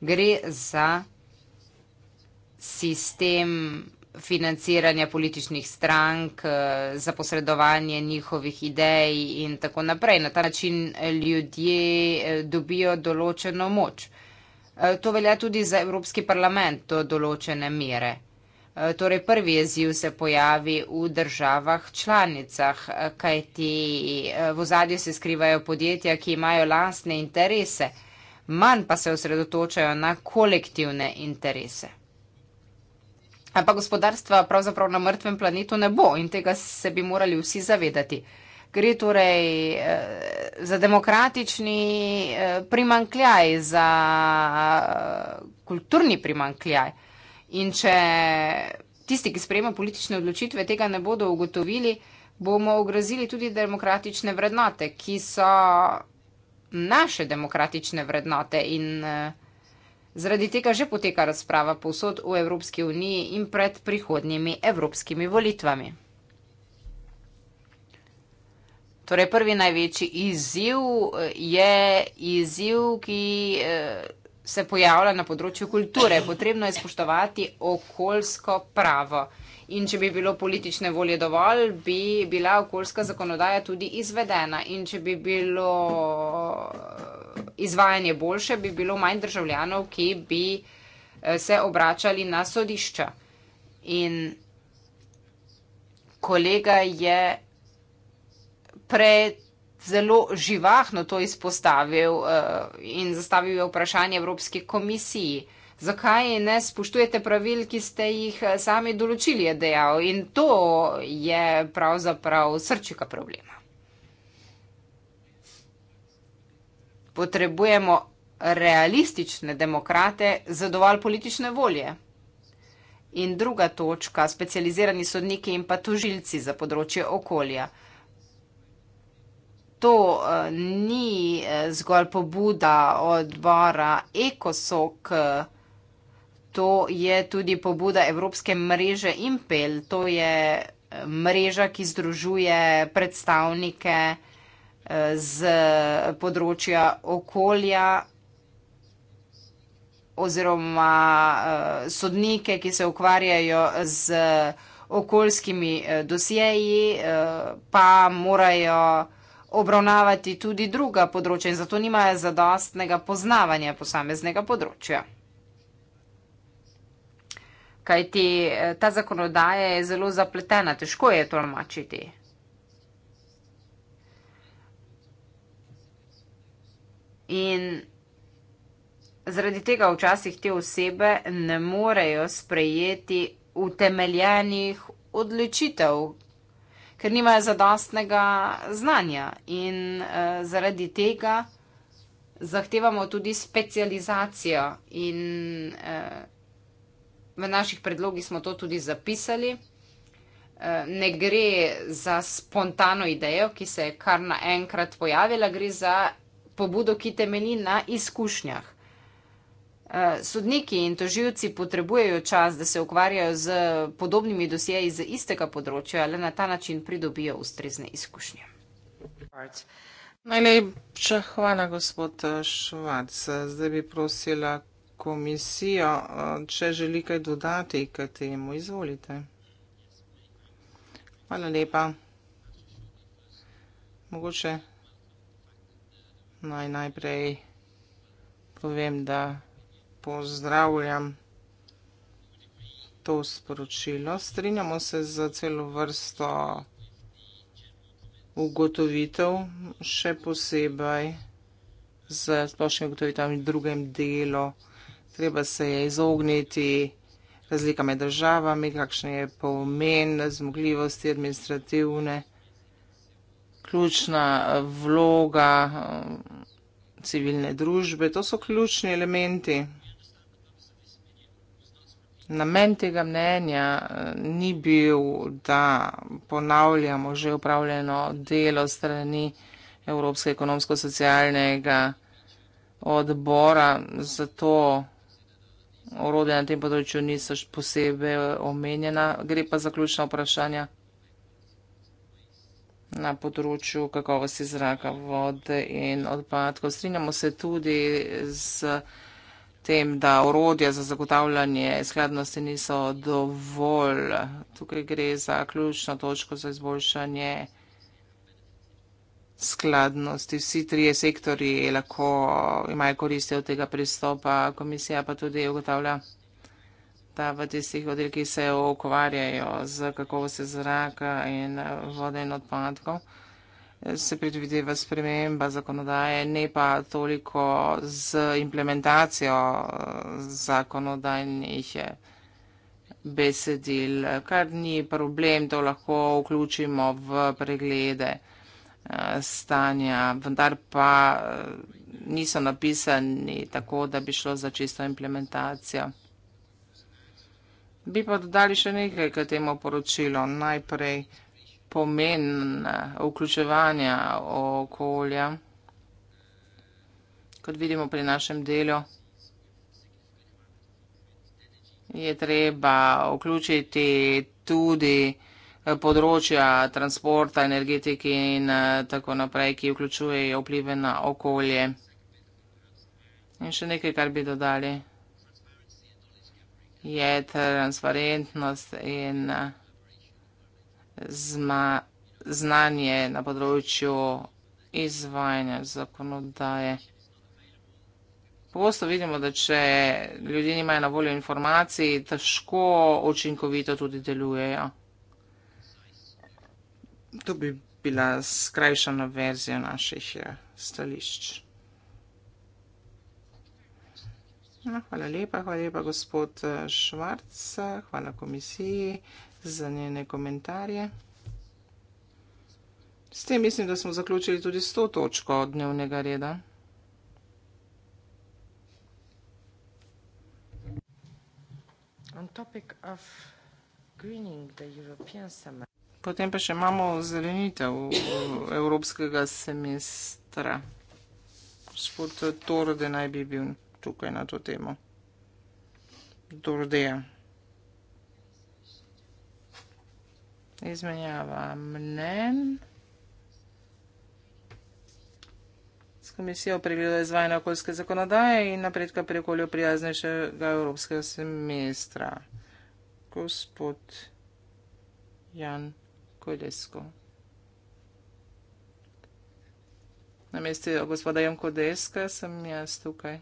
Gre za sistem financiranja političnih strank, za posredovanje njihovih idej in tako naprej. Na ta način ljudje dobijo določeno moč. To velja tudi za Evropski parlament do določene mere. Torej, prvi jeziv se pojavi v državah članicah, kajti eh, v zadju se skrivajo podjetja, ki imajo lastne interese, manj pa se osredotočajo na kolektivne interese. Ampak gospodarstva pravzaprav na mrtvem planetu ne bo in tega se bi morali vsi zavedati. Gre torej eh, za demokratični eh, primankljaj, za kulturni primankljaj. In če tisti, ki sprejema politične odločitve, tega ne bodo ugotovili, bomo ogrozili tudi demokratične vrednote, ki so naše demokratične vrednote in eh, zaradi tega že poteka razprava povsod v Evropski uniji in pred prihodnjimi evropskimi volitvami. Torej, prvi največji izziv eh, je izziv, ki eh, se pojavlja na področju kulture. Potrebno je spoštovati okoljsko pravo. In če bi bilo politične volje dovolj, bi bila okoljska zakonodaja tudi izvedena. In če bi bilo eh, izvajanje boljše, bi bilo manj državljanov, ki bi eh, se obračali na sodišča. In kolega je pred zelo živahno to izpostavil eh, in zastavil vprašanje Evropski komisiji. Zakaj ne spoštujete pravil, ki ste jih eh, sami določili, je dejal. In to je pravzaprav srčika problema. Potrebujemo realistične demokrate za dovolj politične volje. In druga točka, specializirani sodniki in pa tožilci za področje okolja to eh, ni eh, zgolj pobuda odbora Ekosok, eh, to je tudi pobuda Evropske mreže Impel, to je mreža, ki združuje predstavnike z področja okolja oziroma sodnike, ki se ukvarjajo z okoljskimi dosjeji, pa morajo vsega, obravnavati tudi druga področja in zato nimajo zadostnega poznavanja posameznega področja. Kaj ti eh, ta zakonodaja je zelo zapletena, težko je to namačiti. In zaradi tega včasih te osebe ne morejo sprejeti utemeljenih odločitev, ker nimajo zadostnega znanja in uh, zaradi tega zahtevamo tudi specializacijo in uh, v naših predlogih smo to tudi zapisali. Eh, ne gre za spontano idejo, ki se je kar naenkrat pojavila, gre za pobudo, ki temelji na izkušnjah. Eh, sodniki in toživci potrebujejo čas, da se ukvarjajo z podobnimi dosjeji iz istega področja, le na ta način pridobijo ustrezne izkušnje. Najlepša hvala, gospod eh, Švac. Zdaj bi prosila komisijo, eh, če želi kaj dodati, kaj temu izvolite. Hvala lepa. Mogoče naj najprej povem, da pozdravljam to sporočilo. Strinjamo se za celo vrsto ugotovitev, še posebej z splošnimi ugotovitvami v drugem delu. Treba se je izogniti razlika med državami, kakšen je pomen zmogljivosti administrativne, ključna eh, vloga eh, civilne družbe. To so ključni elementi. Namen tega mnenja eh, ni bil, da ponavljamo že upravljeno delo strani Evropske ekonomsko-socialnega odbora, zato orodja na tem področju niso posebej omenjena. Gre pa zaključna vprašanja na področju kakovosti zraka, vode in odpadkov. Strinjamo se tudi z vprašanjem, tem, da orodja za zagotavljanje skladnosti niso dovolj. Tukaj gre za ključno točko za izboljšanje skladnosti. Vsi trije sektori lahko imajo koristi od tega pristopa. Komisija pa tudi ugotavlja, da v tistih oddelkih se okvarjajo z kakovostjo zraka in vode in odpadkov se predvideva sprememba zakonodaje, ne pa toliko z implementacijo eh, zakonodajnih eh, besedil, kar ni problem, to lahko vključimo v preglede eh, stanja, vendar pa niso napisani tako, da bi šlo za čisto implementacijo. Bi pa dodali še nekaj k temu poročilu. Najprej pomen eh, vključevanja okolja, kot vidimo pri našem delu, je treba vključiti tudi eh, področja transporta, energetike in eh, tako naprej, ki vključujejo vplive na okolje. In še nekaj, kar bi dodali, je transparentnost in transparentnost zma, znanje na področju izvajanja zakonodaje. Pogosto vidimo, da če ljudje nimajo na voljo informacij, težko učinkovito tudi delujejo. To bi bila skrajšana verzija naših eh, stališč. No, hvala lepa, hvala lepa gospod eh, Švarc, hvala komisiji za njene komentarje. S tem mislim, da smo zaključili tudi s to točko dnevnega reda. Potem pa še imamo zelenitev evropskega semestra. Gospod Torde naj bi bil tukaj na to temo. Dordeja. izmenjava mnen. Komisija pregleda izvajanje okoljske zakonodaje in napredka pri okolju prijaznejšega evropskega semestra. Gospod Jan Kodesko. Na mesti gospoda Jan Kodeska sem jaz tukaj.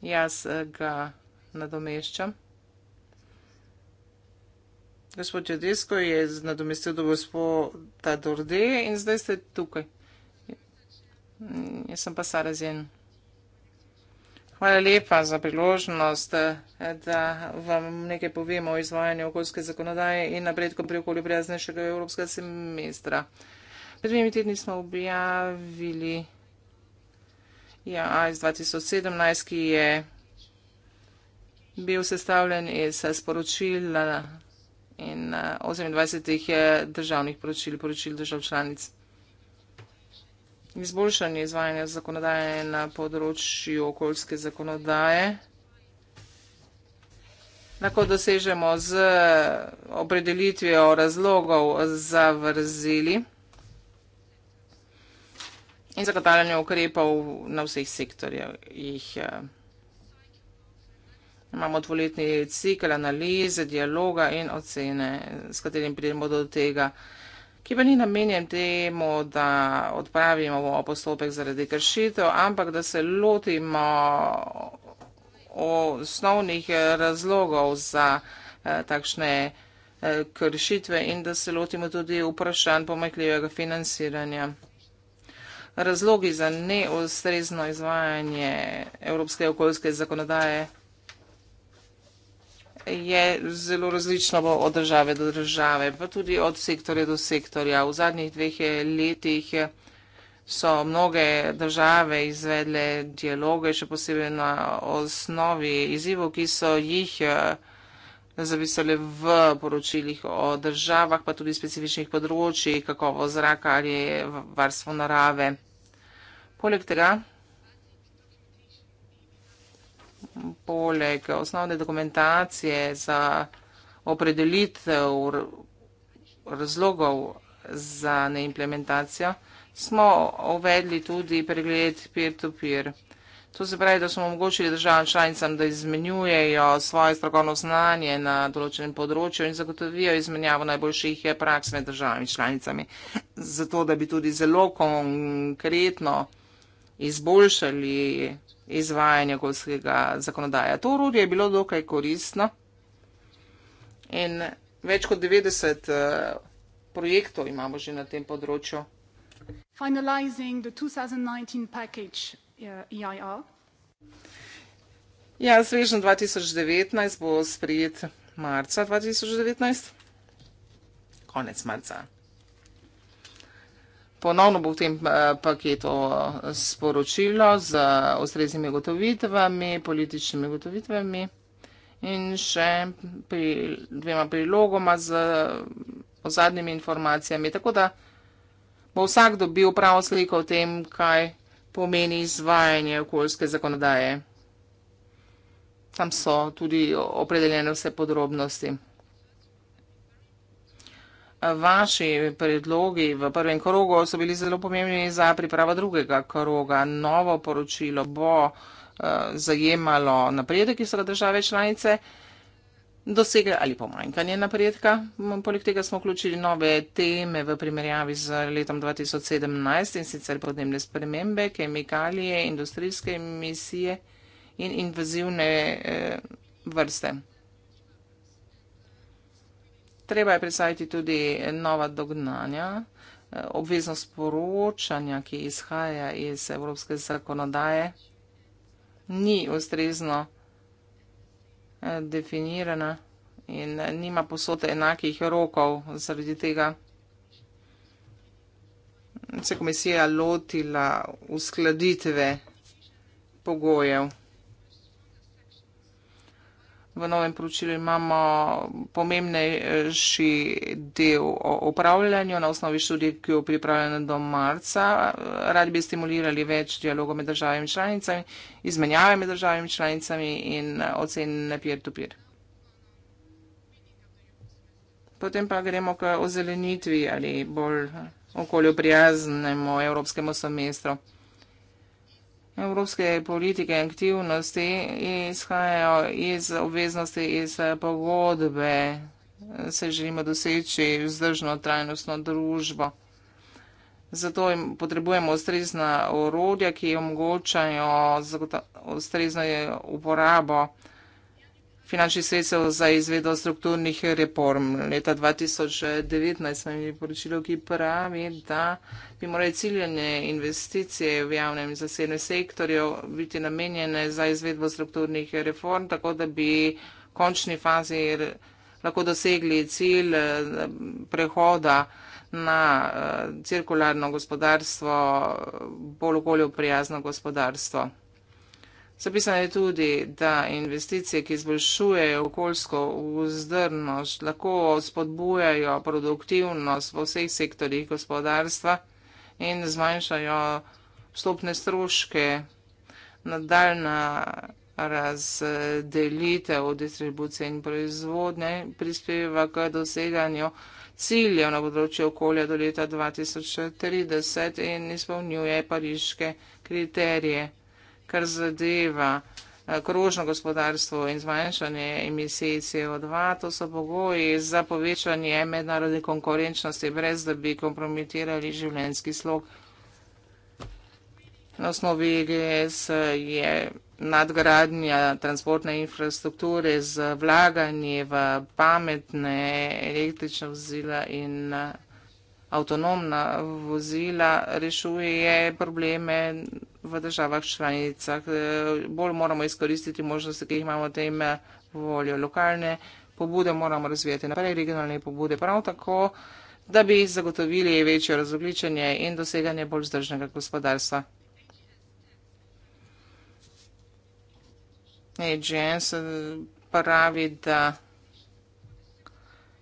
Jaz eh, ga nadomeščam. Gospod Jodesko je nadomestil do gospoda Dorde in zdaj ste tukaj. Jaz sem pa Sara Zen. Hvala lepa za priložnost, da vam nekaj povemo o izvajanju okoljske zakonodaje in napredkom pri okolju prijaznejšega evropskega semestra. Pred dvemi tedni smo objavili ja, AIS 2017, ki je bil sestavljen iz sporočila in uh, 28 jih je državnih poročil, poročil držav članic. Izboljšanje izvajanja zakonodaje na področju okoljske zakonodaje lahko dosežemo z opredelitvijo razlogov za vrzeli in zagotavljanje ukrepov na vseh sektorjih. Uh, Imamo dvoletni cikl analize, dialoga in ocene, s katerim pridemo do tega, ki pa ni namenjen temu, da odpravimo postopek zaradi kršitev, ampak da se lotimo osnovnih razlogov za eh, takšne eh, kršitve in da se lotimo tudi vprašanj pomekljivega financiranja. Razlogi za neustrezno izvajanje evropske okoljske zakonodaje je zelo različno od države do države, pa tudi od sektorja do sektorja. V zadnjih dveh letih so mnoge države izvedle dialoge, še posebej na osnovi izzivov, ki so jih eh, zapisali v poročilih o državah, pa tudi specifičnih področjih, kakovo zraka ali varstvo narave. Poleg tega, poleg osnovne dokumentacije za opredelitev razlogov za neimplementacijo, smo uvedli tudi pregled peer-to-peer. To se pravi, da smo omogočili državam članicam, da izmenjujejo svoje strokovno znanje na določenem področju in zagotovijo izmenjavo najboljših praks med državami članicami. Zato, da bi tudi zelo konkretno izboljšali izvajanja okoljskega zakonodaja. To urodje je bilo dokaj koristno in več kot 90 eh, projektov imamo že na tem področju. Finalizing the 2019 package EIR. Eh, e ja, svežen 2019 bo sprejet marca 2019. Konec marca. Ponovno bo v tem eh, paketu eh, sporočilo z ustreznimi gotovitvami, političnimi gotovitvami in še pri dvema prilogoma z eh, zadnjimi informacijami. Tako da bo vsak dobil pravo sliko o tem, kaj pomeni izvajanje okoljske zakonodaje. Tam so tudi opredeljene vse podrobnosti. Vaši predlogi v prvem krogu so bili zelo pomembni za pripravo drugega kroga. Novo poročilo bo eh, zajemalo napredek, ki so ga države članice dosegle ali pomanjkanje napredka. Poleg tega smo vključili nove teme v primerjavi z letom 2017 in sicer podnebne spremembe, kemikalije, industrijske emisije in invazivne eh, vrste treba je predstaviti tudi nova dognanja, eh, obveznost poročanja, ki izhaja iz evropske zakonodaje, ni ustrezno eh, definirana in nima posote enakih rokov zaradi tega. Se komisija lotila uskladitve pogojev v novem poročilu imamo pomembnejši del o upravljanju na osnovi študij, ki jo pripravljamo do marca. Radi bi stimulirali več dialogov med državami članicami, izmenjave med državami članicami in ocene peer-to-peer. Potem pa gremo k ozelenitvi ali bolj okoljoprijaznemu evropskemu semestru. Evropske politike aktivnosti izhajajo iz obveznosti iz pogodbe, se želimo doseči vzdržno trajnostno družbo. Zato potrebujemo ustrezna orodja, ki omogočajo ustrezno uporabo finančnih sredstev za izvedo strukturnih reform. Leta 2019 smo imeli poročilo, ki pravi, da bi morali ciljene investicije v javnem in zasebnem sektorju biti namenjene za izvedbo strukturnih reform, tako da bi v končni fazi lahko dosegli cilj eh, prehoda na eh, cirkularno gospodarstvo, bolj okolju prijazno gospodarstvo. Zapisano je tudi, da investicije, ki izboljšujejo okoljsko vzdržnost, lahko spodbujajo produktivnost v vseh sektorjih gospodarstva in zmanjšajo stopne stroške. Nadaljna razdelitev distribucije in proizvodnje prispeva k doseganju ciljev na področju okolja do leta 2030 in izpolnjuje pariške kriterije kar zadeva eh, krožno gospodarstvo in zmanjšanje emisij CO2. To so pogoji za povečanje mednarodne konkurenčnosti, brez da bi kompromitirali življenjski slog. Na osnovi EGS je nadgradnja transportne infrastrukture z vlaganje v pametne električna vozila in eh, avtonomna vozila rešuje probleme v državah članicah. E, bolj moramo izkoristiti možnosti, ki jih imamo, da ime voljo lokalne pobude, moramo razvijati naprej regionalne pobude prav tako, da bi zagotovili večjo razogličenje in doseganje bolj zdržnega gospodarstva. AGN e se pravi, da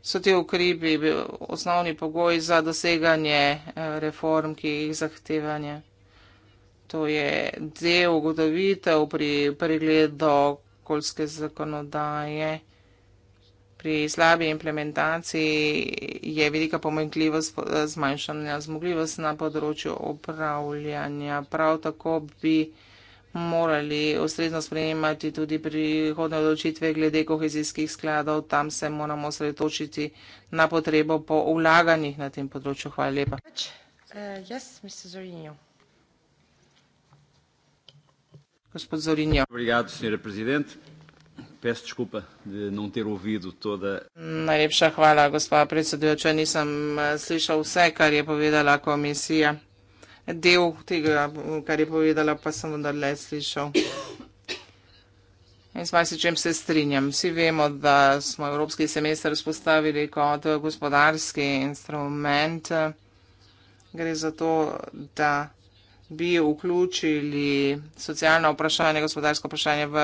so te ukribi osnovni pogoji za doseganje e, reform, ki jih zahtevanje. To je del ugotovitev pri pregledu okoljske zakonodaje. Pri slabi implementaciji je velika pomenkljivost zmanjšanja zmogljivosti na področju upravljanja. Prav tako bi morali ustrezno sprejemati tudi prihodne odločitve glede kohezijskih skladov. Tam se moramo osredotočiti na potrebo po vlaganjih na tem področju. Hvala lepa. Uh, yes, Gospod Zorinjo. Obrigado, senhora presidente. Peço desculpa de não ter ouvido toda. Najlepša hvala, gospod predsedujoča. Nisem eh, slišal vse, kar je povedala komisija. Del tega, eh, kar je povedala, pa sem vendar le slišal. In s marsičem se strinjam. Vsi vemo, da smo evropski semester spostavili kot gospodarski instrument. Gre za to, da bi vključili socialno vprašanje, gospodarsko vprašanje v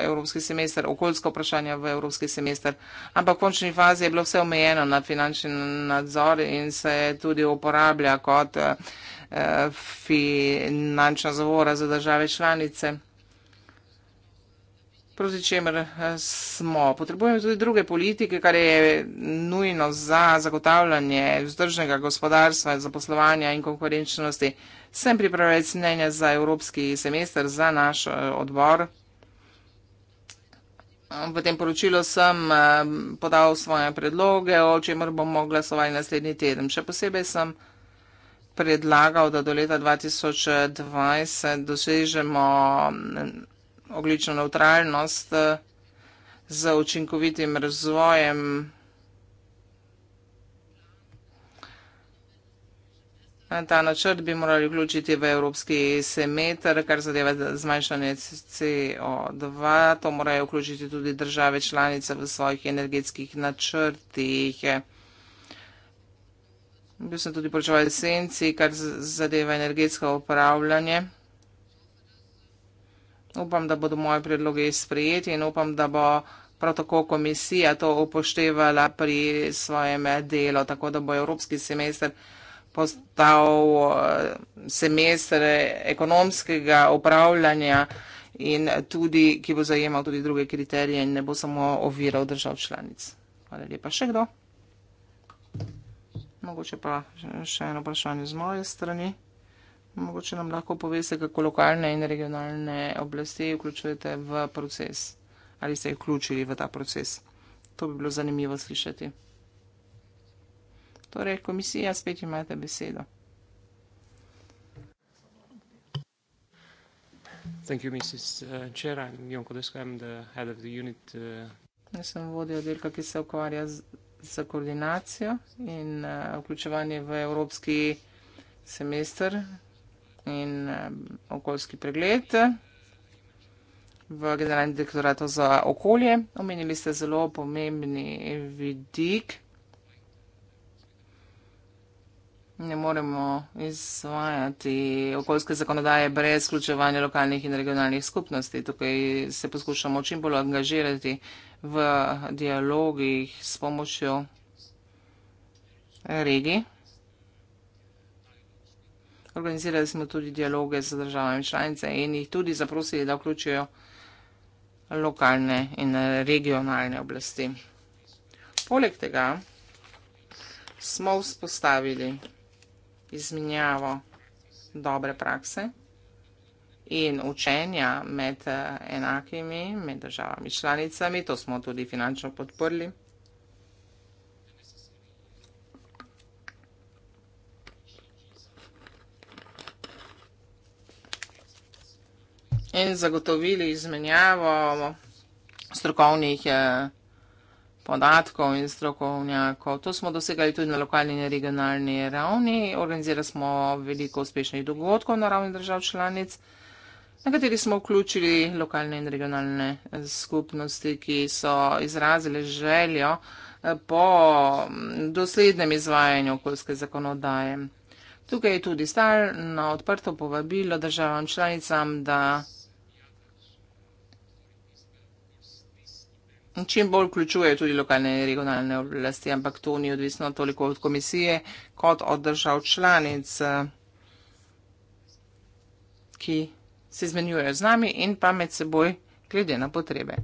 evropski semester, okoljsko vprašanje v evropski semester. Ampak v končni fazi je bilo vse omejeno na finančni nadzor in se tudi uporablja kot eh, finančna zavora za države članice proti čemer eh, smo. Potrebujemo tudi druge politike, kar je nujno za zagotavljanje vzdržnega gospodarstva, zaposlovanja in konkurenčnosti. Sem pripravec mnenja za evropski semester, za naš eh, odbor. V tem poročilu sem eh, podal svoje predloge, o čemer bomo glasovali naslednji teden. Še posebej sem predlagal, da do leta 2020 dosežemo oglično neutralnost eh, z učinkovitim razvojem Ta načrt bi morali vključiti v evropski semeter, kar zadeva zmanjšanje CO2. To morajo vključiti tudi države članice v svojih energetskih načrtih. Bil sem tudi počeval esenci, kar zadeva energetsko upravljanje. Upam, da bodo moji predlogi sprejeti in upam, da bo prav tako komisija to upoštevala pri svojem delu, tako da bo evropski semester postal eh, semester ekonomskega upravljanja in tudi, ki bo zajemal tudi druge kriterije in ne bo samo oviral držav članic. Hvala lepa. Še kdo? Mogoče pa še eno vprašanje z moje strani. Mogoče nam lahko poveste, kako lokalne in regionalne oblasti vključujete v proces ali ste jih vključili v ta proces. To bi bilo zanimivo slišati. Torej, komisija, spet imate besedo. Thank you, Mrs. Uh, Chair. I'm Jonko Desko, I'm the head of the unit. Uh... Jaz sem vodja oddelka, ki se ukvarja z, z koordinacijo in uh, vključevanje v evropski semester in okoljski pregled v generalnem direktoratu za okolje. Omenili ste zelo pomembni vidik. Ne moremo izvajati okoljske zakonodaje brez vključevanja lokalnih in regionalnih skupnosti. Tukaj se poskušamo čim bolj angažirati v dialogih s pomočjo regij. Organizirali smo tudi dialoge z državami članice in jih tudi zaprosili, da vključijo lokalne in regionalne oblasti. Poleg tega smo vzpostavili izmenjavo dobre prakse in učenja med enakimi, med državami članicami, to smo tudi finančno podprli. in zagotovili izmenjavo strokovnih eh, podatkov in strokovnjakov. To smo dosegali tudi na lokalni in regionalni ravni. Organizirali smo veliko uspešnih dogodkov na ravni držav članic, na kateri smo vključili lokalne in regionalne eh, skupnosti, ki so izrazili željo eh, po mm, doslednem izvajanju okoljske zakonodaje. Tukaj je tudi stalno odprto povabilo državam članicam, da Čim bolj vključujejo tudi lokalne in regionalne oblasti, ampak to ni odvisno toliko od komisije kot od držav članic, ki se izmenjujejo z nami in pa med seboj glede na potrebe.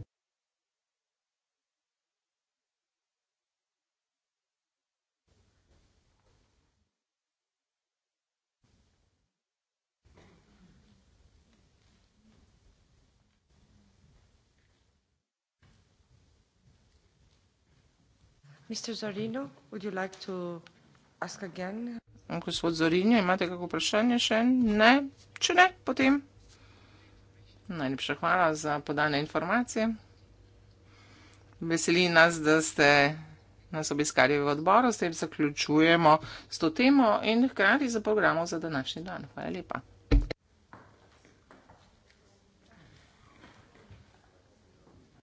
Mr. Zorino, would you like to ask again? Gospod Zorino, imate kako vprašanje še? Ne? Če ne, potem. Najlepša hvala za podane informacije. Veseli nas, da ste nas obiskali v odboru, s tem zaključujemo s to temo in hkrati za programov za današnji dan. Hvala lepa.